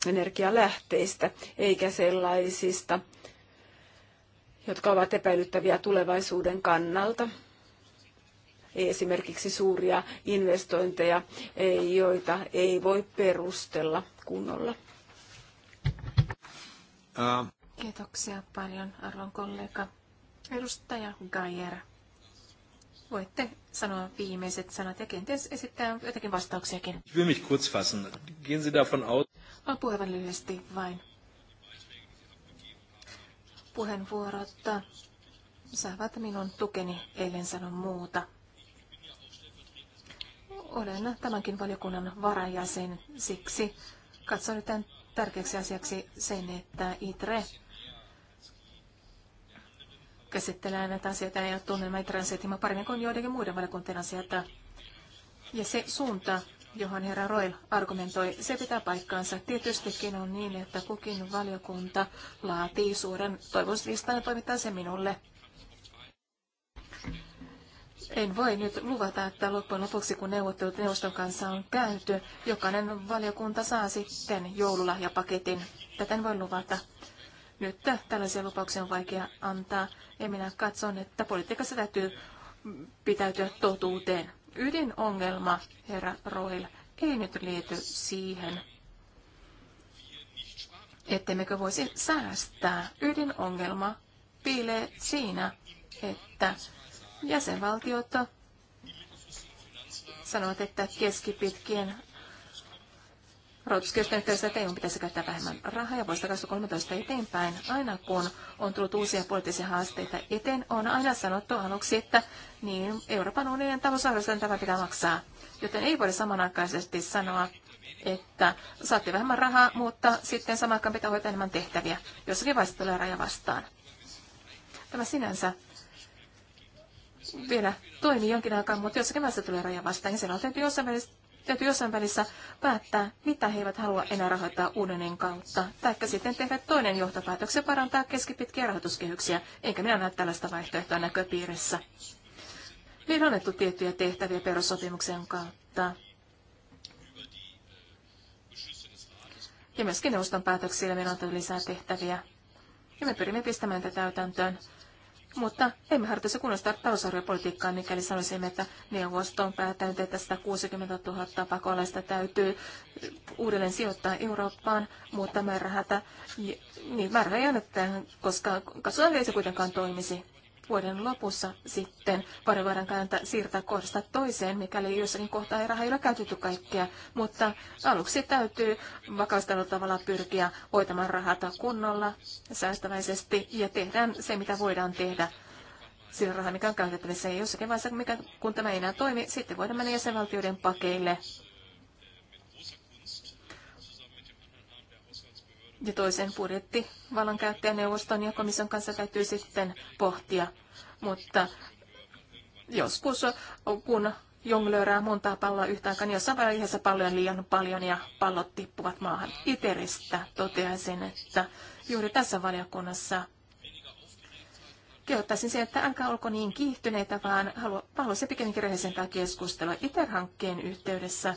energialähteistä, eikä sellaisista, jotka ovat epäilyttäviä tulevaisuuden kannalta esimerkiksi suuria investointeja, eh, joita ei voi perustella kunnolla.
Uh.
Kiitoksia paljon, arvon kollega. Edustaja Gajer, voitte sanoa viimeiset sanat ja kenties esittää jotakin vastauksiakin. Ich will mich lyhyesti vain. Puheenvuorot saavat minun tukeni, eilen sanon muuta. Olen tämänkin valiokunnan varajäsen, siksi katson nyt tämän tärkeäksi asiaksi sen, että ITRE käsittelee näitä asioita ja tunnelma ITREn setimä paremmin kuin joidenkin muiden valiokuntien asioita. Ja se suunta, johon herra Roil argumentoi, se pitää paikkaansa. Tietystikin on niin, että kukin valiokunta laatii suuren toivomuslistan ja toimittaa sen minulle. En voi nyt luvata, että loppujen lopuksi, kun neuvottelut neuvoston kanssa on käyty, jokainen valiokunta saa sitten joululahjapaketin. Tätä en voi luvata. Nyt tällaisia lupauksia on vaikea antaa. Ja minä katson, että politiikassa täytyy pitäytyä totuuteen. Ydinongelma, herra Roil, ei nyt liity siihen, ettemmekö voisi säästää. Ydinongelma piilee siinä, että jäsenvaltiota sanovat, että keskipitkien Rahoituskeskusten yhteydessä, että EU pitäisi käyttää vähemmän rahaa ja vuodesta 2013 eteenpäin. Aina kun on tullut uusia poliittisia haasteita eteen, on aina sanottu aluksi, että niin Euroopan unionin talousarvosta tämä pitää maksaa. Joten ei voida samanaikaisesti sanoa, että saatte vähemmän rahaa, mutta sitten samaan aikaan pitää hoitaa enemmän tehtäviä. Jossakin vaiheessa tulee raja vastaan. Tämä sinänsä vielä toimii jonkin aikaa, mutta jossakin vaiheessa tulee raja vastaan. niin silloin täytyy jossain välissä, täytyy jossain välissä päättää, mitä he eivät halua enää rahoittaa uudelleen kautta. Tai sitten tehdä toinen johtopäätöksen ja parantaa keskipitkiä rahoituskehyksiä. Enkä minä näe tällaista vaihtoehtoa näköpiirissä. Meillä on annettu tiettyjä tehtäviä perussopimuksen kautta. Ja myöskin neuvoston päätöksillä meillä on lisää tehtäviä. Ja me pyrimme pistämään tätä täytäntöön. Mutta emme harjoittaisi kunnostaa talousarviopolitiikkaa, mikäli sanoisimme, että neuvosto on päättänyt, että 160 000 pakolaista täytyy uudelleen sijoittaa Eurooppaan, mutta määrähätä, niin määrä ei koska katsotaan, ei se kuitenkaan toimisi vuoden lopussa sitten parin vuoden kannalta siirtää kohdasta toiseen, mikäli jossakin kohtaa ei raha ei ole käytetty kaikkea. Mutta aluksi täytyy vakaustella tavalla pyrkiä hoitamaan rahata kunnolla, säästäväisesti ja tehdään se, mitä voidaan tehdä sillä raha, mikä on käytettävissä. ei jossakin vaiheessa, mikä, kun tämä ei enää toimi, sitten voidaan mennä jäsenvaltioiden pakeille ja toisen vallankäyttäjäneuvoston ja komission kanssa täytyy sitten pohtia. Mutta joskus, kun jonglöörää montaa palloa yhtä aikaa, niin jossain vaiheessa palloja on liian paljon ja pallot tippuvat maahan. Iteristä toteaisin, että juuri tässä valiokunnassa kehottaisin siihen, että älkää olko niin kiihtyneitä, vaan haluaisin pikemminkin rehellisempää keskustelua ITER-hankkeen yhteydessä.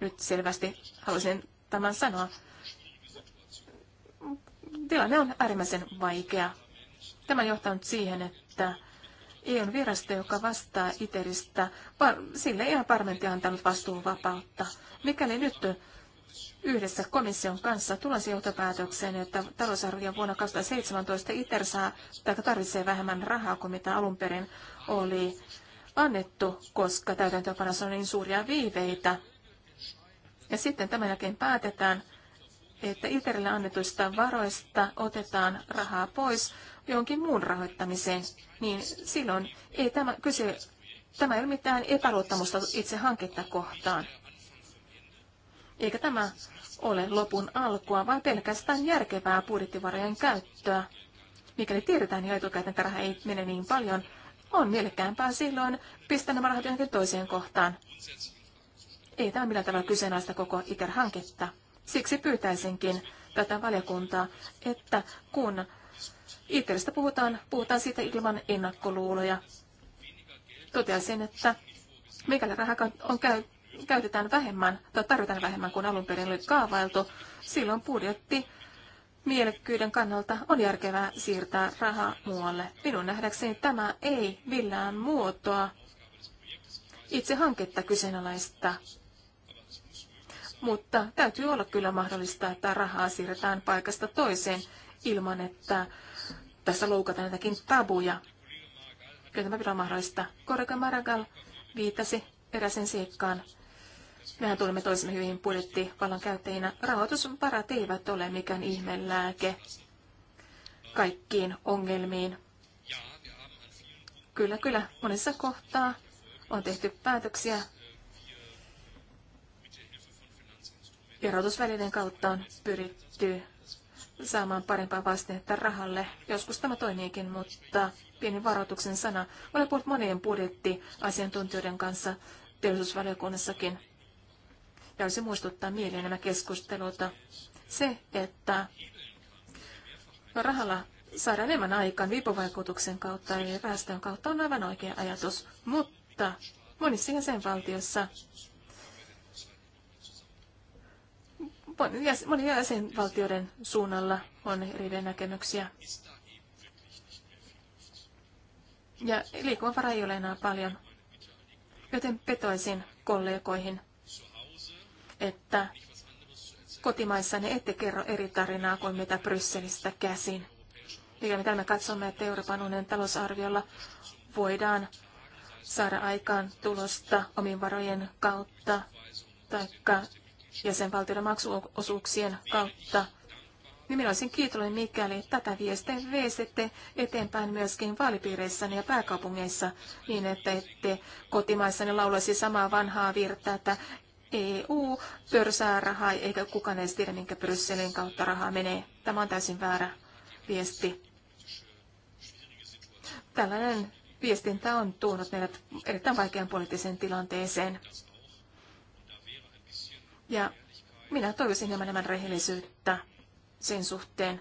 Nyt selvästi haluaisin tämän sanoa tilanne on äärimmäisen vaikea. Tämä on johtanut siihen, että EUn virasto, joka vastaa ITERistä, sille ei ole parlamentti antanut vastuuvapautta. Mikäli nyt yhdessä komission kanssa tulisi johtopäätökseen, että talousarvio vuonna 2017 ITER saa tai tarvitsee vähemmän rahaa kuin mitä alun perin oli annettu, koska täytäntöönpanossa on niin suuria viiveitä. Ja sitten tämän jälkeen päätetään, että Iterille annetuista varoista otetaan rahaa pois jonkin muun rahoittamiseen, niin silloin ei tämä, kyse, tämä ei ole mitään epäluottamusta itse hanketta kohtaan. Eikä tämä ole lopun alkua, vaan pelkästään järkevää budjettivarojen käyttöä. Mikäli tiedetään jo etukäteen, että raha ei mene niin paljon, on mielekkäämpää silloin pistää nämä rahat johonkin toiseen kohtaan. Ei tämä millään tavalla kyseenalaista koko ITER-hanketta. Siksi pyytäisinkin tätä valiokuntaa, että kun Itselistä puhutaan, puhutaan siitä ilman ennakkoluuloja. Toteaisin, että mikäli rahaa on käy, käytetään vähemmän tai tarvitaan vähemmän kuin alun perin oli kaavailtu, silloin budjetti mielekkyyden kannalta on järkevää siirtää rahaa muualle. Minun nähdäkseni tämä ei millään muotoa itse hanketta kyseenalaista mutta täytyy olla kyllä mahdollista, että rahaa siirretään paikasta toiseen ilman, että tässä loukataan jotakin tabuja. Kyllä tämä pitää mahdollista. Korka Maragall viittasi eräsen seikkaan. Mehän tulemme toisemme hyvin budjettivallan käyttäjinä. Rahoitusvarat eivät ole mikään ihmelääke kaikkiin ongelmiin. Kyllä, kyllä. Monessa kohtaa on tehty päätöksiä Ja kautta on pyritty saamaan parempaa vastinetta rahalle. Joskus tämä toimiikin, mutta pieni varoituksen sana. Olen puhunut monien budjettiasiantuntijoiden kanssa teollisuusvaliokunnassakin. Ja olisi muistuttaa mieleen nämä keskustelut. Se, että rahalla saadaan enemmän aikaan viipuvaikutuksen kautta ja väestön kautta on aivan oikea ajatus, mutta monissa jäsenvaltiossa monien jäsenvaltioiden suunnalla on eri näkemyksiä. Ja liikkumavara ei ole enää paljon, joten petoisin kollegoihin, että kotimaissanne ette kerro eri tarinaa kuin mitä Brysselistä käsin. Ja mitä me katsomme, että Euroopan unionin talousarviolla voidaan saada aikaan tulosta omin varojen kautta, taikka jäsenvaltioiden maksuosuuksien kautta. Niin minä olisin kiitollinen, mikäli tätä viestiä veisitte eteenpäin myöskin vaalipiireissäni ja pääkaupungeissa niin, että ette kotimaissani laulaisi samaa vanhaa virtaa, että EU pörsää rahaa, eikä kukaan edes tiedä, minkä Brysselin kautta rahaa menee. Tämä on täysin väärä viesti. Tällainen viestintä on tuonut meidät erittäin vaikean poliittiseen tilanteeseen. Ja minä toivoisin hieman enemmän rehellisyyttä sen suhteen,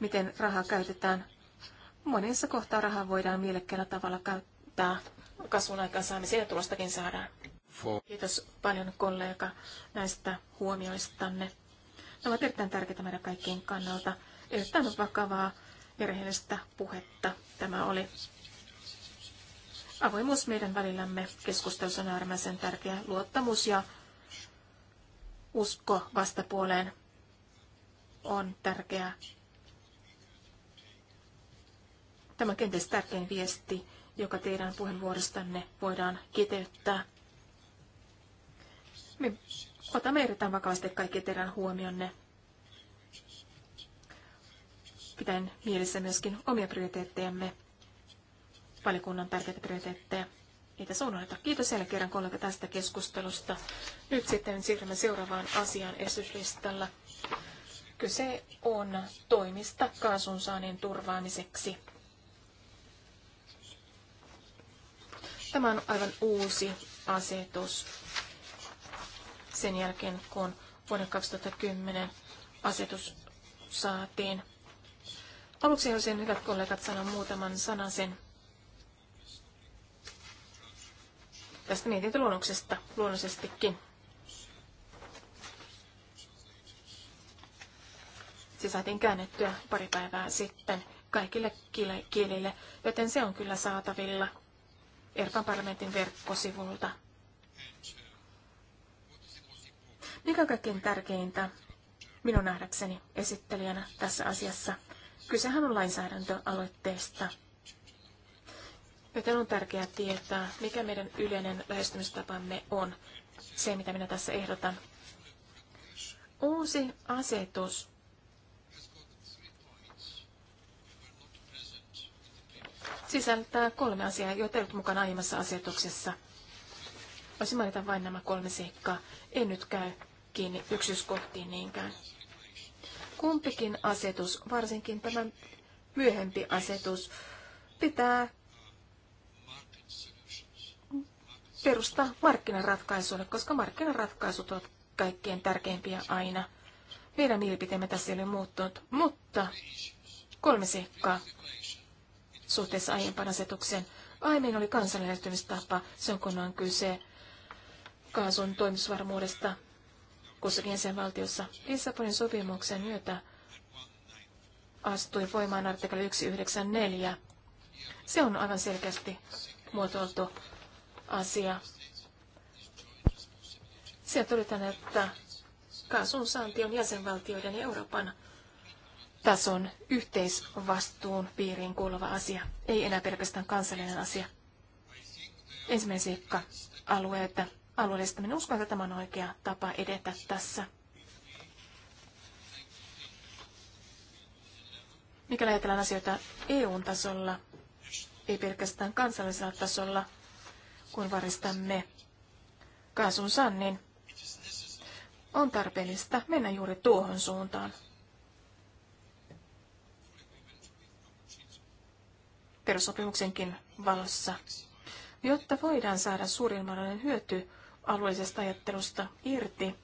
miten rahaa käytetään. Monissa kohtaa rahaa voidaan mielekkäällä tavalla käyttää kasvun aikaansaamiseen ja tulostakin saadaan. Kiitos paljon kollega näistä huomioistanne. Ne ovat erittäin tärkeitä meidän kaikkien kannalta. Erittäin vakavaa ja rehellistä puhetta tämä oli. Avoimuus meidän välillämme keskustelussa on äärimmäisen tärkeä luottamus ja usko vastapuoleen on tärkeää. Tämä on kenties tärkein viesti, joka teidän puheenvuorostanne voidaan kiteyttää. Me otamme erittäin vakavasti kaikki teidän huomionne. Pitäen mielessä myöskin omia prioriteettejamme, valikunnan tärkeitä prioriteetteja ei tässä Kiitos siellä kerran kollega tästä keskustelusta. Nyt sitten siirrymme seuraavaan asiaan esityslistalla. Kyse on toimista kaasunsaannin turvaamiseksi. Tämä on aivan uusi asetus sen jälkeen, kun vuoden 2010 asetus saatiin. Aluksi haluaisin, hyvät kollegat, sanoa muutaman sanan sen tästä mietintöluonnoksesta luonnollisestikin. Se saatiin käännettyä pari päivää sitten kaikille kielille, joten se on kyllä saatavilla Euroopan parlamentin verkkosivulta. Mikä on kaikkein tärkeintä minun nähdäkseni esittelijänä tässä asiassa? Kysehän on lainsäädäntöaloitteesta – Joten on tärkeää tietää, mikä meidän yleinen lähestymistapamme on. Se, mitä minä tässä ehdotan. Uusi asetus sisältää kolme asiaa, joita ei ollut mukana aiemmassa asetuksessa. Voisin mainita vain nämä kolme seikkaa. En nyt käy kiinni yksityiskohtiin niinkään. Kumpikin asetus, varsinkin tämä myöhempi asetus, pitää perusta markkinaratkaisuille, koska markkinaratkaisut ovat kaikkein tärkeimpiä aina. Meidän mielipiteemme tässä ei ole muuttunut, mutta kolme seikkaa suhteessa aiempaan asetukseen. Aiemmin oli kansallistumistapa, se on kun on kyse kaasun toimitusvarmuudesta kussakin jäsenvaltiossa. Lissabonin sopimuksen myötä astui voimaan artikla 194. Se on aivan selkeästi muotoiltu asia. Sieltä todetaan, että kaasun saanti on jäsenvaltioiden ja Euroopan tason yhteisvastuun piiriin kuuluva asia, ei enää pelkästään kansallinen asia. Ensimmäinen seikka alueelta alueellistaminen. Uskon, että tämä on oikea tapa edetä tässä. Mikä ajatellaan asioita eu tasolla, ei pelkästään kansallisella tasolla, kun varistamme kaasun sannin, on tarpeellista mennä juuri tuohon suuntaan. Perussopimuksenkin valossa, jotta voidaan saada suurin mahdollinen hyöty alueellisesta ajattelusta irti,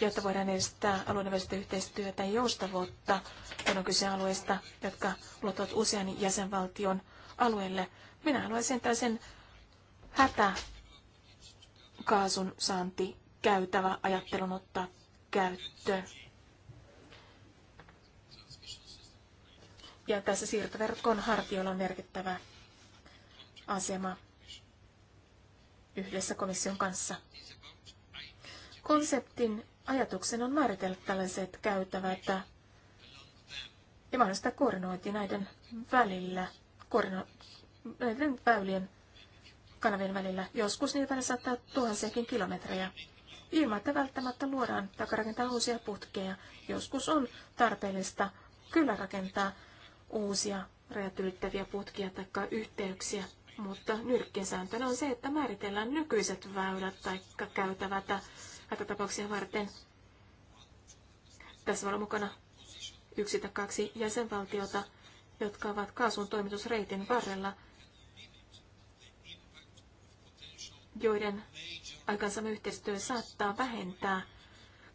jotta voidaan edistää alueiden välistä yhteistyötä ja joustavuutta, kun on kyse alueista, jotka luottavat usean jäsenvaltion alueelle. Minä haluaisin tällaisen hätäkaasun saanti käytävä ajattelun ottaa käyttöön. Ja tässä siirtoverkon hartiolla on merkittävä asema yhdessä komission kanssa. Konseptin ajatuksen on määritellä tällaiset käytävät ja mahdollista koordinointi näiden välillä korina, näiden väylien kanavien välillä. Joskus niitä välillä saattaa tuhansiakin kilometrejä. Ilman, että välttämättä luodaan tai rakentaa uusia putkeja. Joskus on tarpeellista kyllä rakentaa uusia rajat ylittäviä putkia tai yhteyksiä, mutta sääntönä on se, että määritellään nykyiset väylät tai käytävät hätätapauksia varten. Tässä voi olla mukana yksi tai kaksi jäsenvaltiota – jotka ovat kaasun toimitusreitin varrella, joiden aikansamme yhteistyö saattaa vähentää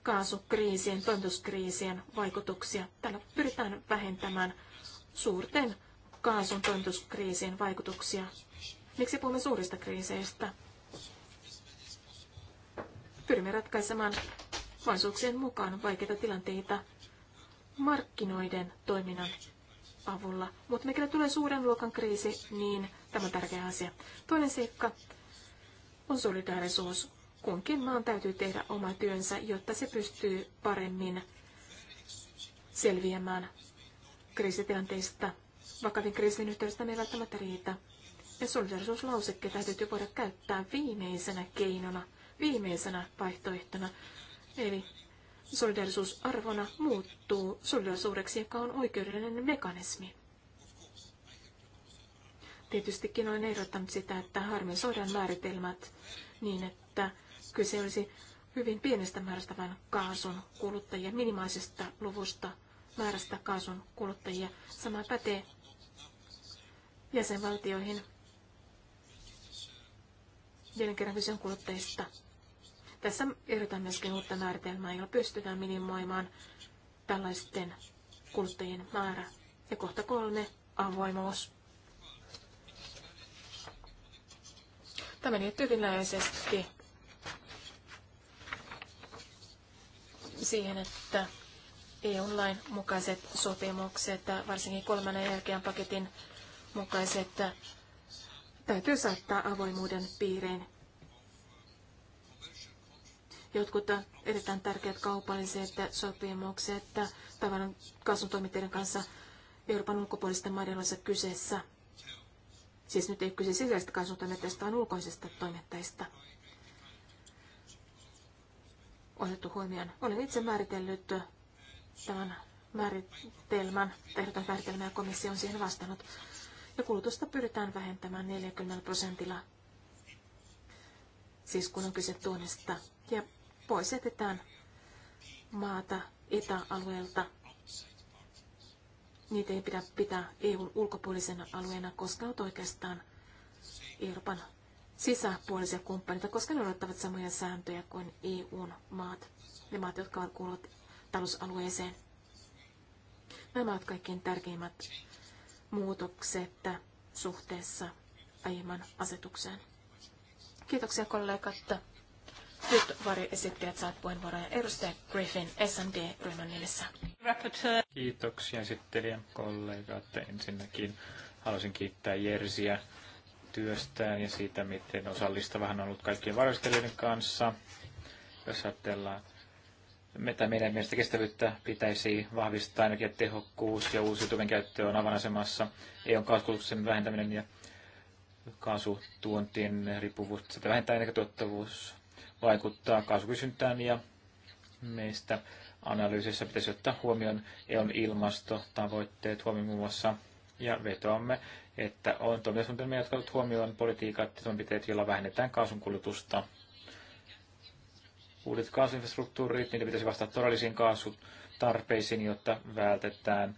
kaasukriisien, toimituskriisien vaikutuksia. Tällä pyritään vähentämään suurten kaasun toimituskriisien vaikutuksia. Miksi puhumme suurista kriiseistä? Pyrimme ratkaisemaan mahdollisuuksien mukaan vaikeita tilanteita markkinoiden toiminnan avulla. Mutta mikäli tulee suuren luokan kriisi, niin tämä on tärkeä asia. Toinen seikka on solidaarisuus. Kunkin maan täytyy tehdä oma työnsä, jotta se pystyy paremmin selviämään kriisitilanteista. Vakavin kriisin yhteydestä ei välttämättä riitä. Ja solidarisuuslauseke täytyy voida käyttää viimeisenä keinona, viimeisenä vaihtoehtona. Eli arvona muuttuu solidaarisuudeksi, joka on oikeudellinen mekanismi. Tietystikin olen ehdottanut sitä, että sodan määritelmät niin, että kyse olisi hyvin pienestä määrästä vain kaasun kuluttajia, minimaisesta luvusta määrästä kaasun kuluttajia. Sama pätee jäsenvaltioihin. Jälleen kerran kyse on kuluttajista. Tässä ehdotan myöskin uutta määritelmää, jolla pystytään minimoimaan tällaisten kuluttajien määrä. Ja kohta kolme, avoimuus. Tämä meni hyvin läheisesti siihen, että EU-lain mukaiset sopimukset, varsinkin kolmannen energian paketin mukaiset, täytyy saattaa avoimuuden piiriin. Jotkut erittäin tärkeät kaupalliset sopimukset tavaran kasvuntoimittajien kanssa Euroopan ulkopuolisten maiden kanssa kyseessä. Siis nyt ei kyse sisäisestä kasvutoimittajista, vaan ulkoisista toimittajista. Otettu huomioon. Olen itse määritellyt tämän määritelmän, tehdytön määritelmän ja komissio on siihen vastannut. Ja kulutusta pyritään vähentämään 40 prosentilla, siis kun on kyse tuonnista. Ja pois jätetään maata etäalueelta. Niitä ei pidä pitää EUn ulkopuolisena alueena, koska ovat oikeastaan Euroopan sisäpuolisia kumppaneita, koska ne odottavat samoja sääntöjä kuin EUn maat, ne maat, jotka kuuluvat talousalueeseen. Nämä ovat kaikkein tärkeimmät muutokset suhteessa aiemman asetukseen. Kiitoksia kollegat nyt varjoesittäjät saat puheenvuoroja. Edustaja Griffin, SMD-ryhmän nimessä.
Kiitoksia esittelijä kollegat. Ensinnäkin haluaisin kiittää Jersiä työstään ja siitä, miten osallistava hän on ollut kaikkien varjoistelijoiden kanssa. Jos ajatellaan, mitä meidän mielestä kestävyyttä pitäisi vahvistaa, ainakin että tehokkuus ja uusiutuvien käyttö on avainasemassa. E on kaasukulutuksen vähentäminen ja kaasutuontien riippuvuutta vähentää tuottavuus vaikuttaa kaasukysyntään ja meistä analyysissä pitäisi ottaa huomioon EUn ilmastotavoitteet huomioon muun muassa ja vetoamme, että on toimintasuunnitelmia, jotka ovat huomioon politiikat ja toimenpiteet, joilla vähennetään kaasunkulutusta. Uudet kaasuinfrastruktuurit, niitä pitäisi vastata todellisiin kaasutarpeisiin, jotta vältetään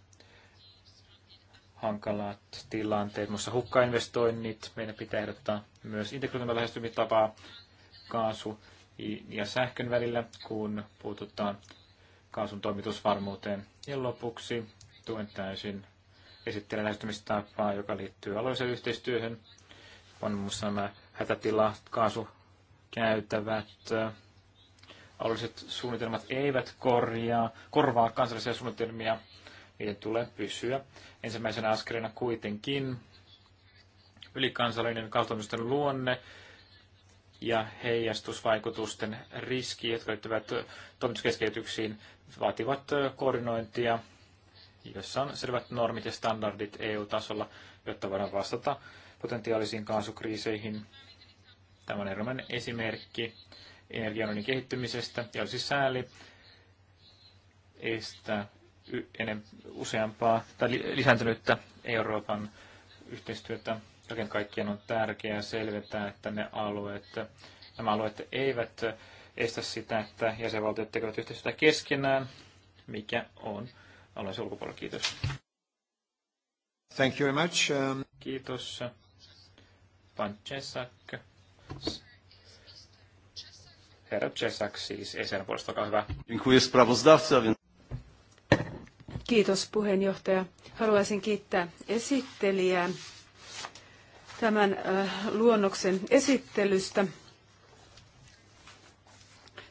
hankalat tilanteet, muassa hukkainvestoinnit. Meidän pitää ehdottaa myös integroitumista lähestymistapaa kaasu ja sähkön välillä, kun puututaan kaasun toimitusvarmuuteen. Ja lopuksi tuen täysin esittelen lähestymistapaa, joka liittyy alueeseen yhteistyöhön. On muassa nämä hätätila, käytävät. alueelliset suunnitelmat eivät korjaa, korvaa kansallisia suunnitelmia, niiden tulee pysyä. Ensimmäisenä askeleena kuitenkin ylikansallinen kaasutoimiston luonne ja heijastusvaikutusten riski, jotka liittyvät toimituskeskeytyksiin, vaativat koordinointia, jossa on selvät normit ja standardit EU-tasolla, jotta voidaan vastata potentiaalisiin kaasukriiseihin. Tämä on erilainen esimerkki energianoinnin kehittymisestä, ja olisi sääli estää useampaa tai lisääntynyttä Euroopan yhteistyötä Kaiken kaikkiaan on tärkeää selvittää, että ne alueet, nämä alueet eivät estä sitä, että jäsenvaltiot tekevät yhteistyötä keskenään, mikä on alueen ulkopuolella. Kiitos. Thank you very much. Um... Kiitos. Pancesak. Herra Chesak siis ESN puolesta, olkaa hyvä.
Kiitos puheenjohtaja. Haluaisin kiittää esittelijää tämän luonnoksen esittelystä.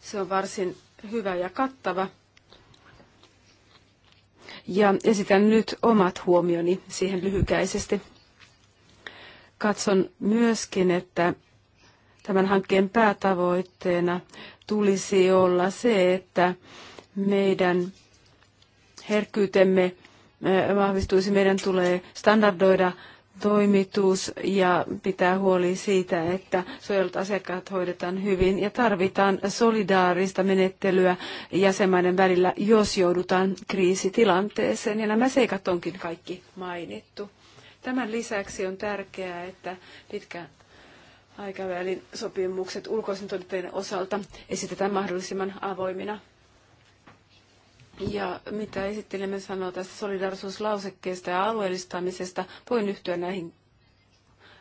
Se on varsin hyvä ja kattava. Ja esitän nyt omat huomioni siihen lyhykäisesti. Katson myöskin, että tämän hankkeen päätavoitteena tulisi olla se, että meidän herkkyytemme vahvistuisi, meidän tulee standardoida toimitus ja pitää huoli siitä, että suojelut asiakkaat hoidetaan hyvin ja tarvitaan solidaarista menettelyä jäsenmaiden välillä, jos joudutaan kriisitilanteeseen. Ja nämä seikat onkin kaikki mainittu. Tämän lisäksi on tärkeää, että pitkän aikavälin sopimukset ulkoisen todetteen osalta esitetään mahdollisimman avoimina ja mitä esittelemme sanoo tästä solidarisuuslausekkeesta ja alueellistamisesta, voin yhtyä näihin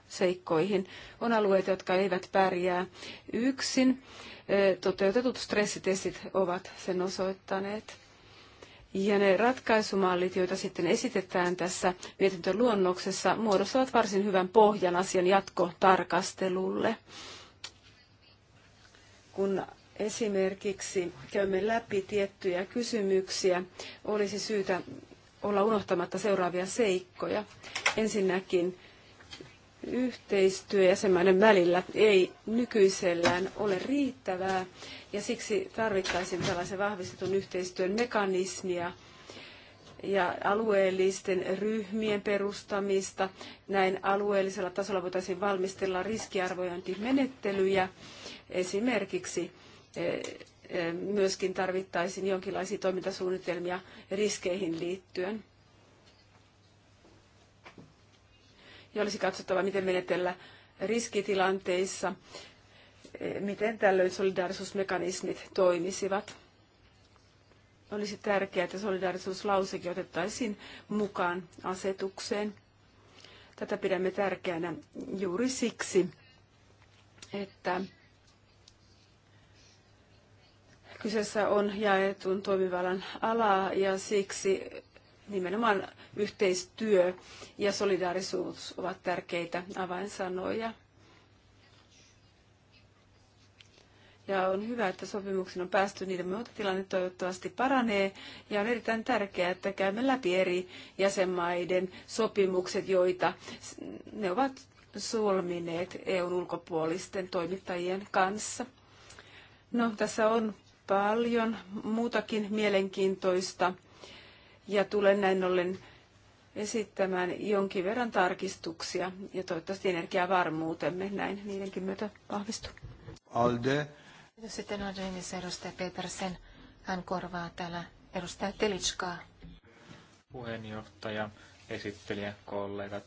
seikkoihin. On alueita, jotka eivät pärjää yksin. Toteutetut stressitestit ovat sen osoittaneet. Ja ne ratkaisumallit, joita sitten esitetään tässä mietintöluonnoksessa, muodostavat varsin hyvän pohjan asian jatkotarkastelulle. Kun esimerkiksi käymme läpi tiettyjä kysymyksiä, olisi syytä olla unohtamatta seuraavia seikkoja. Ensinnäkin yhteistyö jäsenmaiden välillä ei nykyisellään ole riittävää ja siksi tarvittaisiin tällaisen vahvistetun yhteistyön mekanismia ja alueellisten ryhmien perustamista. Näin alueellisella tasolla voitaisiin valmistella riskiarviointimenettelyjä esimerkiksi Eh, eh, myöskin tarvittaisiin jonkinlaisia toimintasuunnitelmia riskeihin liittyen. Ja olisi katsottava, miten menetellä riskitilanteissa, eh, miten tällöin solidaarisuusmekanismit toimisivat. Olisi tärkeää, että solidaarisuuslausekin otettaisiin mukaan asetukseen. Tätä pidämme tärkeänä juuri siksi, että Kyseessä on jaetun toimivallan ala ja siksi nimenomaan yhteistyö ja solidaarisuus ovat tärkeitä avainsanoja. Ja on hyvä, että sopimuksen on päästy niiden myötä tilanne toivottavasti paranee. Ja on erittäin tärkeää, että käymme läpi eri jäsenmaiden sopimukset, joita ne ovat solmineet EUn ulkopuolisten toimittajien kanssa. No, tässä on paljon muutakin mielenkiintoista ja tulen näin ollen esittämään jonkin verran tarkistuksia ja toivottavasti energiavarmuutemme näin niidenkin myötä vahvistuu. Alde. Kiitos sitten on edustaja Petersen.
Hän korvaa täällä edustaja Telitskaa.
Puheenjohtaja, esittelijä, kollegat.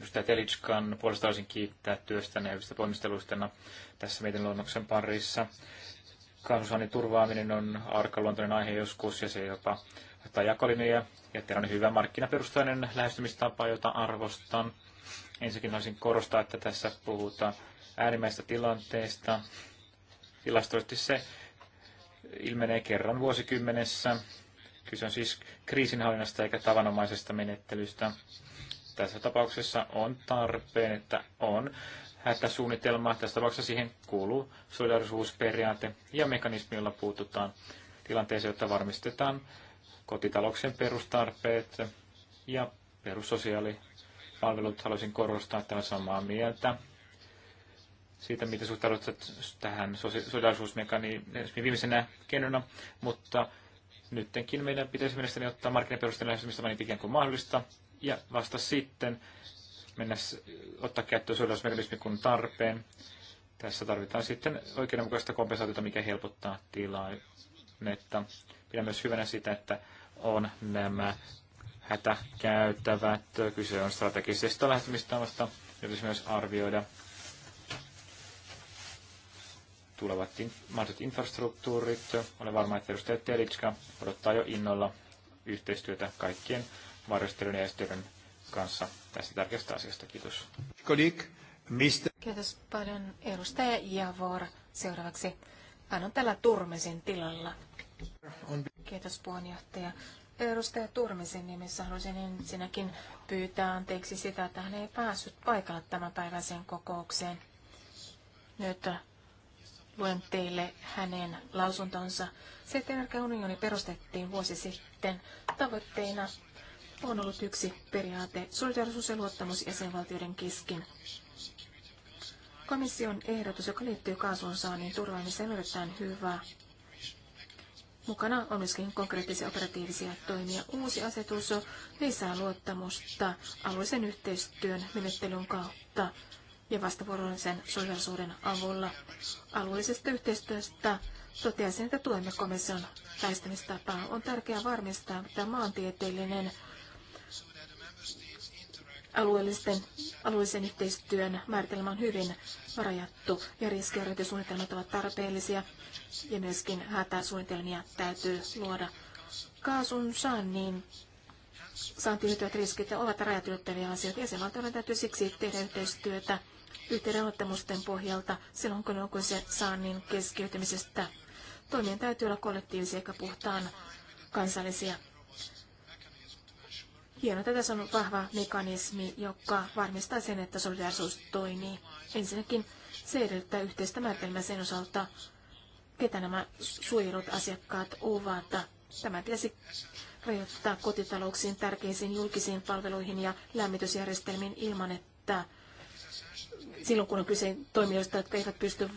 Edustaja Telitskan puolesta olisin kiittää työstä ja hyvistä tässä meidän luonnoksen parissa kansansaannin turvaaminen on arkaluontoinen aihe joskus ja se jopa ottaa jakolinjoja. Ja teillä on hyvä markkinaperustainen lähestymistapa, jota arvostan. Ensinnäkin haluaisin korostaa, että tässä puhutaan äärimmäistä tilanteesta. Tilastollisesti se ilmenee kerran vuosikymmenessä. Kyse on siis kriisinhallinnasta eikä tavanomaisesta menettelystä. Tässä tapauksessa on tarpeen, että on hätäsuunnitelmaa. Tässä tapauksessa siihen kuuluu solidarisuusperiaate ja mekanismi, jolla puututaan tilanteeseen, jotta varmistetaan kotitalouksien perustarpeet ja perussosiaalipalvelut. Haluaisin korostaa tämän samaa mieltä siitä, miten suhtaudutaan tähän solidarisuusmekanismiin viimeisenä keinona, mutta nyttenkin meidän pitäisi mielestäni ottaa markkinaperusteinen lähestymistapa niin pitkään kuin mahdollista, ja vasta sitten mennä ottaa käyttöön solidaisuusmekanismi kun tarpeen. Tässä tarvitaan sitten oikeudenmukaista kompensaatiota, mikä helpottaa tilannetta. Pidän myös hyvänä sitä, että on nämä hätäkäyttävät. Kyse on strategisesta lähtemistavasta, jota myös arvioida tulevat in, mahdolliset infrastruktuurit. Olen varma, että edustaja Telitska odottaa jo innolla yhteistyötä kaikkien varjostelun ja kanssa tästä tärkeästä asiasta. Kiitos.
Kiitos paljon edustaja Javor. Seuraavaksi hän on Turmesin tilalla. Kiitos puheenjohtaja. Edustaja Turmisen nimissä haluaisin ensinnäkin pyytää anteeksi sitä, että hän ei päässyt paikalle päiväiseen kokoukseen. Nyt luen teille hänen lausuntonsa. Se, että unioni perustettiin vuosi sitten tavoitteena on ollut yksi periaate, solidarisuus ja luottamus jäsenvaltioiden kesken. Komission ehdotus, joka liittyy kaasun saannin turvaamiseen, on erittäin hyvä. Mukana on myöskin konkreettisia operatiivisia toimia. Uusi asetus lisää luottamusta alueisen yhteistyön menettelyn kautta ja vastavuoroisen solidarisuuden avulla. Alueellisesta yhteistyöstä toteaisin, että tuemme komission väistämistapaa. On tärkeää varmistaa, että maantieteellinen Alueellisten, alueellisen yhteistyön määritelmä on hyvin rajattu ja suunnitelmat ovat tarpeellisia ja myöskin hätäsuunnitelmia täytyy luoda. Kaasun saannin saantiin liittyvät riskit ovat rajat ja asioita. Jäsenvaltioiden täytyy siksi tehdä yhteistyötä yhteydenottamusten pohjalta silloin, kun on kyse saannin keskeytymisestä. Toimien täytyy olla kollektiivisia eikä puhtaan kansallisia hieno. että tässä on vahva mekanismi, joka varmistaa sen, että solidaarisuus toimii. Ensinnäkin se edellyttää yhteistä määritelmää sen osalta, ketä nämä suojelut asiakkaat ovat. Tämä pitäisi rajoittaa kotitalouksiin, tärkeisiin julkisiin palveluihin ja lämmitysjärjestelmiin ilman, että silloin kun on kyse toimijoista, jotka eivät pysty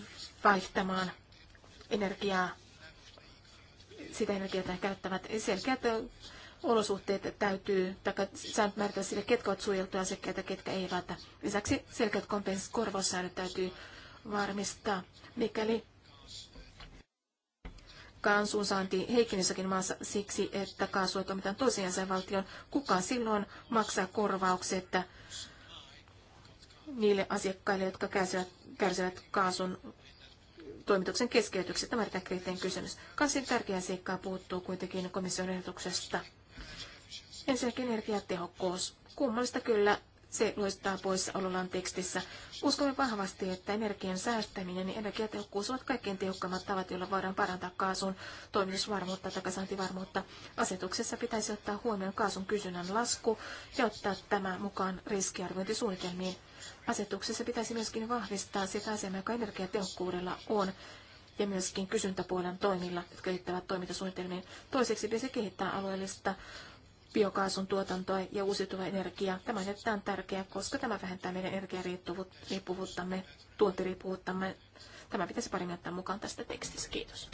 vaihtamaan energiaa, sitä energiaa, jota he käyttävät, selkeät olosuhteet täytyy, tai määritellä sille, ketkä ovat suojeltuja asiakkaita, ketkä eivät. Lisäksi selkeät kompenskorvaussäännöt täytyy varmistaa, mikäli kaasun saanti heikennissäkin maassa siksi, että kaasua toimitaan toisen jäsenvaltion. Kuka silloin maksaa korvaukset niille asiakkaille, jotka kärsivät, kärsivät kaasun toimituksen keskeytyksestä määritään kriittinen kysymys. Kansin tärkeä seikkaa puuttuu kuitenkin komission ehdotuksesta. Ensinnäkin energiatehokkuus. Kummallista kyllä se loistaa olollaan tekstissä. Uskomme vahvasti, että energian säästäminen ja energiatehokkuus ovat kaikkein tehokkaimmat tavat, joilla voidaan parantaa kaasun toimitusvarmuutta tai kasantivarmuutta. Asetuksessa pitäisi ottaa huomioon kaasun kysynnän lasku ja ottaa tämä mukaan riskiarviointisuunnitelmiin. Asetuksessa pitäisi myöskin vahvistaa sitä asemaa, joka energiatehokkuudella on ja myöskin kysyntäpuolen toimilla, jotka liittyvät toimintasuunnitelmiin. Toiseksi pitäisi kehittää alueellista biokaasun tuotantoa ja uusiutuva energia. Tämä on erittäin tärkeää, koska tämä vähentää meidän energiariippuvuuttamme, tuontiriippuvuuttamme. Tämä pitäisi paremmin ottaa mukaan tästä tekstissä. Kiitos.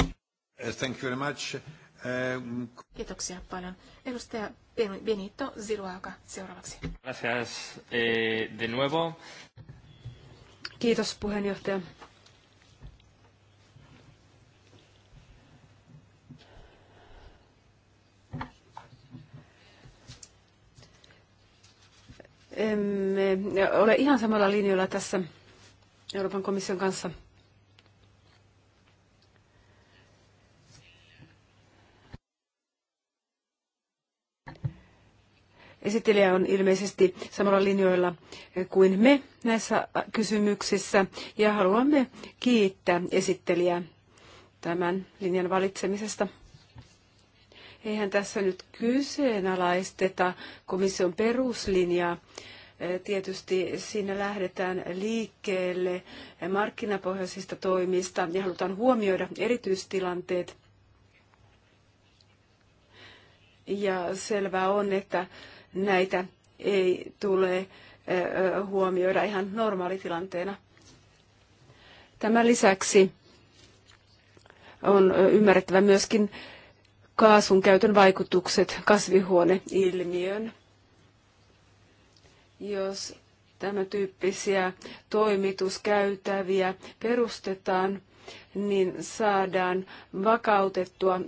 Eh, thank you very much. Eh, Kiitoksia paljon. Edustaja Benito Ziruaga
seuraavaksi.
Gracias eh, de nuevo.
Kiitos puheenjohtaja. emme ole ihan samalla linjoilla tässä Euroopan komission kanssa. Esittelijä on ilmeisesti samalla linjoilla kuin me näissä kysymyksissä ja haluamme kiittää esittelijää tämän linjan valitsemisesta. Eihän tässä nyt kyseenalaisteta komission peruslinjaa. Tietysti siinä lähdetään liikkeelle markkinapohjaisista toimista ja halutaan huomioida erityistilanteet. Ja selvää on, että näitä ei tule huomioida ihan normaalitilanteena. Tämän lisäksi on ymmärrettävä myöskin kaasun käytön vaikutukset kasvihuoneilmiön. Jos tämän tyyppisiä toimituskäytäviä perustetaan, niin saadaan vakautettua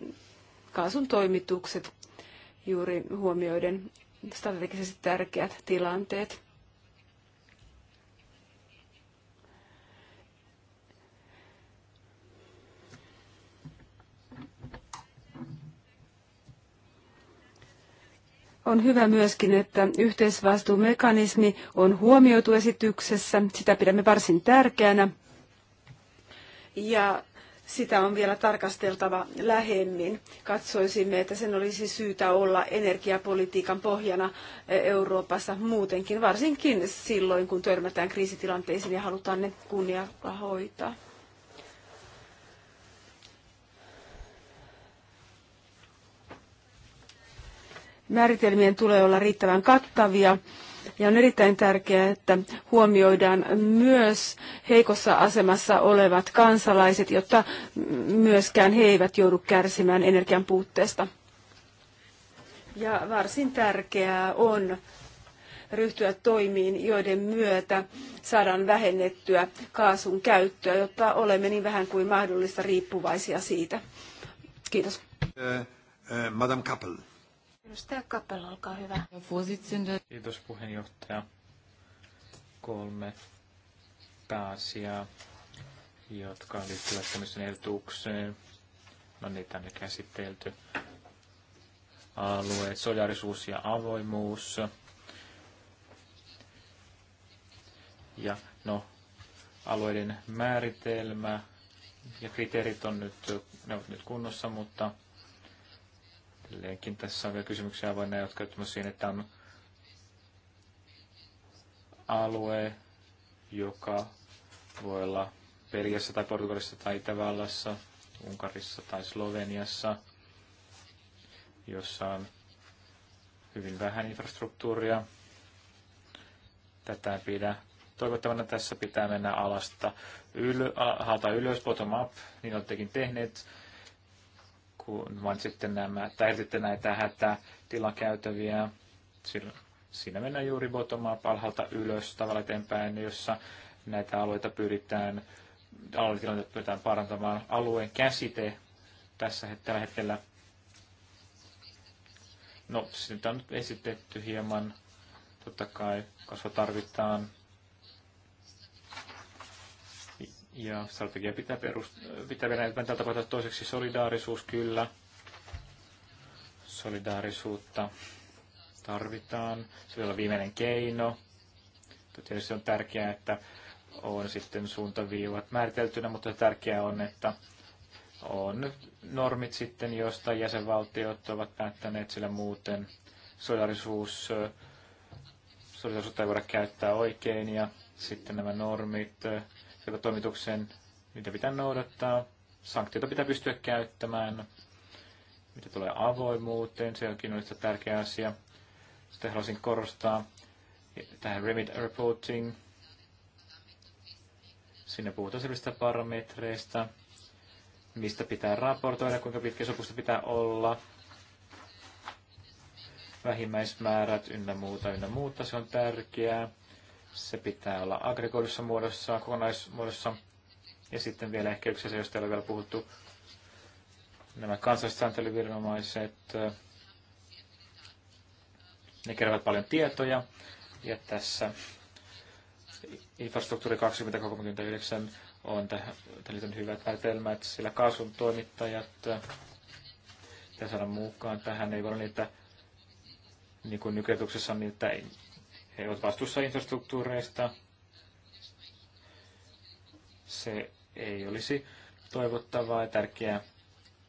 kaasun toimitukset juuri huomioiden strategisesti tärkeät tilanteet. On hyvä myöskin, että yhteisvastuumekanismi on huomioitu esityksessä. Sitä pidämme varsin tärkeänä. Ja sitä on vielä tarkasteltava lähemmin. Katsoisimme, että sen olisi syytä olla energiapolitiikan pohjana Euroopassa muutenkin, varsinkin silloin, kun törmätään kriisitilanteisiin ja halutaan ne kunnia hoitaa. Määritelmien tulee olla riittävän kattavia. Ja on erittäin tärkeää, että huomioidaan myös heikossa asemassa olevat kansalaiset, jotta myöskään he eivät joudu kärsimään energian puutteesta. Ja varsin tärkeää on ryhtyä toimiin, joiden myötä saadaan vähennettyä kaasun käyttöä, jotta olemme niin vähän kuin mahdollista riippuvaisia siitä. Kiitos.
Eh, eh, Madame Kappel.
Edustaja Kappel, olkaa hyvä.
Kiitos puheenjohtaja. Kolme pääasiaa, jotka liittyvät tämmöiseen ehdotukseen. No niitä on käsitelty. Alue, solidarisuus ja avoimuus. Ja no, alueiden määritelmä ja kriteerit on nyt, ne ovat nyt kunnossa, mutta edelleenkin tässä on vielä kysymyksiä avoinna, jotka on siihen, että on alue, joka voi olla Belgiassa tai Portugalissa tai Itävallassa, Unkarissa tai Sloveniassa, jossa on hyvin vähän infrastruktuuria. Tätä pidä toivottavana tässä pitää mennä alasta yl, alhaalta ylös, bottom up, niin olettekin tehneet kun sitten nämä, tai näitä hätätilakäytäviä, silloin siinä mennään juuri bottom up, alhaalta ylös, tavalla eteenpäin, jossa näitä alueita pyritään, aluetilanteita pyritään parantamaan. Alueen käsite tässä tällä hetkellä, no sitä on nyt esitetty hieman, totta kai, koska tarvitaan Ja strategia pitää, perust- pitää Venäjältä tapahtua toiseksi solidaarisuus, kyllä. Solidaarisuutta tarvitaan. Se voi olla viimeinen keino. Tietysti on tärkeää, että on sitten suuntaviivat määriteltynä, mutta tärkeää on, että on normit sitten, joista jäsenvaltiot ovat päättäneet, sillä muuten solidarisuus, solidaarisuutta ei voida käyttää oikein ja sitten nämä normit toimituksen, mitä pitää noudattaa, sanktioita pitää pystyä käyttämään, mitä tulee avoimuuteen, se onkin olisi tärkeä asia. Sitten haluaisin korostaa tähän remit reporting. Sinne puhutaan selvistä parametreista, mistä pitää raportoida, kuinka pitkä sopusta pitää olla, vähimmäismäärät ynnä muuta, ynnä muuta, se on tärkeää. Se pitää olla aggregoidussa muodossa, kokonaismuodossa. Ja sitten vielä ehkä yksi asia, josta ei ole vielä puhuttu, nämä kansalliset ne keräävät paljon tietoja, ja tässä infrastruktuuri 2039 on hyvät päätelmät, sillä kaasun toimittajat pitää saada mukaan tähän, ei voi niitä niin kuin nykyetuksessa on niitä he ovat vastuussa infrastruktuureista. Se ei olisi toivottavaa ja tärkeää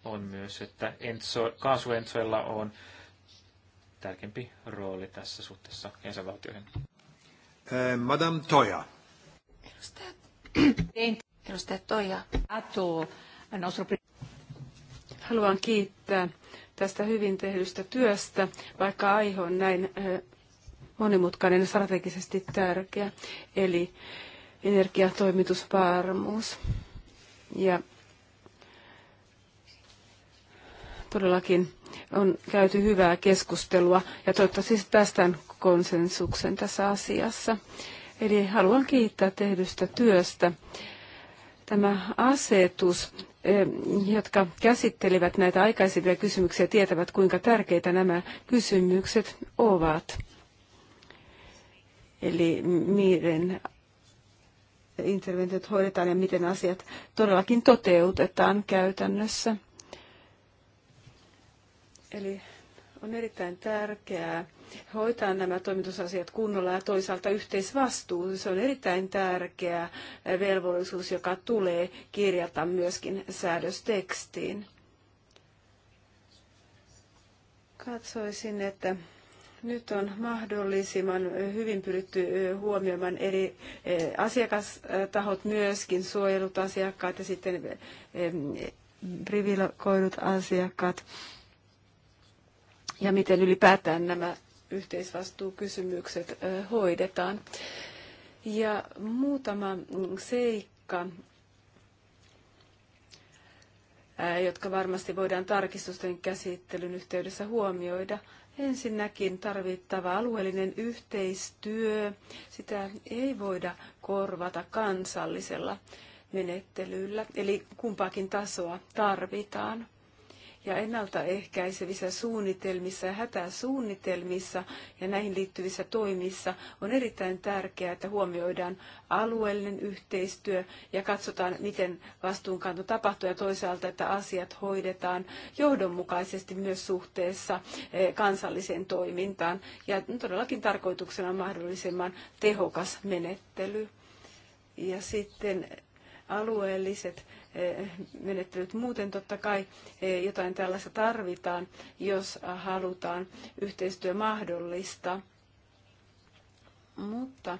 on myös, että Enso, kaasuentsoilla on tärkeämpi rooli tässä suhteessa jäsenvaltioihin. Äh, Madame Toja.
Edustaja Toja. Haluan kiittää tästä hyvin tehdystä työstä, vaikka aihe on näin äh, monimutkainen ja strategisesti tärkeä, eli energiatoimitusvarmuus. Ja todellakin on käyty hyvää keskustelua ja toivottavasti siis päästään konsensuksen tässä asiassa. Eli haluan kiittää tehdystä työstä. Tämä asetus, eh, jotka käsittelivät näitä aikaisempia kysymyksiä, tietävät kuinka tärkeitä nämä kysymykset ovat eli miiren interventiot hoidetaan ja miten asiat todellakin toteutetaan käytännössä. Eli on erittäin tärkeää hoitaa nämä toimitusasiat kunnolla ja toisaalta yhteisvastuu. Se on erittäin tärkeä velvollisuus, joka tulee kirjata myöskin säädöstekstiin. Katsoisin, että nyt on mahdollisimman hyvin pyritty huomioimaan eri asiakastahot myöskin, suojelut asiakkaat ja sitten privilegoidut asiakkaat. Ja miten ylipäätään nämä yhteisvastuukysymykset hoidetaan. Ja muutama seikka, jotka varmasti voidaan tarkistusten käsittelyn yhteydessä huomioida. Ensinnäkin tarvittava alueellinen yhteistyö, sitä ei voida korvata kansallisella menettelyllä, eli kumpaakin tasoa tarvitaan ja ennaltaehkäisevissä suunnitelmissa ja hätäsuunnitelmissa ja näihin liittyvissä toimissa on erittäin tärkeää, että huomioidaan alueellinen yhteistyö ja katsotaan, miten vastuunkanto tapahtuu ja toisaalta, että asiat hoidetaan johdonmukaisesti myös suhteessa eh, kansalliseen toimintaan. Ja todellakin tarkoituksena on mahdollisimman tehokas menettely. Ja sitten alueelliset menettelyt. Muuten totta kai e, jotain tällaista tarvitaan, jos halutaan yhteistyö mahdollista. Mutta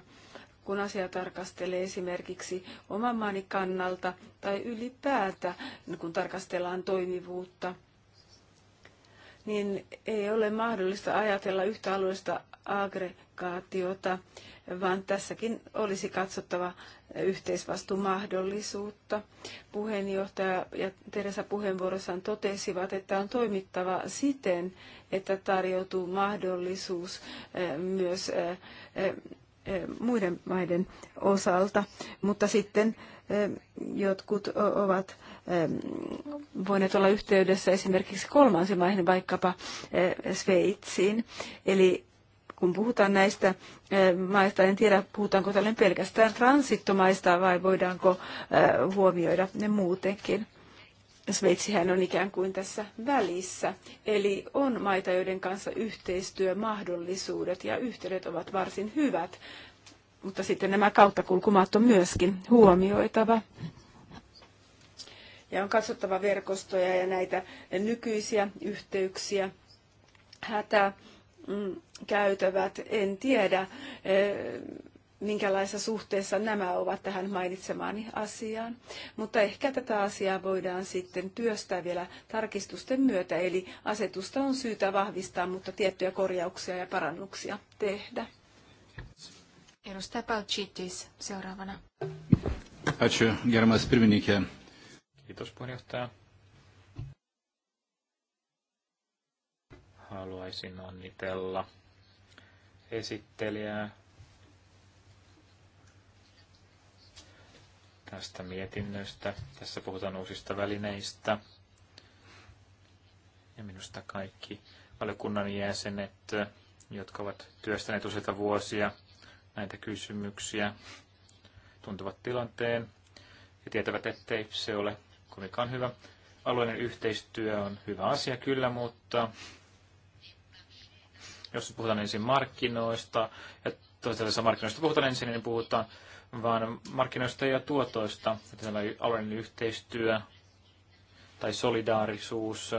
kun asia tarkastelee esimerkiksi oman maani kannalta tai ylipäätä, kun tarkastellaan toimivuutta, niin ei ole mahdollista ajatella yhtä alueellista aggregaatiota vaan tässäkin olisi katsottava yhteisvastuumahdollisuutta. Puheenjohtaja ja Teresa puheenvuorossaan totesivat, että on toimittava siten, että tarjoutuu mahdollisuus eh, myös eh, eh, muiden maiden osalta, mutta sitten jotkut ovat voineet olla yhteydessä esimerkiksi kolmansiin maihin, vaikkapa Sveitsiin. Eli kun puhutaan näistä eh, maista, en tiedä puhutaanko tällainen pelkästään transittomaista vai voidaanko eh, huomioida ne muutenkin. Sveitsihän on ikään kuin tässä välissä, eli on maita, joiden kanssa yhteistyömahdollisuudet ja yhteydet ovat varsin hyvät, mutta sitten nämä kauttakulkumaat on myöskin huomioitava. Ja on katsottava verkostoja ja näitä nykyisiä yhteyksiä, hätä, Mm, käytävät. En tiedä, eh, minkälaisessa suhteessa nämä ovat tähän mainitsemaani asiaan. Mutta ehkä tätä asiaa voidaan sitten työstää vielä tarkistusten myötä, eli asetusta on syytä vahvistaa, mutta tiettyjä korjauksia ja parannuksia tehdä.
Edustaja Palcitis seuraavana.
Kiitos puheenjohtaja. haluaisin onnitella esittelijää tästä mietinnöstä. Tässä puhutaan uusista välineistä. Ja minusta kaikki valiokunnan jäsenet, jotka ovat työstäneet useita vuosia näitä kysymyksiä, tuntuvat tilanteen ja tietävät, ettei se ole kovinkaan hyvä. Alueellinen yhteistyö on hyvä asia kyllä, mutta jos puhutaan ensin markkinoista ja toisaalta markkinoista puhutaan ensin, niin puhutaan vaan markkinoista ja tuotoista. tämä alueellinen yhteistyö tai solidaarisuus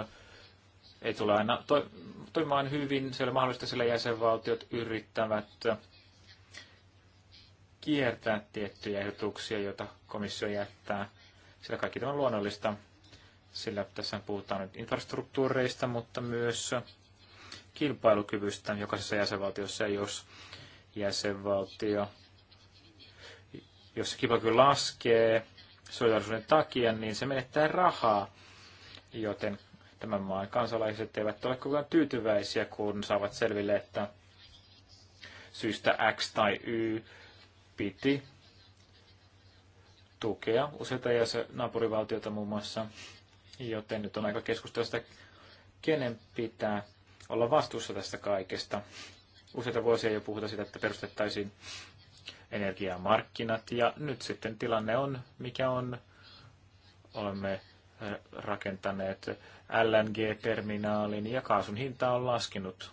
ei tule aina to- toimimaan hyvin. Se mahdollista, sillä jäsenvaltiot yrittävät kiertää tiettyjä ehdotuksia, joita komissio jättää. Sillä kaikki tämä on luonnollista, sillä tässä puhutaan nyt infrastruktuureista, mutta myös kilpailukyvystä jokaisessa jäsenvaltiossa, ja jos jäsenvaltio, jos se kilpailukyky laskee solidarisuuden takia, niin se menettää rahaa, joten tämän maan kansalaiset eivät ole kukaan tyytyväisiä, kun saavat selville, että syystä X tai Y piti tukea useita jäsen, naapurivaltiota muun muassa, joten nyt on aika keskustella sitä, kenen pitää olla vastuussa tästä kaikesta. Useita vuosia jo puhuta siitä, että perustettaisiin energiamarkkinat ja nyt sitten tilanne on, mikä on. Olemme eh, rakentaneet LNG-terminaalin ja kaasun hinta on laskenut.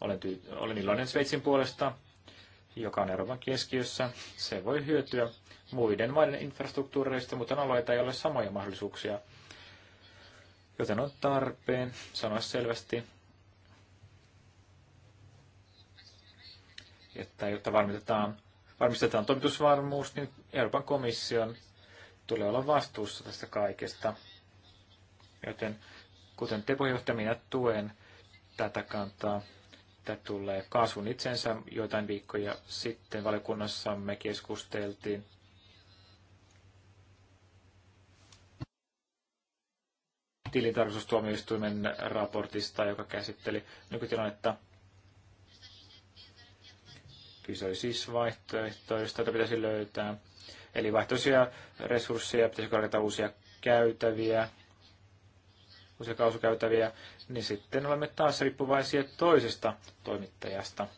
Olen, ty- olen iloinen Sveitsin puolesta, joka on Euroopan keskiössä. Se voi hyötyä muiden maiden infrastruktuureista, mutta on alueita, joilla samoja mahdollisuuksia – joten on tarpeen sanoa selvästi, että jotta varmistetaan, varmistetaan toimitusvarmuus, niin Euroopan komission tulee olla vastuussa tästä kaikesta. Joten kuten te puheenjohtaja, minä tuen tätä kantaa. Tämä tulee kasvun itsensä joitain viikkoja sitten valiokunnassamme keskusteltiin tilintarkastustuomioistuimen raportista, joka käsitteli nykytilannetta. Kyse oli siis vaihtoehtoista, joita pitäisi löytää. Eli vaihtoisia resursseja, pitäisi korjata uusia käytäviä, uusia kausukäytäviä, niin sitten olemme taas riippuvaisia toisesta toimittajasta.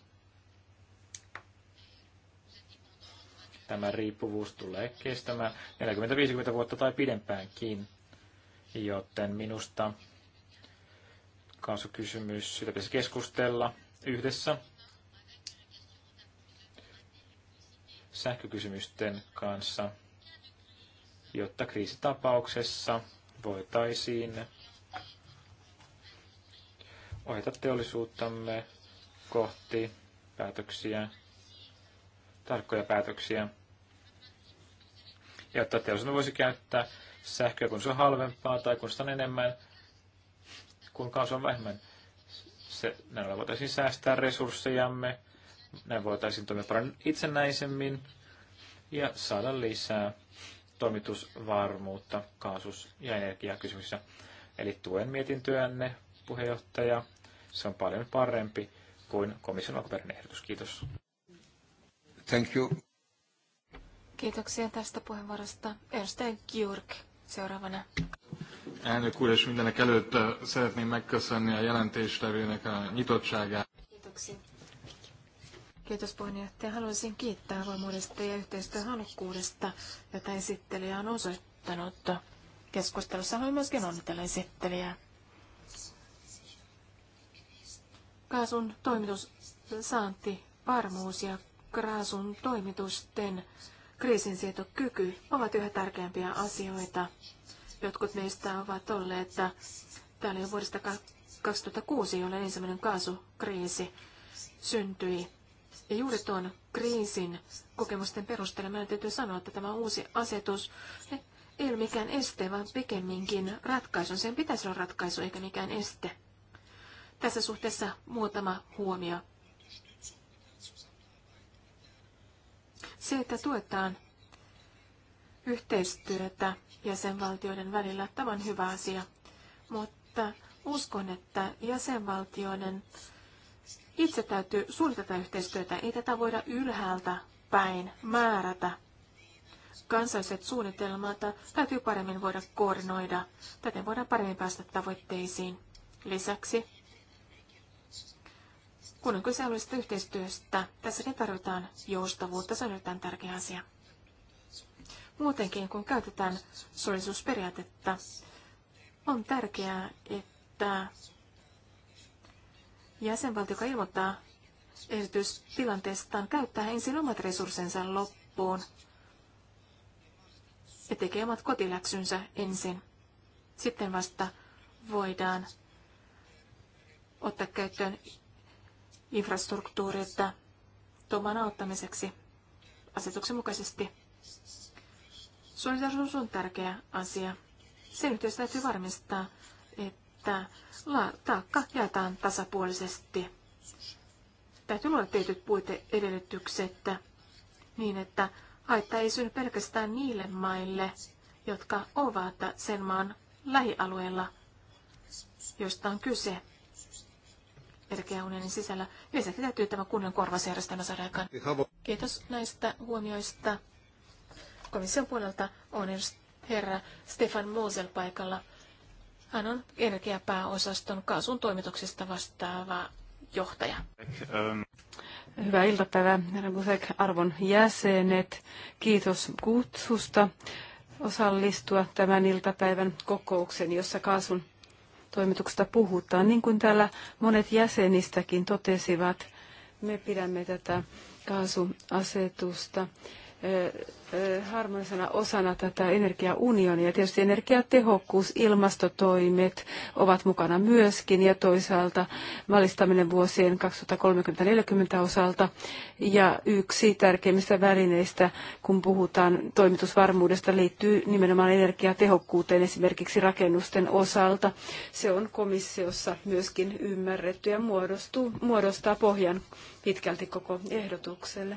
Tämä riippuvuus tulee kestämään 40-50 vuotta tai pidempäänkin. Joten minusta kaasukysymys, sitä pitäisi keskustella yhdessä sähkökysymysten kanssa, jotta kriisitapauksessa voitaisiin ohjata teollisuuttamme kohti päätöksiä, tarkkoja päätöksiä, jotta teollisuus voisi käyttää sähköä, kun se on halvempaa tai kun sitä on enemmän, kun kaasu on vähemmän. Se, näillä voitaisiin säästää resurssejamme, näin voitaisiin toimia paljon itsenäisemmin ja saada lisää toimitusvarmuutta kaasus- ja energiakysymyksissä. Eli tuen mietintöänne, puheenjohtaja. Se on paljon parempi kuin komission alkuperäinen ehdotus. Kiitos. Thank you.
Kiitoksia tästä puheenvuorosta. Ersten Kjurk seuraavana.
Elnök úr, és mindenek előtt eh, szeretném megköszönni a jelentéstevőnek a nyitottságát. Kiitoksia.
Kiitos puheenjohtaja. Haluaisin kiittää avoimuudesta ja halukkuudesta, jota esittelijä on osoittanut. Keskustelussa haluan myöskin onnitella esittelijää. Kaasun saanti varmuus ja kaasun toimitusten kriisinsietokyky ovat yhä tärkeämpiä asioita. Jotkut meistä ovat olleet, että täällä jo vuodesta 2006, jolloin ensimmäinen kaasukriisi syntyi. Ja juuri tuon kriisin kokemusten perusteella meidän täytyy sanoa, että tämä uusi asetus ei ole mikään este, vaan pikemminkin ratkaisu. Sen pitäisi olla ratkaisu eikä mikään este. Tässä suhteessa muutama huomio. Se, että tuetaan yhteistyötä jäsenvaltioiden välillä, tämä on hyvä asia, mutta uskon, että jäsenvaltioiden itse täytyy suunnitella yhteistyötä. Ei tätä voida ylhäältä päin määrätä. Kansalliset suunnitelmat täytyy paremmin voida koordinoida. Täten voidaan paremmin päästä tavoitteisiin. Lisäksi kun on kyse alueellisesta yhteistyöstä, tässäkin tarvitaan joustavuutta, se on erittäin tärkeä asia. Muutenkin, kun käytetään solidisuusperiaatetta, on tärkeää, että jäsenvaltio, joka ilmoittaa erityistilanteestaan, käyttää ensin omat resurssinsa loppuun ja tekee omat kotiläksynsä ensin. Sitten vasta voidaan ottaa käyttöön että tuomaan auttamiseksi asetuksen mukaisesti. Suunnitelmallisuus on tärkeä asia. Sen yhteydessä täytyy varmistaa, että taakka jaetaan tasapuolisesti. Täytyy luoda tietyt puiteedellytykset niin, että haitta ei synny pelkästään niille maille, jotka ovat sen maan lähialueella, josta on kyse energiaunionin sisällä. Lisäksi täytyy tämä kunnon korvausjärjestelmä saada aikaan. Kiitos näistä huomioista. Komission puolelta on herra Stefan Mosel paikalla. Hän on energiapääosaston kaasun toimituksesta vastaava johtaja.
Hyvää iltapäivää, herra Busek, arvon jäsenet. Kiitos kutsusta osallistua tämän iltapäivän kokoukseen, jossa kaasun toimituksesta puhutaan. Niin kuin täällä monet jäsenistäkin totesivat, me pidämme tätä kaasuasetusta harmonisena osana tätä energiaunionia. Tietysti energiatehokkuus, ilmastotoimet ovat mukana myöskin ja toisaalta valistaminen vuosien 2030-40 osalta. Ja yksi tärkeimmistä välineistä, kun puhutaan toimitusvarmuudesta, liittyy nimenomaan energiatehokkuuteen esimerkiksi rakennusten osalta. Se on komissiossa myöskin ymmärretty ja muodostaa pohjan pitkälti koko ehdotukselle.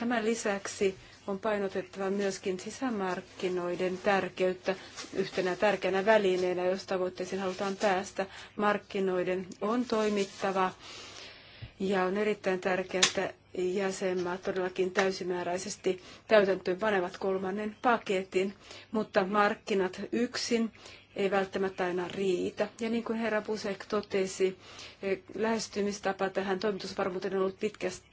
Tämän lisäksi on painotettava myöskin sisämarkkinoiden tärkeyttä yhtenä tärkeänä välineenä, jos tavoitteisiin halutaan päästä. Markkinoiden on toimittava ja on erittäin tärkeää, että jäsenmaat todellakin täysimääräisesti täytäntöön panevat kolmannen paketin, mutta markkinat yksin ei välttämättä aina riitä. Ja niin kuin herra Busek totesi, eh, lähestymistapa tähän toimitusvarmuuteen on ollut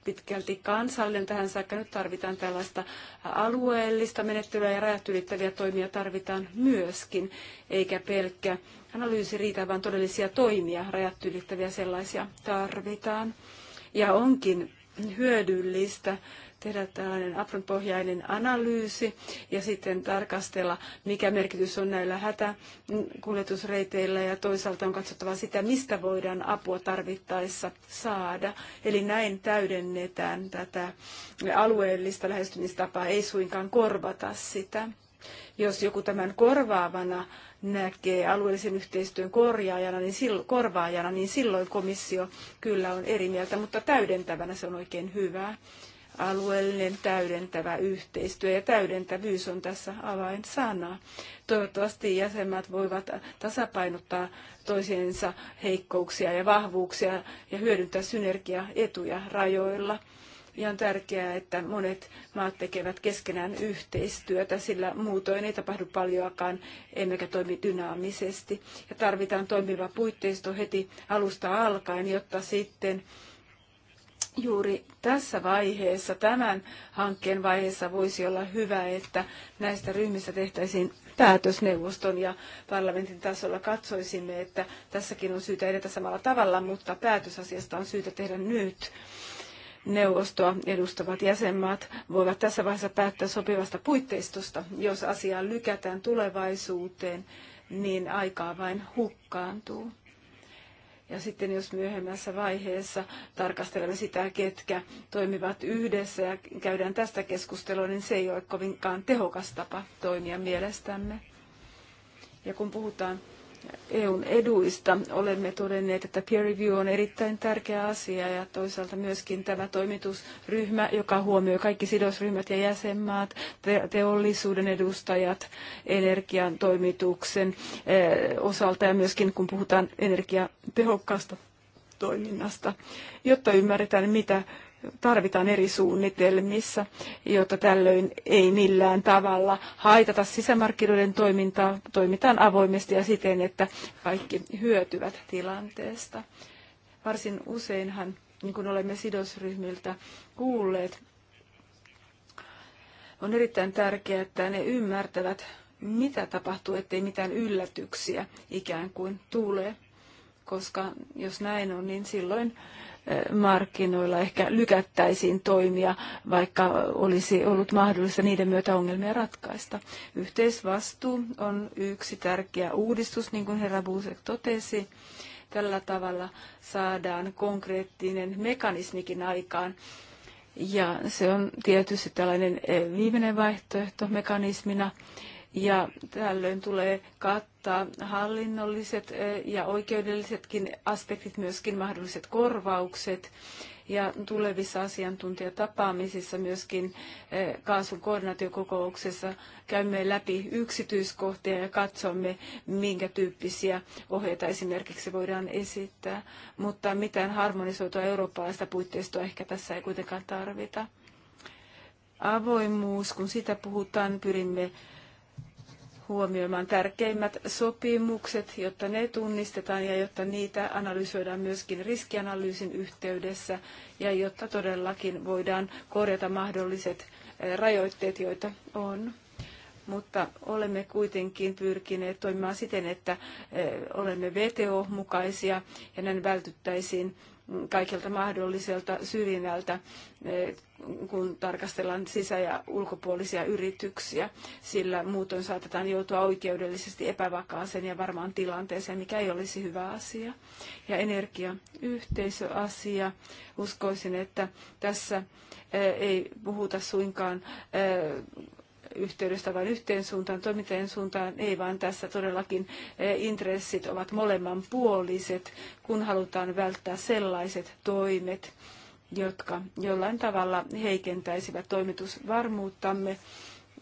pitkälti kansallinen tähän saakka. Nyt tarvitaan tällaista alueellista menettelyä ja rajat ylittäviä toimia tarvitaan myöskin, eikä pelkkä analyysi riitä, vaan todellisia toimia, rajat ylittäviä sellaisia tarvitaan. Ja onkin hyödyllistä tehdä tällainen afronpohjainen analyysi ja sitten tarkastella, mikä merkitys on näillä hätäkuljetusreiteillä ja toisaalta on katsottava sitä, mistä voidaan apua tarvittaessa saada. Eli näin täydennetään tätä alueellista lähestymistapaa, ei suinkaan korvata sitä jos joku tämän korvaavana näkee alueellisen yhteistyön korjaajana, niin silloin, korvaajana, niin silloin komissio kyllä on eri mieltä, mutta täydentävänä se on oikein hyvää alueellinen täydentävä yhteistyö ja täydentävyys on tässä avainsana. Toivottavasti jäsenmaat voivat tasapainottaa toisiensa heikkouksia ja vahvuuksia ja hyödyntää synergiaetuja rajoilla. Ja on tärkeää, että monet maat tekevät keskenään yhteistyötä, sillä muutoin ei tapahdu paljoakaan, emmekä toimi dynaamisesti. Ja tarvitaan toimiva puitteisto heti alusta alkaen, jotta sitten juuri tässä vaiheessa, tämän hankkeen vaiheessa voisi olla hyvä, että näistä ryhmistä tehtäisiin päätösneuvoston ja parlamentin tasolla katsoisimme, että tässäkin on syytä edetä samalla tavalla, mutta päätösasiasta on syytä tehdä nyt. Neuvostoa edustavat jäsenmaat voivat tässä vaiheessa päättää sopivasta puitteistosta. Jos asiaa lykätään tulevaisuuteen, niin aikaa vain hukkaantuu. Ja sitten jos myöhemmässä vaiheessa tarkastelemme sitä, ketkä toimivat yhdessä ja käydään tästä keskustelua, niin se ei ole kovinkaan tehokas tapa toimia mielestämme. Ja kun puhutaan EUn eduista. Olemme todenneet, että peer review on erittäin tärkeä asia ja toisaalta myöskin tämä toimitusryhmä, joka huomioi kaikki sidosryhmät ja jäsenmaat, teollisuuden edustajat, energian toimituksen eh, osalta ja myöskin kun puhutaan energiatehokkaasta toiminnasta, jotta ymmärretään, mitä tarvitaan eri suunnitelmissa, jotta tällöin ei millään tavalla haitata sisämarkkinoiden toimintaa. Toimitaan avoimesti ja siten, että kaikki hyötyvät tilanteesta. Varsin useinhan, niin kuin olemme sidosryhmiltä kuulleet, on erittäin tärkeää, että ne ymmärtävät, mitä tapahtuu, ettei mitään yllätyksiä ikään kuin tule, koska jos näin on, niin silloin markkinoilla ehkä lykättäisiin toimia, vaikka olisi ollut mahdollista niiden myötä ongelmia ratkaista. Yhteisvastuu on yksi tärkeä uudistus, niin kuin herra Buusek totesi. Tällä tavalla saadaan konkreettinen mekanismikin aikaan. Ja se on tietysti tällainen eh, viimeinen vaihtoehto mekanismina ja tällöin tulee kattaa hallinnolliset eh, ja oikeudellisetkin aspektit, myöskin mahdolliset korvaukset ja tulevissa asiantuntijatapaamisissa myöskin eh, kaasun koordinaatiokokouksessa käymme läpi yksityiskohtia ja katsomme, minkä tyyppisiä ohjeita esimerkiksi voidaan esittää, mutta mitään harmonisoitua eurooppalaista puitteistoa ehkä tässä ei kuitenkaan tarvita. Avoimuus, kun sitä puhutaan, pyrimme huomioimaan tärkeimmät sopimukset, jotta ne tunnistetaan ja jotta niitä analysoidaan myöskin riskianalyysin yhteydessä ja jotta todellakin voidaan korjata mahdolliset eh, rajoitteet, joita on. Mutta olemme kuitenkin pyrkineet toimimaan siten, että eh, olemme VTO-mukaisia ja näin vältyttäisiin kaikilta mahdolliselta syrjinnältä, eh, kun tarkastellaan sisä- ja ulkopuolisia yrityksiä, sillä muutoin saatetaan joutua oikeudellisesti epävakaaseen ja varmaan tilanteeseen, mikä ei olisi hyvä asia. Ja energiayhteisöasia, uskoisin, että tässä eh, ei puhuta suinkaan eh, yhteydestä vain yhteen suuntaan, toimittajien suuntaan, ei vaan tässä todellakin eh, intressit ovat puoliset, kun halutaan välttää sellaiset toimet, jotka jollain tavalla heikentäisivät toimitusvarmuuttamme.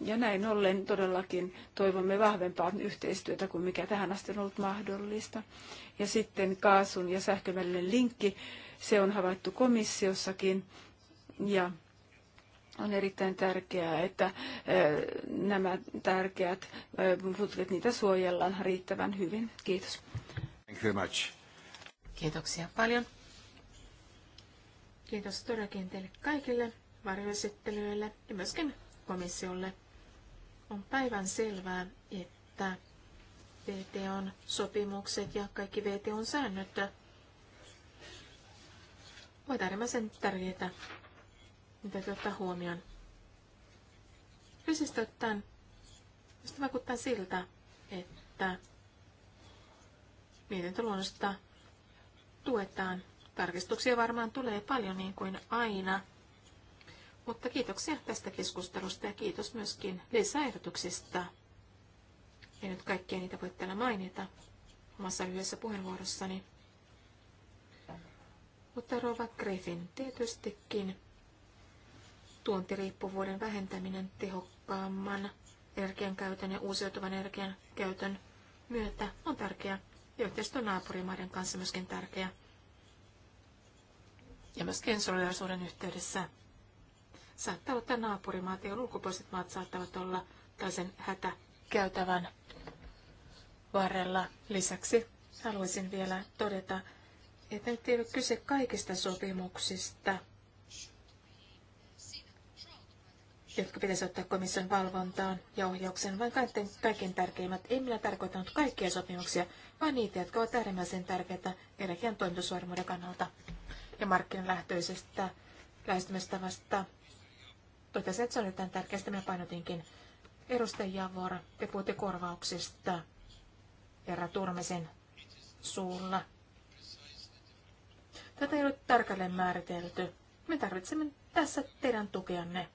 Ja näin ollen todellakin toivomme vahvempaa yhteistyötä kuin mikä tähän asti on ollut mahdollista. Ja sitten kaasun ja sähkön välinen linkki, se on havaittu komissiossakin. Ja on erittäin tärkeää, että nämä tärkeät putket, niitä suojellaan riittävän hyvin. Kiitos.
Thank you much. Kiitoksia paljon. Kiitos todellakin teille kaikille varjoesittelyille ja myöskin komissiolle. On päivän selvää, että VTOn sopimukset ja kaikki VTOn säännöt ovat äärimmäisen tärkeitä mitä täytyy ottaa huomioon. Yleisesti ottaen, minusta vaikuttaa siltä, että mietintöluonnosta tuetaan. Tarkistuksia varmaan tulee paljon niin kuin aina. Mutta kiitoksia tästä keskustelusta ja kiitos myöskin lisäehdotuksista. En nyt kaikkia niitä voi täällä mainita omassa lyhyessä puheenvuorossani. Mutta Rova Griffin tietystikin tuontiriippuvuuden vähentäminen tehokkaamman energiankäytön ja uusiutuvan energian käytön myötä on tärkeää ja yhteistyö naapurimaiden kanssa myöskin tärkeää. Ja myöskin solidaarisuuden yhteydessä saattaa olla, että naapurimaat ja ulkopuoliset maat saattavat olla tällaisen hätäkäytävän varrella. Lisäksi haluaisin vielä todeta, että nyt ei ole kyse kaikista sopimuksista – jotka pitäisi ottaa komission valvontaan ja ohjaukseen, vain kaikkein, kaikkein tärkeimmät. Ei minä tarkoittanut kaikkia sopimuksia, vaan niitä, jotka ovat äärimmäisen tärkeitä energian toimitusvarmuuden kannalta ja markkinalähtöisestä lähestymistavasta. Totesin, että se on erittäin tärkeästä, minä painotinkin. edustajia vuora te puhutte korvauksista herra Turmisen suulla. Tätä ei ole tarkalleen määritelty. Me tarvitsemme tässä teidän tukeanne.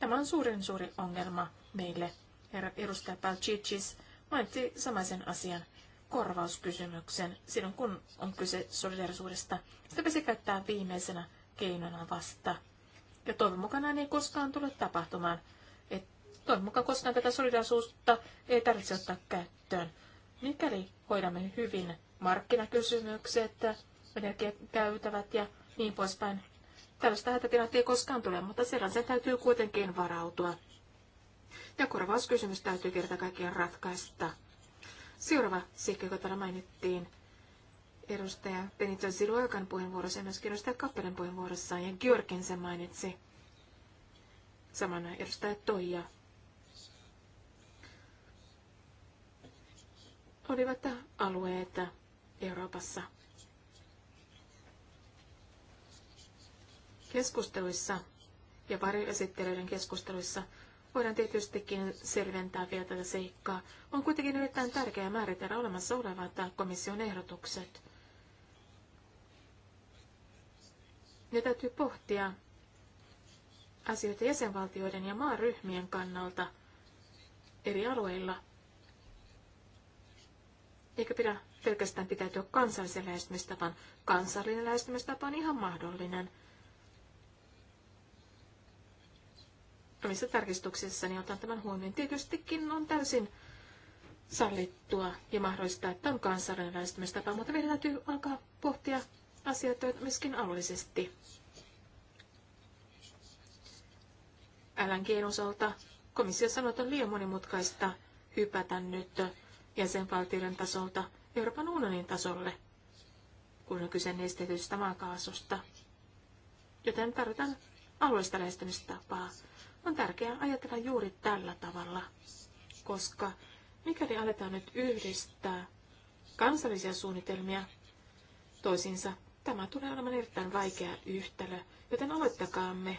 Tämä on suurin suuri ongelma meille. Herra edustaja Palcicis mainitsi samaisen asian korvauskysymyksen silloin, kun on kyse solidarisuudesta. Sitä pitäisi käyttää viimeisenä keinona vasta. Ja toivon mukaan ei koskaan tule tapahtumaan. Et toivon mukaan koskaan tätä solidarisuutta ei tarvitse ottaa käyttöön. Mikäli hoidamme hyvin markkinakysymykset, energiakäytävät ja niin poispäin, Tällaista hätätilannetta ei koskaan tule, mutta silloin sen täytyy kuitenkin varautua. Ja korvauskysymys täytyy kerta kaikkiaan ratkaista. Seuraava sikki, joka täällä mainittiin, edustaja Benito Siluokan puheenvuorossa ja myöskin edustaja Kappelen puheenvuorossa ja Georgin se mainitsi. Samana edustaja Toija. Olivat alueita Euroopassa, Keskusteluissa ja varjoesittelyiden keskusteluissa voidaan tietystikin selventää vielä tätä seikkaa. On kuitenkin erittäin tärkeää määritellä olemassa olevat komission ehdotukset. Ne täytyy pohtia asioita jäsenvaltioiden ja maaryhmien kannalta eri alueilla. Eikä pidä pelkästään pitäytyä kansallisen lähestymistapan. Kansallinen lähestymistapa on ihan mahdollinen – omissa tarkistuksissani niin otan tämän huomioon. Tietystikin on täysin sallittua ja mahdollista, että on kansainvälinen lähestymistapa, mutta meidän täytyy alkaa pohtia asioita myöskin alueellisesti. LNGn osalta komissio sanoo, että on liian monimutkaista hypätä nyt jäsenvaltioiden tasolta Euroopan unionin tasolle, kun on kyse nesteytystä maakaasusta. Joten tarvitaan alueellista lähestymistapaa on tärkeää ajatella juuri tällä tavalla, koska mikäli aletaan nyt yhdistää kansallisia suunnitelmia toisiinsa, tämä tulee olemaan erittäin vaikea yhtälö, joten aloittakaamme.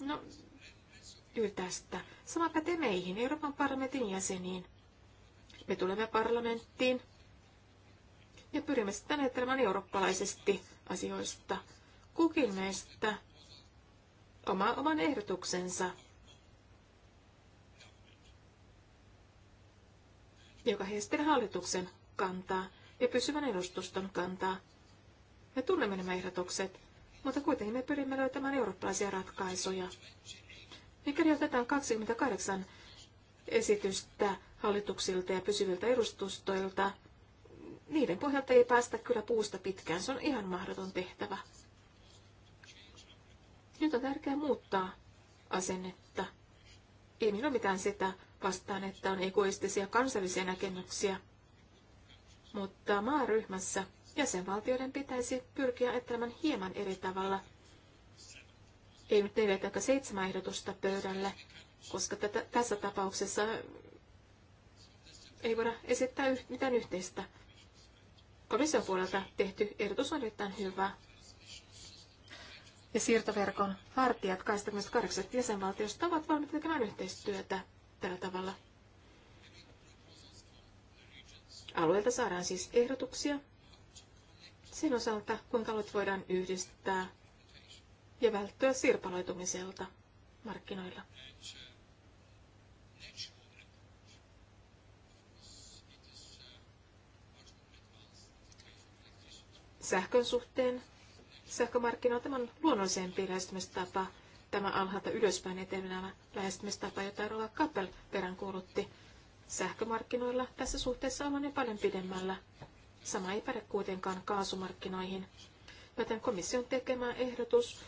No, juuri tästä. Sama pätee meihin, Euroopan parlamentin jäseniin. Me tulemme parlamenttiin ja pyrimme sitten ajattelemaan eurooppalaisesti asioista. Kukin meistä oma, oman ehdotuksensa, joka heistä hallituksen kantaa ja pysyvän edustuston kantaa. Me tunnemme nämä ehdotukset, mutta kuitenkin me pyrimme löytämään eurooppalaisia ratkaisuja. Mikäli otetaan 28 esitystä hallituksilta ja pysyviltä edustustoilta, niiden pohjalta ei päästä kyllä puusta pitkään. Se on ihan mahdoton tehtävä. Nyt on tärkeää muuttaa asennetta. Ei minulla mitään sitä vastaan, että on egoistisia kansallisia näkemyksiä. Mutta maaryhmässä jäsenvaltioiden pitäisi pyrkiä ajattelemaan hieman eri tavalla. Ei nyt neljä tai seitsemän ehdotusta pöydälle, koska tätä, tässä tapauksessa ei voida esittää yh- mitään yhteistä. Komission puolelta tehty ehdotus on erittäin hyvä ja siirtoverkon hartiat 28 jäsenvaltiosta ovat valmiita tekemään yhteistyötä tällä tavalla. Alueelta saadaan siis ehdotuksia sen osalta, kuinka alueet voidaan yhdistää ja välttyä sirpaloitumiselta markkinoilla. Sähkön suhteen sähkömarkkinoilla. Tämä on luonnollisempi lähestymistapa, tämä alhaalta ylöspäin etenevä lähestymistapa, jota Rova Kappel peräänkuulutti. Sähkömarkkinoilla tässä suhteessa ollaan jo paljon pidemmällä. Sama ei päde kuitenkaan kaasumarkkinoihin. Joten komission tekemä ehdotus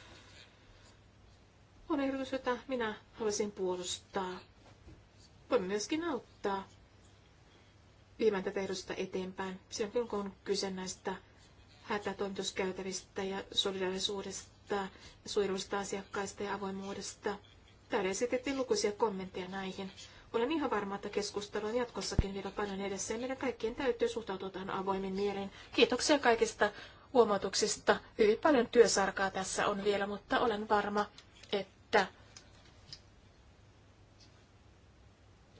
on ehdotus, jota minä haluaisin puolustaa. Voimme myöskin auttaa viemään tätä ehdotusta eteenpäin, silloin kun on kyse näistä hätätoimituskäytävistä ja solidaarisuudesta, suojelusta asiakkaista ja avoimuudesta. Täällä esitettiin lukuisia kommentteja näihin. Olen ihan varma, että keskustelu on jatkossakin vielä paljon edessä ja meidän kaikkien täytyy suhtautua tähän avoimin mielin. Kiitoksia kaikista huomautuksista. Hyvin paljon työsarkaa tässä on vielä, mutta olen varma, että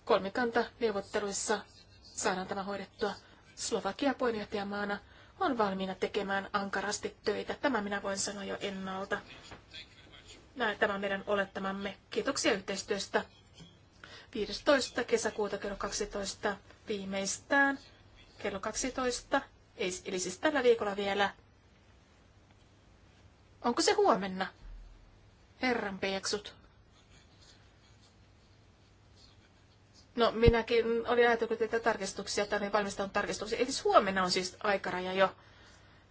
kolmikanta neuvotteluissa saadaan tämä hoidettua. Slovakia puheenjohtajamaana on valmiina tekemään ankarasti töitä. Tämä minä voin sanoa jo ennalta. tämä on meidän olettamamme. Kiitoksia yhteistyöstä. 15. kesäkuuta kello 12 viimeistään kello 12, eli siis tällä viikolla vielä. Onko se huomenna? Herran peeksut. No minäkin olin ajatellut tätä tarkistuksia, tai olin valmistanut tarkistuksia. Eli huomenna on siis aikaraja jo.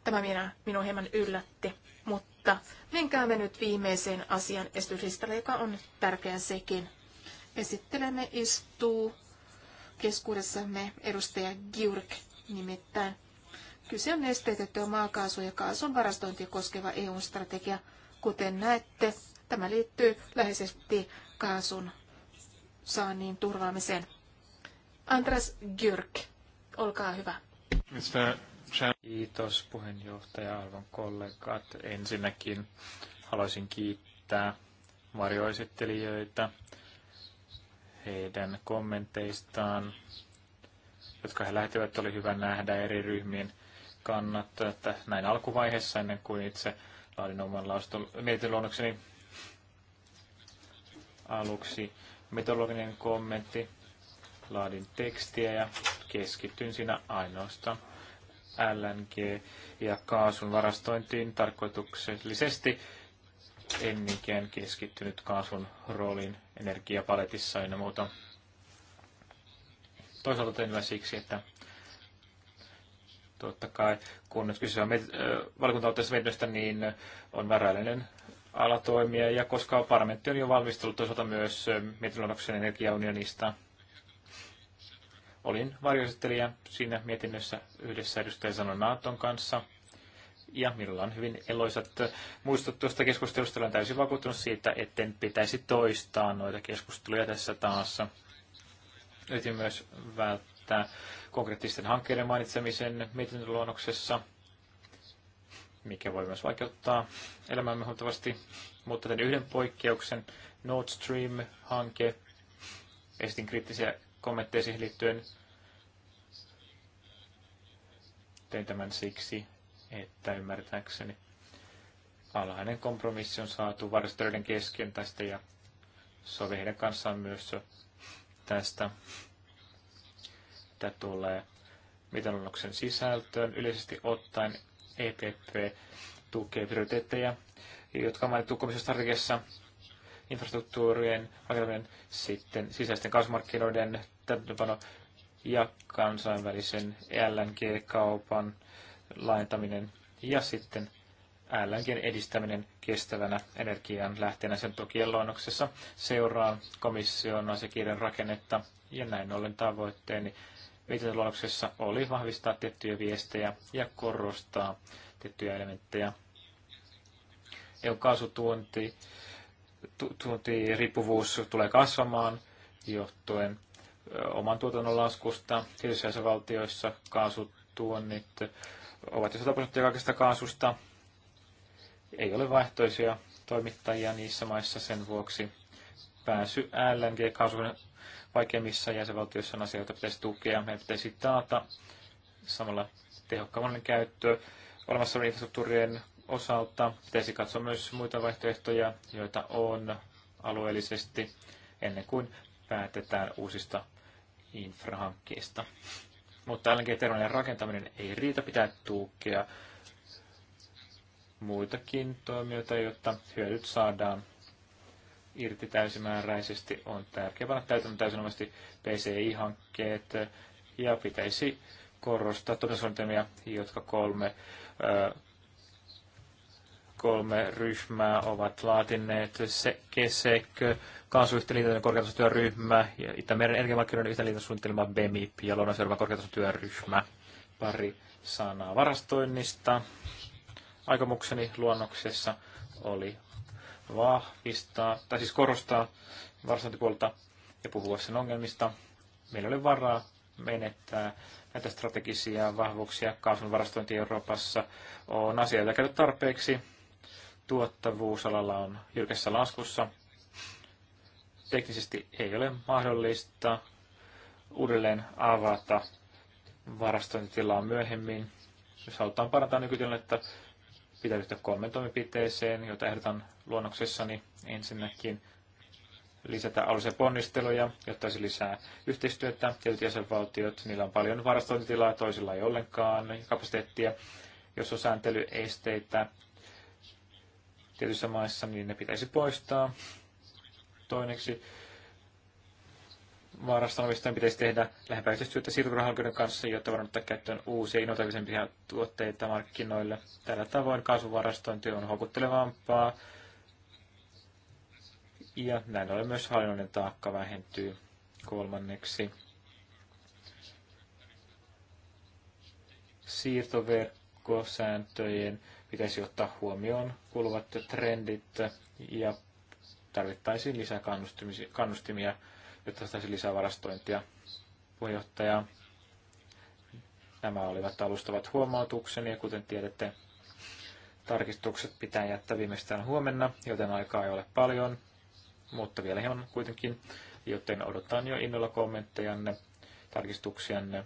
Tämä minä, minua hieman yllätti. Mutta menkäämme nyt viimeiseen asian esityslistalle, joka on tärkeä sekin. Esittelemme istuu keskuudessamme edustaja Giurk nimittäin. Kyse on esteetettyä maakaasu ja kaasun varastointia koskeva EU-strategia. Kuten näette, tämä liittyy läheisesti kaasun saannin turvaamiseen. Andras Gyrk, olkaa hyvä.
Kiitos puheenjohtaja, arvon kollegat. Ensinnäkin haluaisin kiittää varjoesittelijöitä heidän kommenteistaan, jotka he lähtivät. Oli hyvä nähdä eri ryhmien kannat, että näin alkuvaiheessa ennen kuin itse laadin oman lausun mietinluonnokseni aluksi metodologinen kommentti, laadin tekstiä ja keskityn siinä ainoastaan LNG ja kaasun varastointiin tarkoituksellisesti ennenkään keskittynyt kaasun roolin energiapaletissa ja muuta. Toisaalta tein siksi, että totta kai, kun nyt kysyä on niin on väräillinen alatoimia, ja koska parlamentti on jo valmistellut toisaalta myös mietintöluonnoksen energiaunionista. Olin varjoesittelijä siinä mietinnössä yhdessä edustajan Sanon Naaton kanssa, ja minulla on hyvin eloisat muistot tuosta keskustelusta. Olen täysin vakuuttunut siitä, etten pitäisi toistaa noita keskusteluja tässä taas. Yritin myös välttää konkreettisten hankkeiden mainitsemisen mietintöluonnoksessa – mikä voi myös vaikeuttaa elämäämme huomattavasti. Mutta tämän yhden poikkeuksen, Nord Stream-hanke, esitin kriittisiä kommentteja siihen liittyen. Tein tämän siksi, että ymmärtääkseni alainen kompromissi on saatu varastoiden kesken tästä ja sovi heidän kanssaan myös tästä. Tämä tulee mitallonnoksen sisältöön yleisesti ottaen EPP tukee prioriteetteja, jotka on mainittu komission strategiassa infrastruktuurien rakentaminen, sitten sisäisten kasvumarkkinoiden täytäntöpano ja kansainvälisen LNG-kaupan laajentaminen ja sitten LNGn edistäminen kestävänä energian lähteenä sen tukien luonnoksessa seuraa komission asiakirjan rakennetta ja näin ollen tavoitteeni mietintöluonnoksessa oli vahvistaa tiettyjä viestejä ja korostaa tiettyjä elementtejä. EU-kaasutuonti tu, tuonti, riippuvuus tulee kasvamaan johtuen oman tuotannon laskusta. Tietyissä valtioissa kaasutuonnit ovat jo 100 prosenttia kaikesta kaasusta. Ei ole vaihtoisia toimittajia niissä maissa sen vuoksi. Pääsy LNG-kaasun Vaikeimmissa jäsenvaltioissa on asioita, pitäisi tukea, meidän pitäisi taata samalla tehokkaamman käyttö olemassa olevien infrastruktuurien osalta. Pitäisi katsoa myös muita vaihtoehtoja, joita on alueellisesti ennen kuin päätetään uusista infrahankkeista. Mutta LNG-terminaalien rakentaminen ei riitä, pitää tukea muitakin toimijoita, jotta hyödyt saadaan irti täysimääräisesti. On tärkeää panna täytäntöön täysinomaisesti PCI-hankkeet ja pitäisi korostaa toimintasuunnitelmia, jotka kolme, kolme ryhmää ovat laatineet. Se, KESEK, kaasuyhteenliiton korkeatasotyöryhmä, Itämeren energiamarkkinoiden yhteenliiton suunnitelma BEMIP ja lounais korkeatasotyöryhmä. Pari sanaa varastoinnista. Aikomukseni luonnoksessa oli vahvistaa, tai siis korostaa varsinaispuolta ja puhua sen ongelmista. Meillä oli varaa menettää näitä strategisia vahvuuksia. Kaasun varastointi Euroopassa on asia, jota käydä tarpeeksi. Tuottavuusalalla on jyrkässä laskussa. Teknisesti ei ole mahdollista uudelleen avata varastointitilaa myöhemmin. Jos halutaan parantaa nykytilannetta, pitäytyä kolmen toimenpiteeseen, joita ehdotan luonnoksessani ensinnäkin lisätä alueellisia ponnisteluja, jotta se lisää yhteistyötä. Tietyt jäsenvaltiot, niillä on paljon varastointitilaa, toisilla ei ollenkaan kapasiteettia. Jos on sääntelyesteitä tietyissä maissa, niin ne pitäisi poistaa. Toineksi vaarasta omistajan pitäisi tehdä lähempää yhteistyötä kanssa, jotta voidaan ottaa käyttöön uusia innovatiivisempia tuotteita markkinoille. Tällä tavoin kaasuvarastointi on houkuttelevampaa ja näin ollen myös hallinnollinen taakka vähentyy kolmanneksi. Siirtoverkkosääntöjen pitäisi ottaa huomioon kuluvat trendit ja tarvittaisiin lisää kannustimia jotta saisi lisää varastointia. Puheenjohtaja, nämä olivat alustavat huomautukseni ja kuten tiedätte, tarkistukset pitää jättää viimeistään huomenna, joten aikaa ei ole paljon, mutta vielä hieman kuitenkin, joten odotan jo innolla kommenttejanne, tarkistuksianne.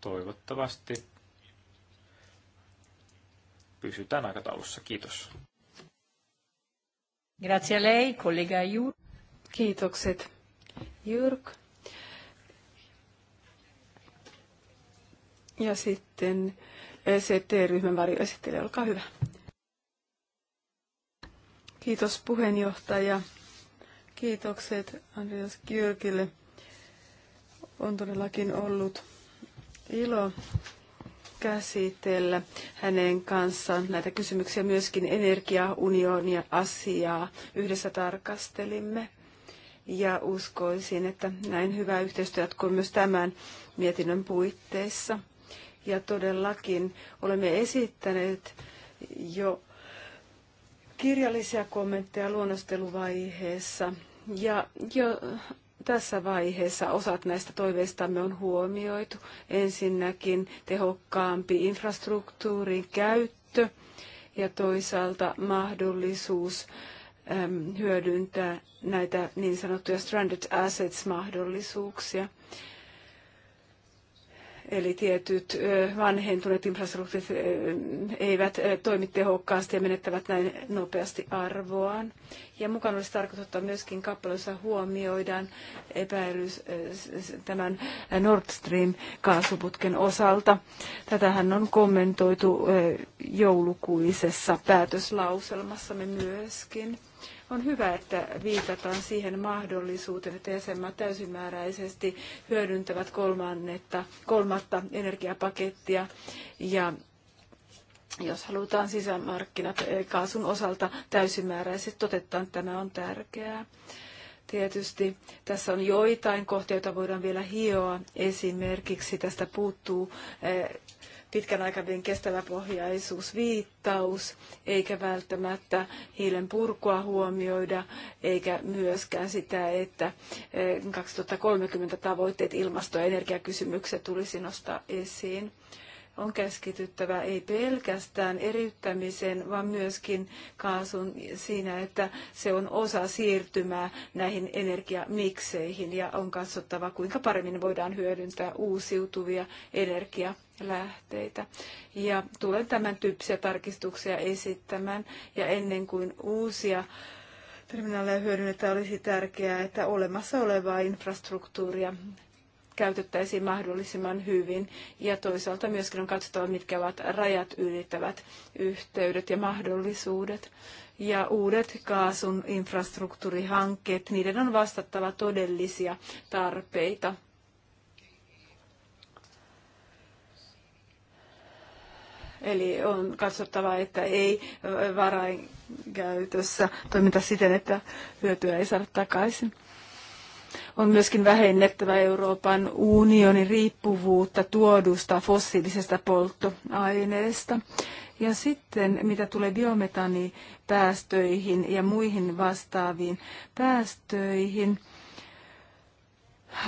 Toivottavasti pysytään aikataulussa. Kiitos.
Grazie lei, collega Kiitokset Jyrk. Ja sitten ect ryhmän varjoesittelijä, olkaa hyvä. Kiitos puheenjohtaja. Kiitokset Andreas Kyrkille. On todellakin ollut ilo käsitellä hänen kanssaan näitä kysymyksiä myöskin energiaunionia asiaa. Yhdessä tarkastelimme ja uskoisin, että näin hyvää yhteistyö jatkuu myös tämän mietinnön puitteissa. Ja todellakin olemme esittäneet jo kirjallisia kommentteja luonnosteluvaiheessa ja jo tässä vaiheessa osat näistä toiveistamme on huomioitu. Ensinnäkin tehokkaampi infrastruktuurin käyttö ja toisaalta mahdollisuus hyödyntää näitä niin sanottuja stranded assets-mahdollisuuksia. Eli tietyt vanhentuneet infrastruktuurit eivät toimi tehokkaasti ja menettävät näin nopeasti arvoaan. Ja mukana olisi tarkoitus ottaa myöskin kappaleessa huomioidaan epäilys tämän Nord Stream kaasuputken osalta. Tätähän on kommentoitu joulukuisessa päätöslauselmassamme myöskin. On hyvä, että viitataan siihen mahdollisuuteen, että jäsenmaat täysimääräisesti hyödyntävät kolmannetta, kolmatta energiapakettia ja jos halutaan sisämarkkinat eh, kaasun osalta täysimääräisesti toteuttaa, niin tämä on tärkeää. Tietysti tässä on joitain kohtia, joita voidaan vielä hioa. Esimerkiksi tästä puuttuu eh, pitkän aikavälin pohjaisuusviittaus, eikä välttämättä hiilen purkua huomioida, eikä myöskään sitä, että 2030 eh, tavoitteet ilmasto- ja energiakysymykset tulisi nostaa esiin on keskityttävä ei pelkästään eriyttämiseen, vaan myöskin kaasun siinä, että se on osa siirtymää näihin energiamikseihin ja on katsottava, kuinka paremmin voidaan hyödyntää uusiutuvia energia-lähteitä. Ja tulen tämän tyyppisiä tarkistuksia esittämään ja ennen kuin uusia terminaaleja hyödynnetään, olisi tärkeää, että olemassa olevaa infrastruktuuria käytettäisiin mahdollisimman hyvin. Ja toisaalta myöskin on katsottava, mitkä ovat rajat ylittävät yhteydet ja mahdollisuudet. Ja uudet kaasun infrastruktuurihankkeet, niiden on vastattava todellisia tarpeita. Eli on katsottava, että ei käytössä, toiminta siten, että hyötyä ei saada takaisin. On myöskin vähennettävä Euroopan unionin riippuvuutta tuodusta fossiilisesta polttoaineesta. Ja sitten mitä tulee biometanipäästöihin ja muihin vastaaviin päästöihin,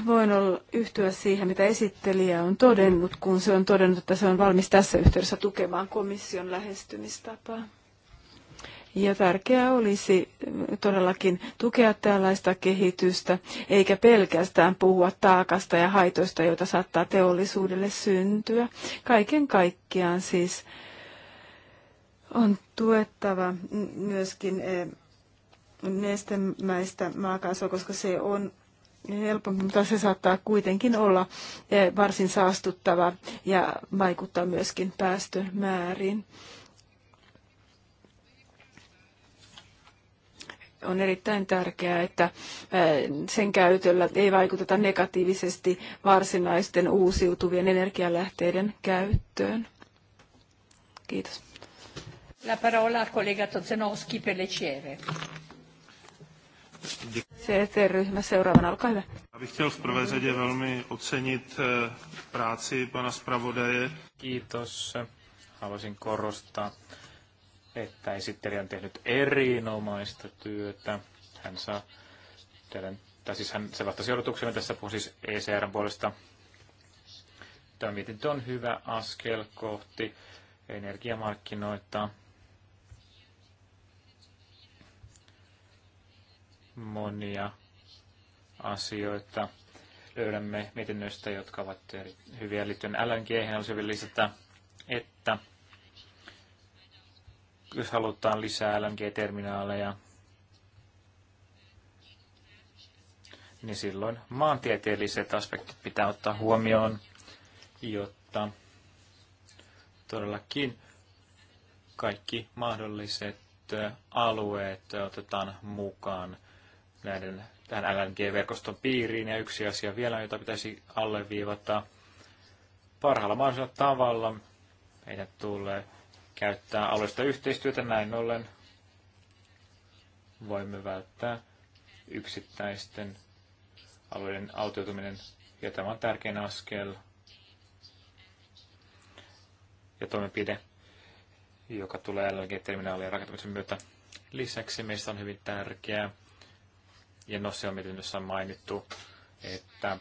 voin olla, yhtyä siihen, mitä esittelijä on todennut, kun se on todennut, että se on valmis tässä yhteydessä tukemaan komission lähestymistapaa. Ja tärkeää olisi todellakin tukea tällaista kehitystä, eikä pelkästään puhua taakasta ja haitoista, joita saattaa teollisuudelle syntyä. Kaiken kaikkiaan siis on tuettava myöskin eh, nestemäistä maakaasua, koska se on helpompi, mutta se saattaa kuitenkin olla eh, varsin saastuttava ja vaikuttaa myöskin päästömääriin. on erittäin tärkeää, että sen käytöllä ei vaikuteta negatiivisesti varsinaisten uusiutuvien energialähteiden käyttöön. Kiitos. La parola al collega Tozenowski per le CR. E. CT-ryhmä seuraavana, olkaa hyvä. bych chtěl v
prvé řadě velmi ocenit práci pana zpravodaje. Kiitos. Haluaisin korostaa että esittelijä on tehnyt erinomaista työtä. Hän saa teidän, tai siis hän, se vastasi odotuksemme tässä puhun siis ECRn puolesta. Tämä mietintö on hyvä askel kohti energiamarkkinoita. Monia asioita löydämme mietinnöistä, jotka ovat hyviä liittyen LNG. olisi vielä lisätä, että jos halutaan lisää LNG-terminaaleja, niin silloin maantieteelliset aspektit pitää ottaa huomioon, jotta todellakin kaikki mahdolliset alueet otetaan mukaan näiden, tähän LNG-verkoston piiriin. Ja yksi asia vielä, jota pitäisi alleviivata parhaalla mahdollisella tavalla, meidän tulee käyttää alusta yhteistyötä näin ollen. Voimme välttää yksittäisten alueiden autioituminen, ja tämä on tärkein askel ja toimenpide, joka tulee LNG-terminaalien rakentamisen myötä. Lisäksi meistä on hyvin tärkeää, ja no se on mietinnössä mainittu, että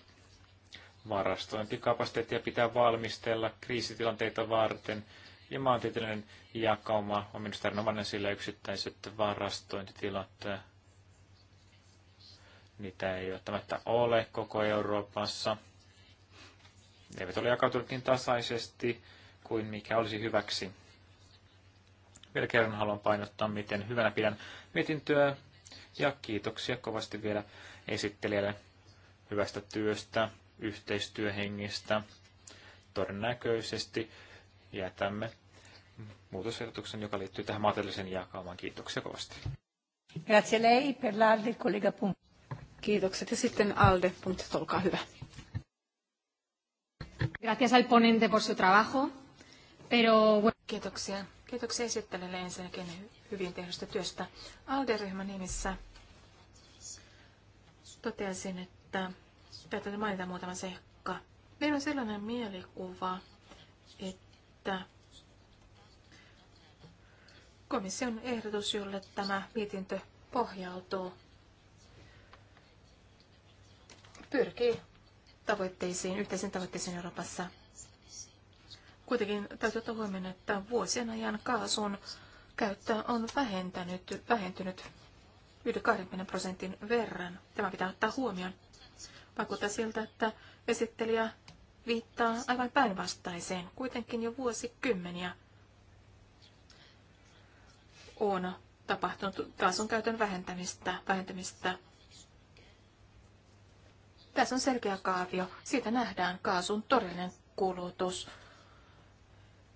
varastointikapasiteettia pitää valmistella kriisitilanteita varten, ja maantieteellinen jakauma on minusta erinomainen, sillä yksittäiset varastointitilat, eh, niitä ei välttämättä ole koko Euroopassa. Ne eivät ole jakautuneet niin tasaisesti kuin mikä olisi hyväksi. Vielä kerran haluan painottaa, miten hyvänä pidän mietintöä ja kiitoksia kovasti vielä esittelijälle hyvästä työstä, yhteistyöhengistä. Todennäköisesti jätämme muutosehdotuksen, joka liittyy tähän maatellisen jakaumaan. Kiitoksia kovasti.
Grazie lei per l'Alde, collega Kiitokset ja sitten Alde, Punt, olkaa
hyvä. Gracias al ponente por su trabajo, pero... Kiitoksia. Kiitoksia esittelijälle ensinnäkin hyvin tehdystä työstä. ALDE-ryhmän nimissä toteaisin, että täytyy mainita muutama seikka. Meillä on sellainen mielikuva, että että komission ehdotus, jolle tämä mietintö pohjautuu, pyrkii tavoitteisiin, yhteisen tavoitteisiin Euroopassa. Kuitenkin täytyy ottaa huomioon, että vuosien ajan kaasun käyttö on vähentänyt, vähentynyt yli 20 prosentin verran. Tämä pitää ottaa huomioon. Vaikuttaa siltä, että esittelijä viittaa aivan päinvastaiseen. Kuitenkin jo vuosikymmeniä on tapahtunut kaasun käytön vähentämistä. vähentämistä. Tässä on selkeä kaavio. Siitä nähdään kaasun todellinen kulutus,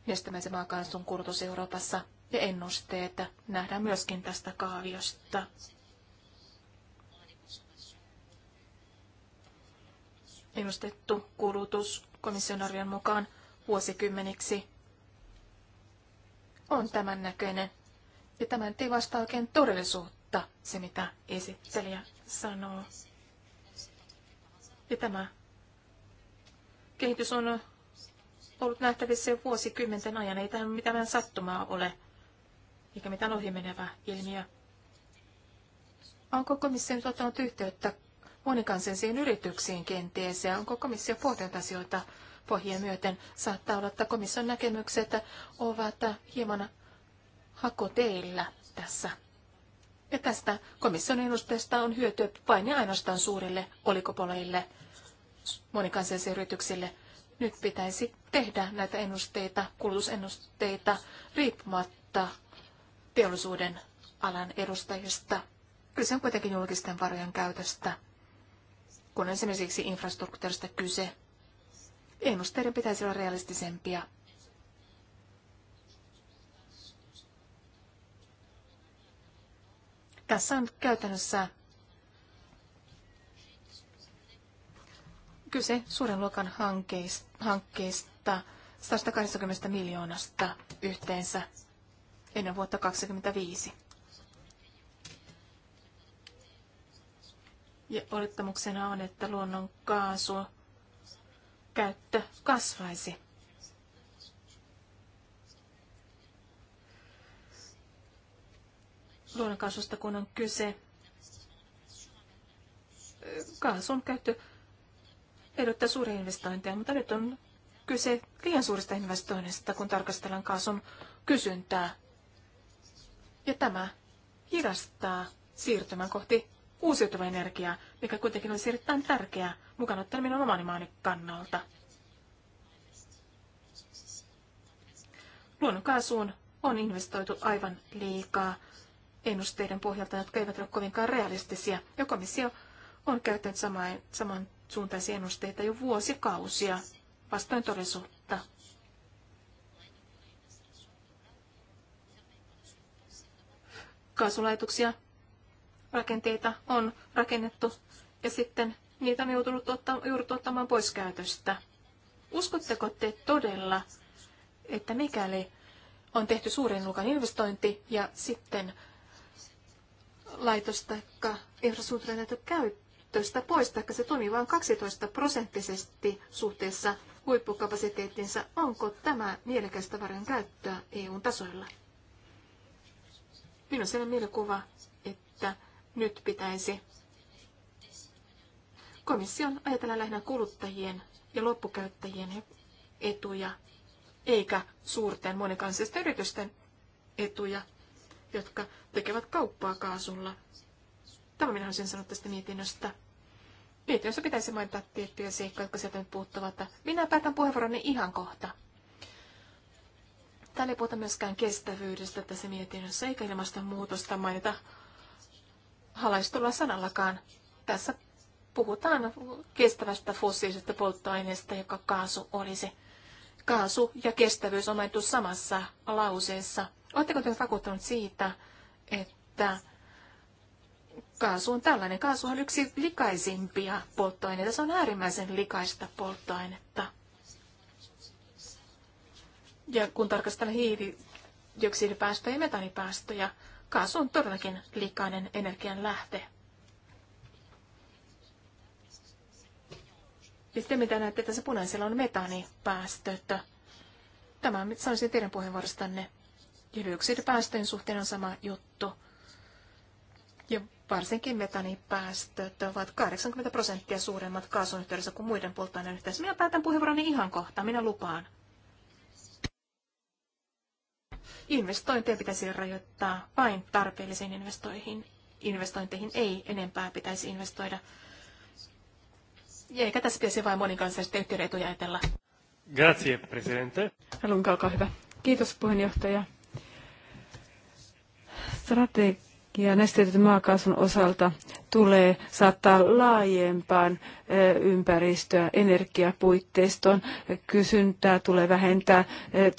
nestemäisen maakaasun kulutus Euroopassa ja ennusteet nähdään myöskin tästä kaaviosta. ennustettu kulutus komission arvion mukaan vuosikymmeniksi on tämän näköinen. Ja tämä ei vastaa oikein todellisuutta, se mitä esittelijä sanoo. Ja tämä kehitys on ollut nähtävissä jo vuosikymmenten ajan. Ei tämä mitään sattumaa ole, eikä mitään ohimenevä ilmiö. Onko komissio nyt ottanut yhteyttä monikansallisiin yrityksiin kenties ja onko komissio pohtinut asioita pohjia myöten. Saattaa olla, että komission näkemykset ovat hieman hakoteillä tässä. Ja tästä komission ennusteesta on hyötyä vain ja ainoastaan suurille olikopoleille, monikansallisille yrityksille. Nyt pitäisi tehdä näitä ennusteita, kulutusennusteita, riippumatta teollisuuden alan edustajista. Kyse on kuitenkin julkisten varojen käytöstä kun on esimerkiksi infrastruktuurista kyse. Ennusteiden pitäisi olla realistisempia. Tässä on käytännössä kyse suuren luokan hankkeista 180 miljoonasta yhteensä ennen vuotta 2025. Ja olettamuksena on, että luonnon kaasu käyttö kasvaisi. Luonnonkaasusta kun on kyse, kaasun käyttö edellyttää suuria investointeja, mutta nyt on kyse liian suurista investoinneista, kun tarkastellaan kaasun kysyntää. Ja tämä hidastaa siirtymän kohti uusiutuva energia, mikä kuitenkin olisi erittäin tärkeää mukana ottaen minun omani maani kannalta. Luonnonkaasuun on investoitu aivan liikaa ennusteiden pohjalta, jotka eivät ole kovinkaan realistisia, ja komissio on käyttänyt samansuuntaisia ennusteita jo vuosikausia vastoin todellisuutta. Kaasulaitoksia rakenteita on rakennettu ja sitten niitä on joutunut ottaa, ottamaan pois käytöstä. Uskotteko te todella, että mikäli on tehty suurin luokan investointi ja sitten laitos tai infrastruktuuri on jätetty pois, tai se toimii vain 12 prosenttisesti suhteessa huippukapasiteettinsa, onko tämä mielekästä varjon käyttöä EUn tasoilla? Minun on sellainen mielikuva, että nyt pitäisi. Komission ajatella lähinnä kuluttajien ja loppukäyttäjien etuja, eikä suurten monikansallisten yritysten etuja, jotka tekevät kauppaa kaasulla. Tämä minä olisin sanonut tästä mietinnöstä. Mietinnössä pitäisi mainita tiettyjä seikkoja, jotka sieltä nyt puuttuvat. Minä päätän puheenvuoroni ihan kohta. Täällä ei puhuta myöskään kestävyydestä tässä mietinnössä, eikä ilmastonmuutosta mainita halaistulla sanallakaan. Tässä puhutaan kestävästä fossiilisesta polttoaineesta, joka kaasu olisi. Kaasu ja kestävyys on mainittu samassa lauseessa. Oletteko te vakuuttunut siitä, että kaasu on tällainen? Kaasu on yksi likaisimpia polttoaineita. Se on äärimmäisen likaista polttoainetta. Ja kun tarkastellaan hiilidioksidipäästöjä ja metanipäästöjä, Kaasu on todellakin likainen energian lähte. Ja sitten mitä näette tässä punaisella on metaanipäästöt. Tämä sanoisin siis teidän puheenvuorostanne. Hiilidioksidipäästöjen suhteen on sama juttu. Ja varsinkin metaanipäästöt ovat 80 prosenttia suuremmat kaasun yhteydessä kuin muiden polttoaineen yhteydessä. Minä päätän puheenvuoroni ihan kohta, minä lupaan. Investointeja pitäisi rajoittaa vain tarpeellisiin investoihin. Investointeihin ei enempää pitäisi investoida. Eikä tässä pitäisi vain monikansallisten yhtiöiden etuja ajatella.
Grazie, presidente.
Haluan, olkaa hyvä. Kiitos, puheenjohtaja. Strategia ja nesteytetyn maakaasun osalta tulee saattaa laajempaan eh, ympäristöä, energiapuitteistoon. Kysyntää tulee vähentää, eh,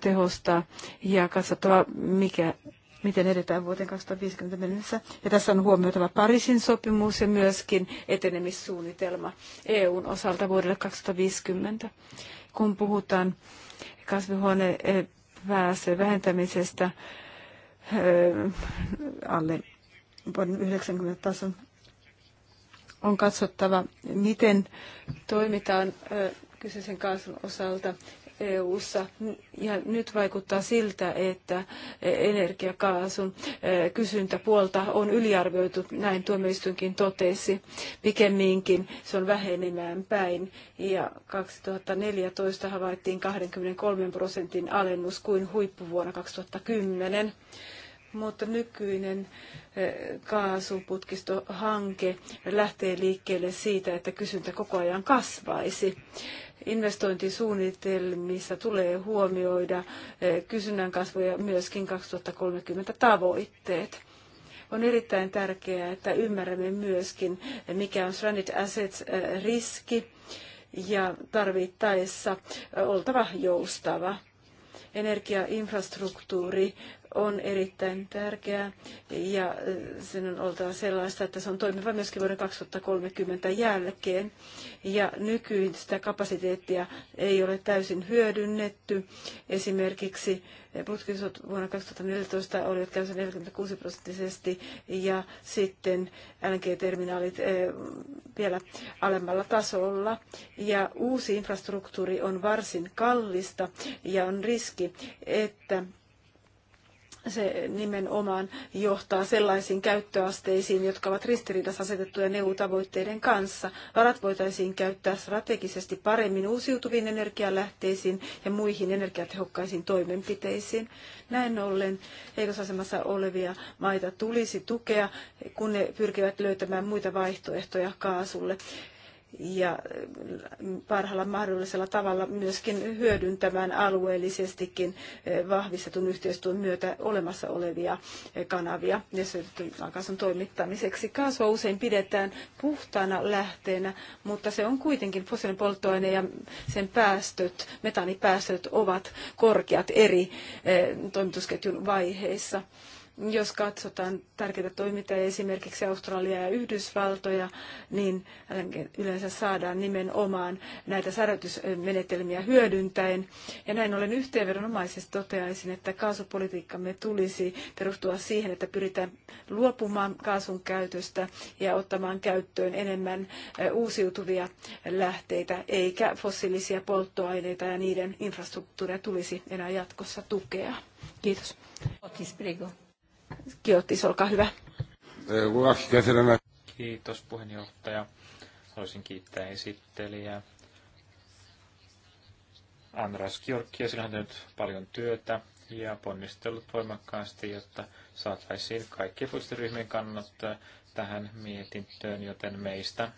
tehostaa ja katsottava, mikä miten edetään vuoteen 2050 mennessä. Ja tässä on huomioitava Pariisin sopimus ja myöskin etenemissuunnitelma EUn osalta vuodelle 2050. Kun puhutaan kasvihuonepäästöjen eh, vähentämisestä, alle vuoden 90 tason. On katsottava, miten toimitaan kyseisen kaasun osalta EU-ssa. Ja nyt vaikuttaa siltä, että energiakaasun e, kysyntäpuolta on yliarvioitu, näin tuomioistuinkin totesi. Pikemminkin se on vähenemään päin. Ja 2014 havaittiin 23 prosentin alennus kuin huippuvuonna 2010 mutta nykyinen eh, kaasuputkistohanke lähtee liikkeelle siitä, että kysyntä koko ajan kasvaisi. Investointisuunnitelmissa tulee huomioida eh, kysynnän kasvu ja myöskin 2030 tavoitteet on erittäin tärkeää, että ymmärrämme myöskin, eh, mikä on stranded assets-riski ja tarvittaessa oltava joustava. Energiainfrastruktuuri on erittäin tärkeää ja äh, sen on oltava sellaista, että se on toimiva myöskin vuoden 2030 jälkeen. Ja nykyistä kapasiteettia ei ole täysin hyödynnetty. Esimerkiksi äh, putkisot vuonna 2014 olivat käytössä 46 prosenttisesti ja sitten LNG-terminaalit äh, vielä alemmalla tasolla. Ja uusi infrastruktuuri on varsin kallista ja on riski, että se nimenomaan johtaa sellaisiin käyttöasteisiin, jotka ovat ristiriidassa asetettuja neuvotavoitteiden kanssa. Varat voitaisiin käyttää strategisesti paremmin uusiutuviin energialähteisiin ja muihin energiatehokkaisiin toimenpiteisiin. Näin ollen heikosasemassa olevia maita tulisi tukea, kun ne pyrkivät löytämään muita vaihtoehtoja kaasulle ja mm, parhaalla mahdollisella tavalla myöskin hyödyntämään alueellisestikin eh, vahvistetun yhteistyön myötä olemassa olevia eh, kanavia nestetykaasun toimittamiseksi. Kaasua usein pidetään puhtaana lähteenä, mutta se on kuitenkin fossiilinen polttoaine ja sen päästöt, metaanipäästöt ovat korkeat eri eh, toimitusketjun vaiheissa. Jos katsotaan tärkeitä toimintoja, esimerkiksi Australia ja Yhdysvaltoja, niin äh, yleensä saadaan nimenomaan näitä säädötysmenetelmiä hyödyntäen. Ja näin ollen yhteenvedonomaisesti toteaisin, että kaasupolitiikkamme tulisi perustua siihen, että pyritään luopumaan kaasun käytöstä ja ottamaan käyttöön enemmän äh, uusiutuvia lähteitä, eikä fossiilisia polttoaineita ja niiden infrastruktuuria tulisi enää jatkossa tukea. Kiitos. Otis, prego. Kiottis, olkaa hyvä.
Kiitos puheenjohtaja. Haluaisin kiittää esittelijää. Andras Georgia, sillä on tehnyt paljon työtä ja ponnistellut voimakkaasti, jotta saataisiin kaikkien puolusturyhmien kannat tähän mietintöön, joten meistä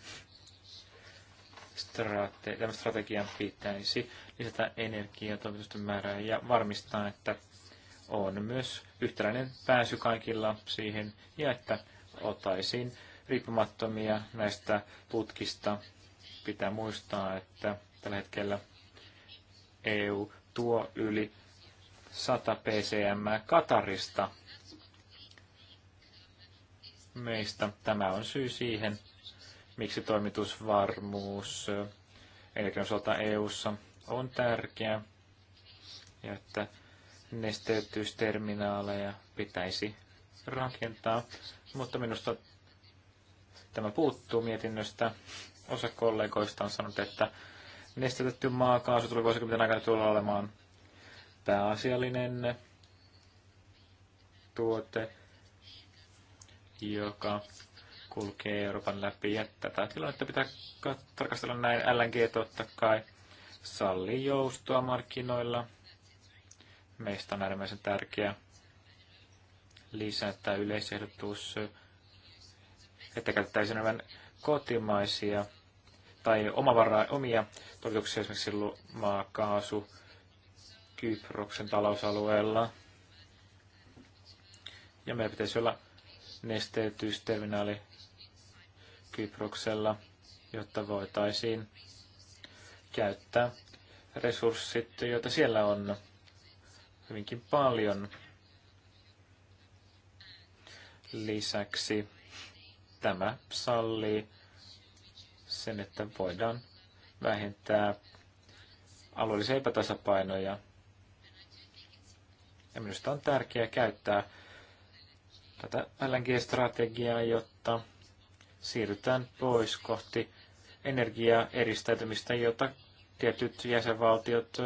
strate- tämän strategian pitäisi lisätä energiaa määrää ja varmistaa, että on myös yhtäläinen pääsy kaikilla siihen ja että otaisiin riippumattomia näistä putkista. Pitää muistaa, että tällä hetkellä EU tuo yli 100 PCM Katarista meistä. Tämä on syy siihen, miksi toimitusvarmuus energian eh, osalta EU:ssa on tärkeä ja että nesteytysterminaaleja pitäisi rakentaa, mutta minusta tämä puuttuu mietinnöstä. Osa kollegoista on sanonut, että nesteytetty maakaasu tuli vuosikymmenten aikana tulla olemaan pääasiallinen tuote, joka kulkee Euroopan läpi. Ja tätä tilannetta pitää tarkastella näin. LNG totta kai sallii joustoa markkinoilla, meistä on äärimmäisen tärkeää lisätä yleisehdotus, että käytettäisiin enemmän kotimaisia tai omavaraa, omia toimituksia esimerkiksi maakaasu Kyproksen talousalueella. Ja meillä pitäisi olla nesteytysterminaali Kyproksella, jotta voitaisiin käyttää resurssit, joita siellä on hyvinkin paljon. Lisäksi tämä sallii sen, että voidaan vähentää alueellisia epätasapainoja. Ja minusta on tärkeää käyttää tätä LNG-strategiaa, jotta siirrytään pois kohti energiaeristäytymistä, jota tietyt jäsenvaltiot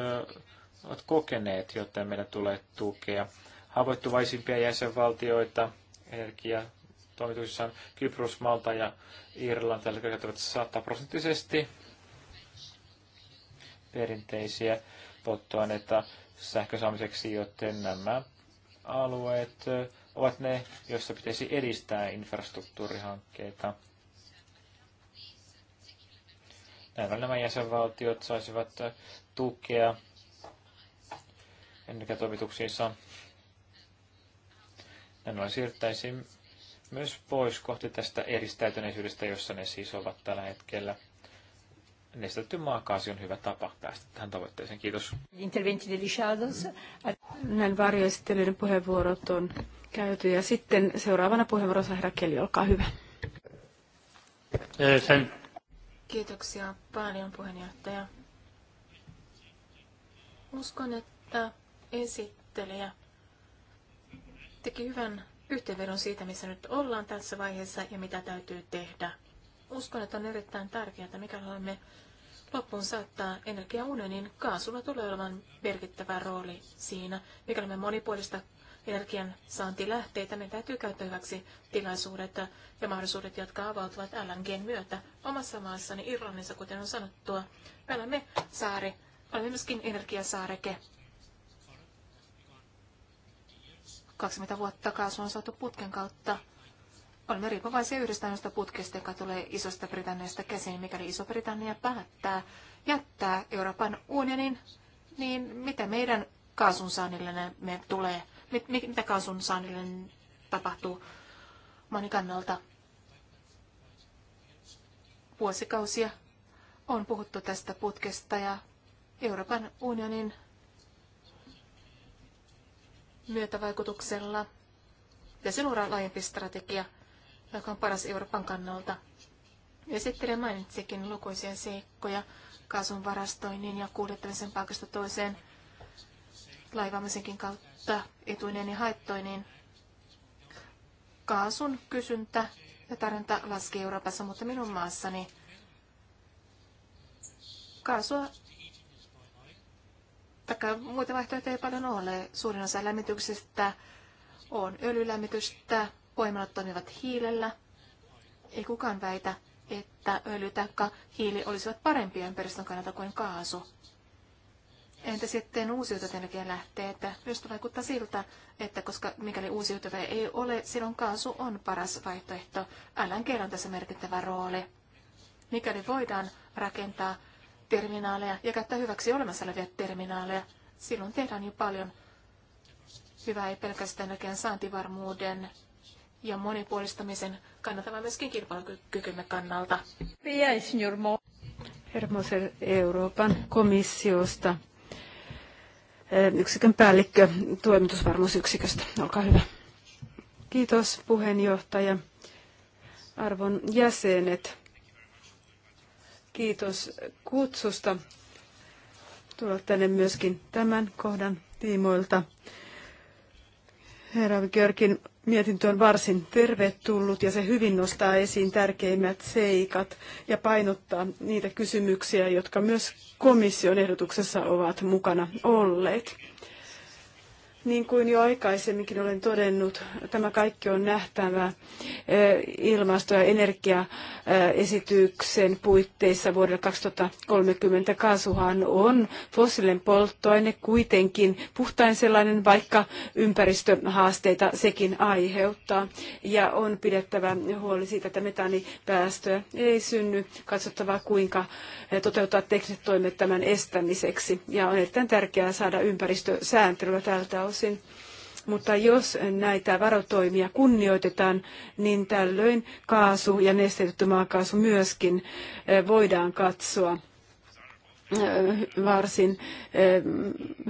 ovat kokeneet, joten meidän tulee tukea haavoittuvaisimpia jäsenvaltioita energia on Kypros, Malta ja Irlanti jotka käyttävät sataprosenttisesti perinteisiä polttoaineita sähkösaamiseksi, joten nämä alueet ovat ne, joissa pitäisi edistää infrastruktuurihankkeita. Näin nämä jäsenvaltiot saisivat tukea energiatoimituksiinsa. Näin noin siirtäisiin myös pois kohti tästä eristäytyneisyydestä, jossa ne siis ovat tällä hetkellä. Nestetty maakaasi on hyvä tapa päästä tähän tavoitteeseen. Kiitos.
Interventi degli Shadows. Näin varjoistelijoiden puheenvuorot on käyty. Ja sitten seuraavana puheenvuorossa herra Keli, olkaa hyvä.
Eh, sen. Kiitoksia paljon puheenjohtaja. Uskon, että esittelijä teki hyvän yhteenvedon siitä, missä nyt ollaan tässä vaiheessa ja mitä täytyy tehdä. Uskon, että on erittäin tärkeää, että mikäli olemme loppuun saattaa energiaunionin kaasulla tulee olemaan merkittävä rooli siinä. Mikäli me monipuolista energian saantilähteitä, Meidän täytyy käyttää hyväksi tilaisuudet ja mahdollisuudet, jotka avautuvat LNG myötä omassa maassani Irlannissa, kuten on sanottua. Me olemme saari, olemme myöskin energiasaareke 20 vuotta kaasu on saatu putken kautta. Olemme riippuvaisia yhdestä ainoasta putkesta, joka tulee Isosta Britanniasta käsiin, mikäli Iso-Britannia päättää jättää Euroopan unionin, niin mitä meidän kaasun me tulee, mit, mit, mitä kaasun tapahtuu monikannalta? kannalta. Vuosikausia on puhuttu tästä putkesta ja Euroopan unionin myötävaikutuksella ja sen ura laajempi strategia, joka on paras Euroopan kannalta. Esittelijä mainitsikin lukuisia seikkoja kaasun varastoinnin ja kuljettamisen paikasta toiseen laivaamisenkin kautta etuinen ja haittoinen. Kaasun kysyntä ja tarjonta laski Euroopassa, mutta minun maassani kaasua taikka muita vaihtoehtoja ei paljon ole. Suurin osa lämmityksestä on öljylämmitystä, voimalat toimivat hiilellä. Ei kukaan väitä, että öljy tai hiili olisivat parempia ympäristön kannalta kuin kaasu. Entä sitten uusiutuvat energialähteet? Myös vaikuttaa siltä, että koska mikäli uusiutuvia ei ole, silloin kaasu on paras vaihtoehto. LNG on tässä merkittävä rooli. Mikäli voidaan rakentaa terminaaleja ja käyttää hyväksi olemassa olevia terminaaleja. Silloin tehdään jo paljon hyvää ei pelkästään näkeen saantivarmuuden ja monipuolistamisen kannalta, vaan myöskin kilpailukykymme kannalta.
Hermoser Euroopan komissiosta, eh, yksikön päällikkö toimitusvarmuusyksiköstä. Olkaa hyvä. Kiitos puheenjohtaja. Arvon jäsenet. Kiitos kutsusta tulla tänne myöskin tämän kohdan tiimoilta. Herra Görkin mietintö on varsin tervetullut ja se hyvin nostaa esiin tärkeimmät seikat ja painottaa niitä kysymyksiä, jotka myös komission ehdotuksessa ovat mukana olleet. Niin kuin jo aikaisemminkin olen todennut, tämä kaikki on nähtävä eh, ilmasto- ja energiaesityksen puitteissa vuodelle 2030. Kaasuhan on fossiilinen polttoaine kuitenkin puhtain sellainen, vaikka ympäristöhaasteita sekin aiheuttaa. Ja on pidettävä huoli siitä, että metaanipäästöä ei synny. Katsottava, kuinka eh, toteuttaa tekniset toimet tämän estämiseksi. Ja on erittäin tärkeää saada ympäristösääntelyä tältä osin osin. Mutta jos näitä varotoimia kunnioitetaan, niin tällöin kaasu ja nesteytetty maakaasu myöskin eh, voidaan katsoa eh, varsin eh,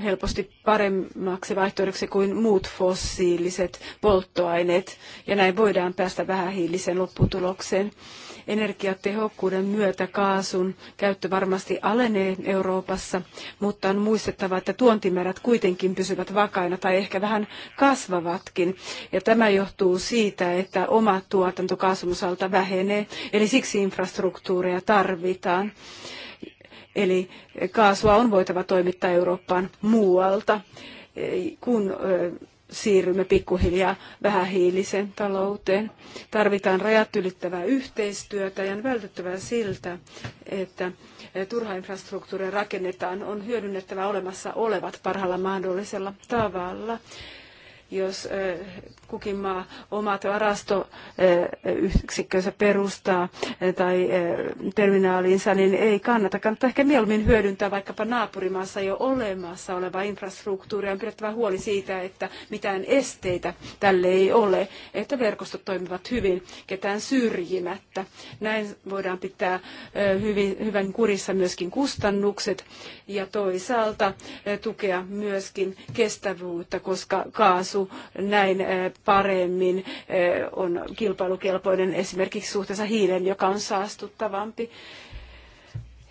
helposti paremmaksi vaihtoehdoksi kuin muut fossiiliset polttoaineet, ja näin voidaan päästä vähähiiliseen lopputulokseen. Energiatehokkuuden myötä kaasun käyttö varmasti alenee Euroopassa, mutta on muistettava, että tuontimäärät kuitenkin pysyvät vakaina tai ehkä vähän kasvavatkin. Ja tämä johtuu siitä, että oma tuotanto kaasun osalta vähenee, eli siksi infrastruktuureja tarvitaan. Eli kaasua on voitava toimittaa Eurooppaan muualta kun siirrymme pikkuhiljaa vähähiiliseen talouteen. Tarvitaan rajat ylittävää yhteistyötä ja on vältyttävää siltä, että turha infrastruktuuria rakennetaan, on hyödynnettävä olemassa olevat parhaalla mahdollisella tavalla jos kukin maa omat varastoyksikkönsä perustaa tai terminaalinsa, niin ei kannata. Kannattaa ehkä mieluummin hyödyntää vaikkapa naapurimaassa jo olemassa olevaa infrastruktuuria. On pidettävä huoli siitä, että mitään esteitä tälle ei ole, että verkostot toimivat hyvin ketään syrjimättä. Näin voidaan pitää hyvin, hyvän kurissa myöskin kustannukset ja toisaalta tukea myöskin kestävyyttä, koska kaasu maksu näin äh, paremmin äh, on kilpailukelpoinen esimerkiksi suhteessa hiilen, joka on saastuttavampi.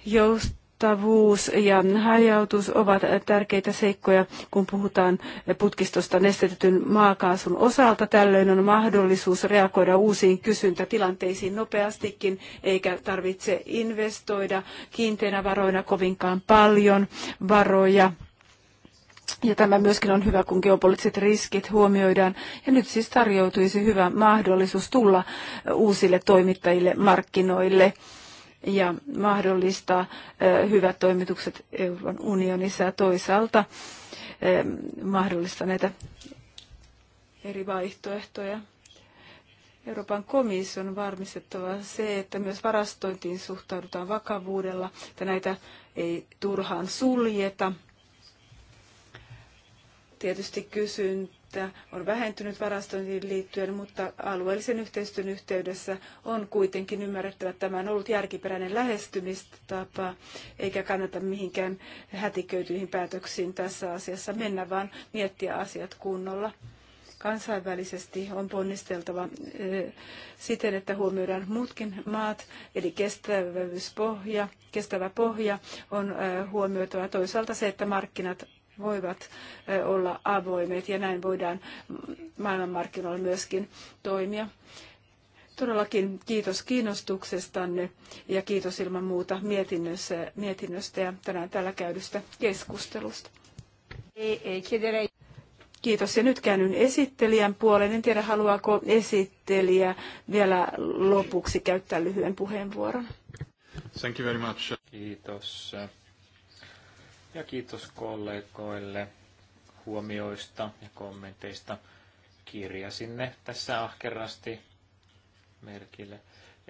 Joustavuus ja hajautus ovat tärkeitä seikkoja, kun puhutaan putkistosta nestetetyn maakaasun osalta. Tällöin on mahdollisuus reagoida uusiin kysyntätilanteisiin nopeastikin, eikä tarvitse investoida kiinteinä varoina kovinkaan paljon varoja ja tämä myöskin on hyvä, kun geopoliittiset riskit huomioidaan. Ja nyt siis tarjoutuisi hyvä mahdollisuus tulla uusille toimittajille markkinoille ja mahdollistaa hyvät toimitukset Euroopan unionissa ja toisaalta mahdollistaa näitä eri vaihtoehtoja. Euroopan komission on varmistettava se, että myös varastointiin suhtaudutaan vakavuudella, että näitä ei turhaan suljeta – Tietysti kysyntä on vähentynyt varastointiin liittyen, mutta alueellisen yhteistyön yhteydessä on kuitenkin ymmärrettävä, että tämä on ollut järkiperäinen lähestymistapa, eikä kannata mihinkään hätiköityihin päätöksiin tässä asiassa mennä, vaan miettiä asiat kunnolla kansainvälisesti on ponnisteltava eh, siten, että huomioidaan muutkin maat, eli kestävä pohja on eh, huomioitava. Toisaalta se, että markkinat voivat olla avoimet ja näin voidaan maailmanmarkkinoilla myöskin toimia. Todellakin kiitos kiinnostuksestanne ja kiitos ilman muuta mietinnöstä, mietinnöstä ja tänään täällä käydystä keskustelusta. Kiitos. Ja nyt käännyn esittelijän puoleen. En tiedä, haluaako esittelijä vielä lopuksi käyttää lyhyen puheenvuoron.
Thank you very much. Kiitos ja kiitos kollegoille huomioista ja kommenteista. kirja sinne tässä ahkerasti merkille.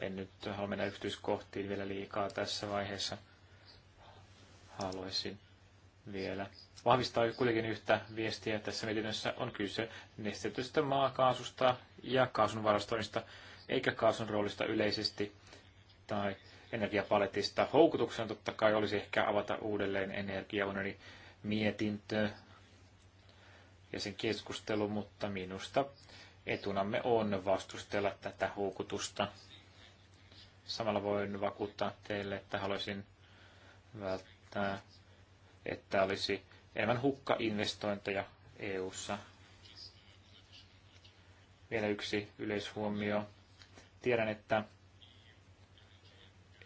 En nyt halua mennä yksityiskohtiin vielä liikaa tässä vaiheessa. Haluaisin vielä vahvistaa kuitenkin yhtä viestiä. Tässä mietinnössä on kyse nestetystä maakaasusta ja kaasun varastoinnista, eikä kaasun roolista yleisesti tai energiapaletista. Houkutuksena totta kai olisi ehkä avata uudelleen energiaunionin mietintö ja sen keskustelu, mutta minusta etunamme on vastustella tätä houkutusta. Samalla voin vakuuttaa teille, että haluaisin välttää, että olisi enemmän hukka-investointeja EU-ssa. Vielä yksi yleishuomio. Tiedän, että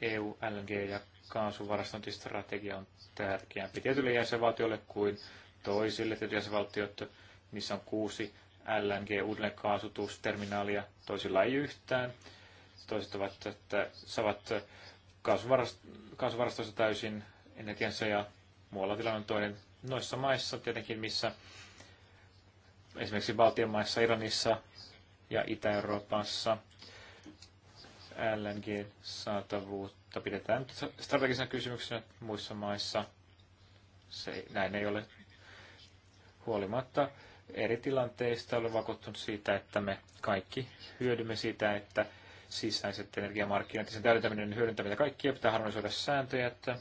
EU LNG- ja kaasuvarastointistrategia on tärkeämpi tietyille jäsenvaltioille kuin toisille. Tietyt jäsenvaltiot, missä on kuusi LNG uudelleen kaasutusterminaalia, toisilla ei yhtään. Toiset ovat, että saavat kaasuvarastoista täysin energiansa ja muualla tilanne on toinen. Noissa maissa tietenkin, missä esimerkiksi Baltian maissa, Iranissa ja Itä-Euroopassa – LNG-saatavuutta pidetään strategisena kysymyksenä muissa maissa. Se, näin ei ole huolimatta eri tilanteista. Olen vakuuttunut siitä, että me kaikki hyödymme siitä, että sisäiset energiamarkkinat ja sen täydentäminen ja hyödyntäminen kaikkia pitää harmonisoida sääntöjä, että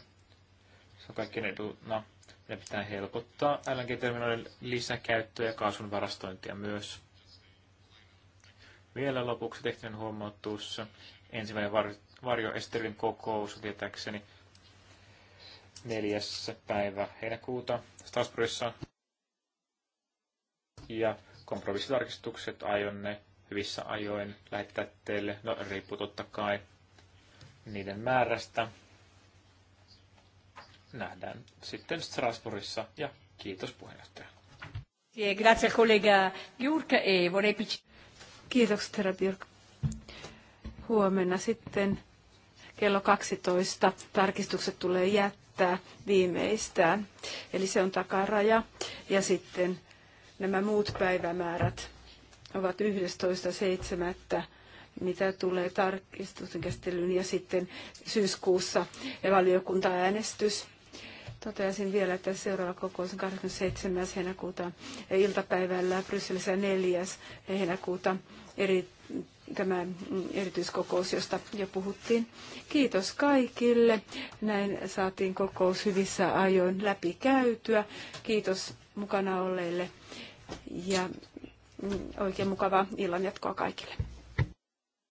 se on kaikkien etuna. Ne no, pitää helpottaa LNG-terminaalin lisäkäyttöä ja kaasun varastointia myös. Vielä lopuksi tekninen huomautus ensimmäinen var, varjoestelyn kokous tietääkseni neljäs päivä heinäkuuta Strasbourgissa. Ja kompromissitarkistukset aion ne hyvissä ajoin lähettää teille. No, riippuu totta kai niiden määrästä. Nähdään sitten Strasbourgissa ja kiitos puheenjohtaja.
Grazie kollega Jurka e vorrei herra Björk. Huomenna sitten kello 12 tarkistukset tulee jättää viimeistään. Eli se on takaraja. Ja sitten nämä muut päivämäärät ovat 11.7. mitä tulee tarkistusten käsittelyyn ja sitten syyskuussa valiokuntaäänestys. Toteaisin vielä, että seuraava kokous on 27. heinäkuuta iltapäivällä Brysselissä 4. heinäkuuta eri tämä mm, erityiskokous, josta jo puhuttiin. Kiitos kaikille. Näin saatiin kokous hyvissä ajoin läpi käytyä. Kiitos mukana olleille ja mm, oikein mukavaa illan jatkoa kaikille.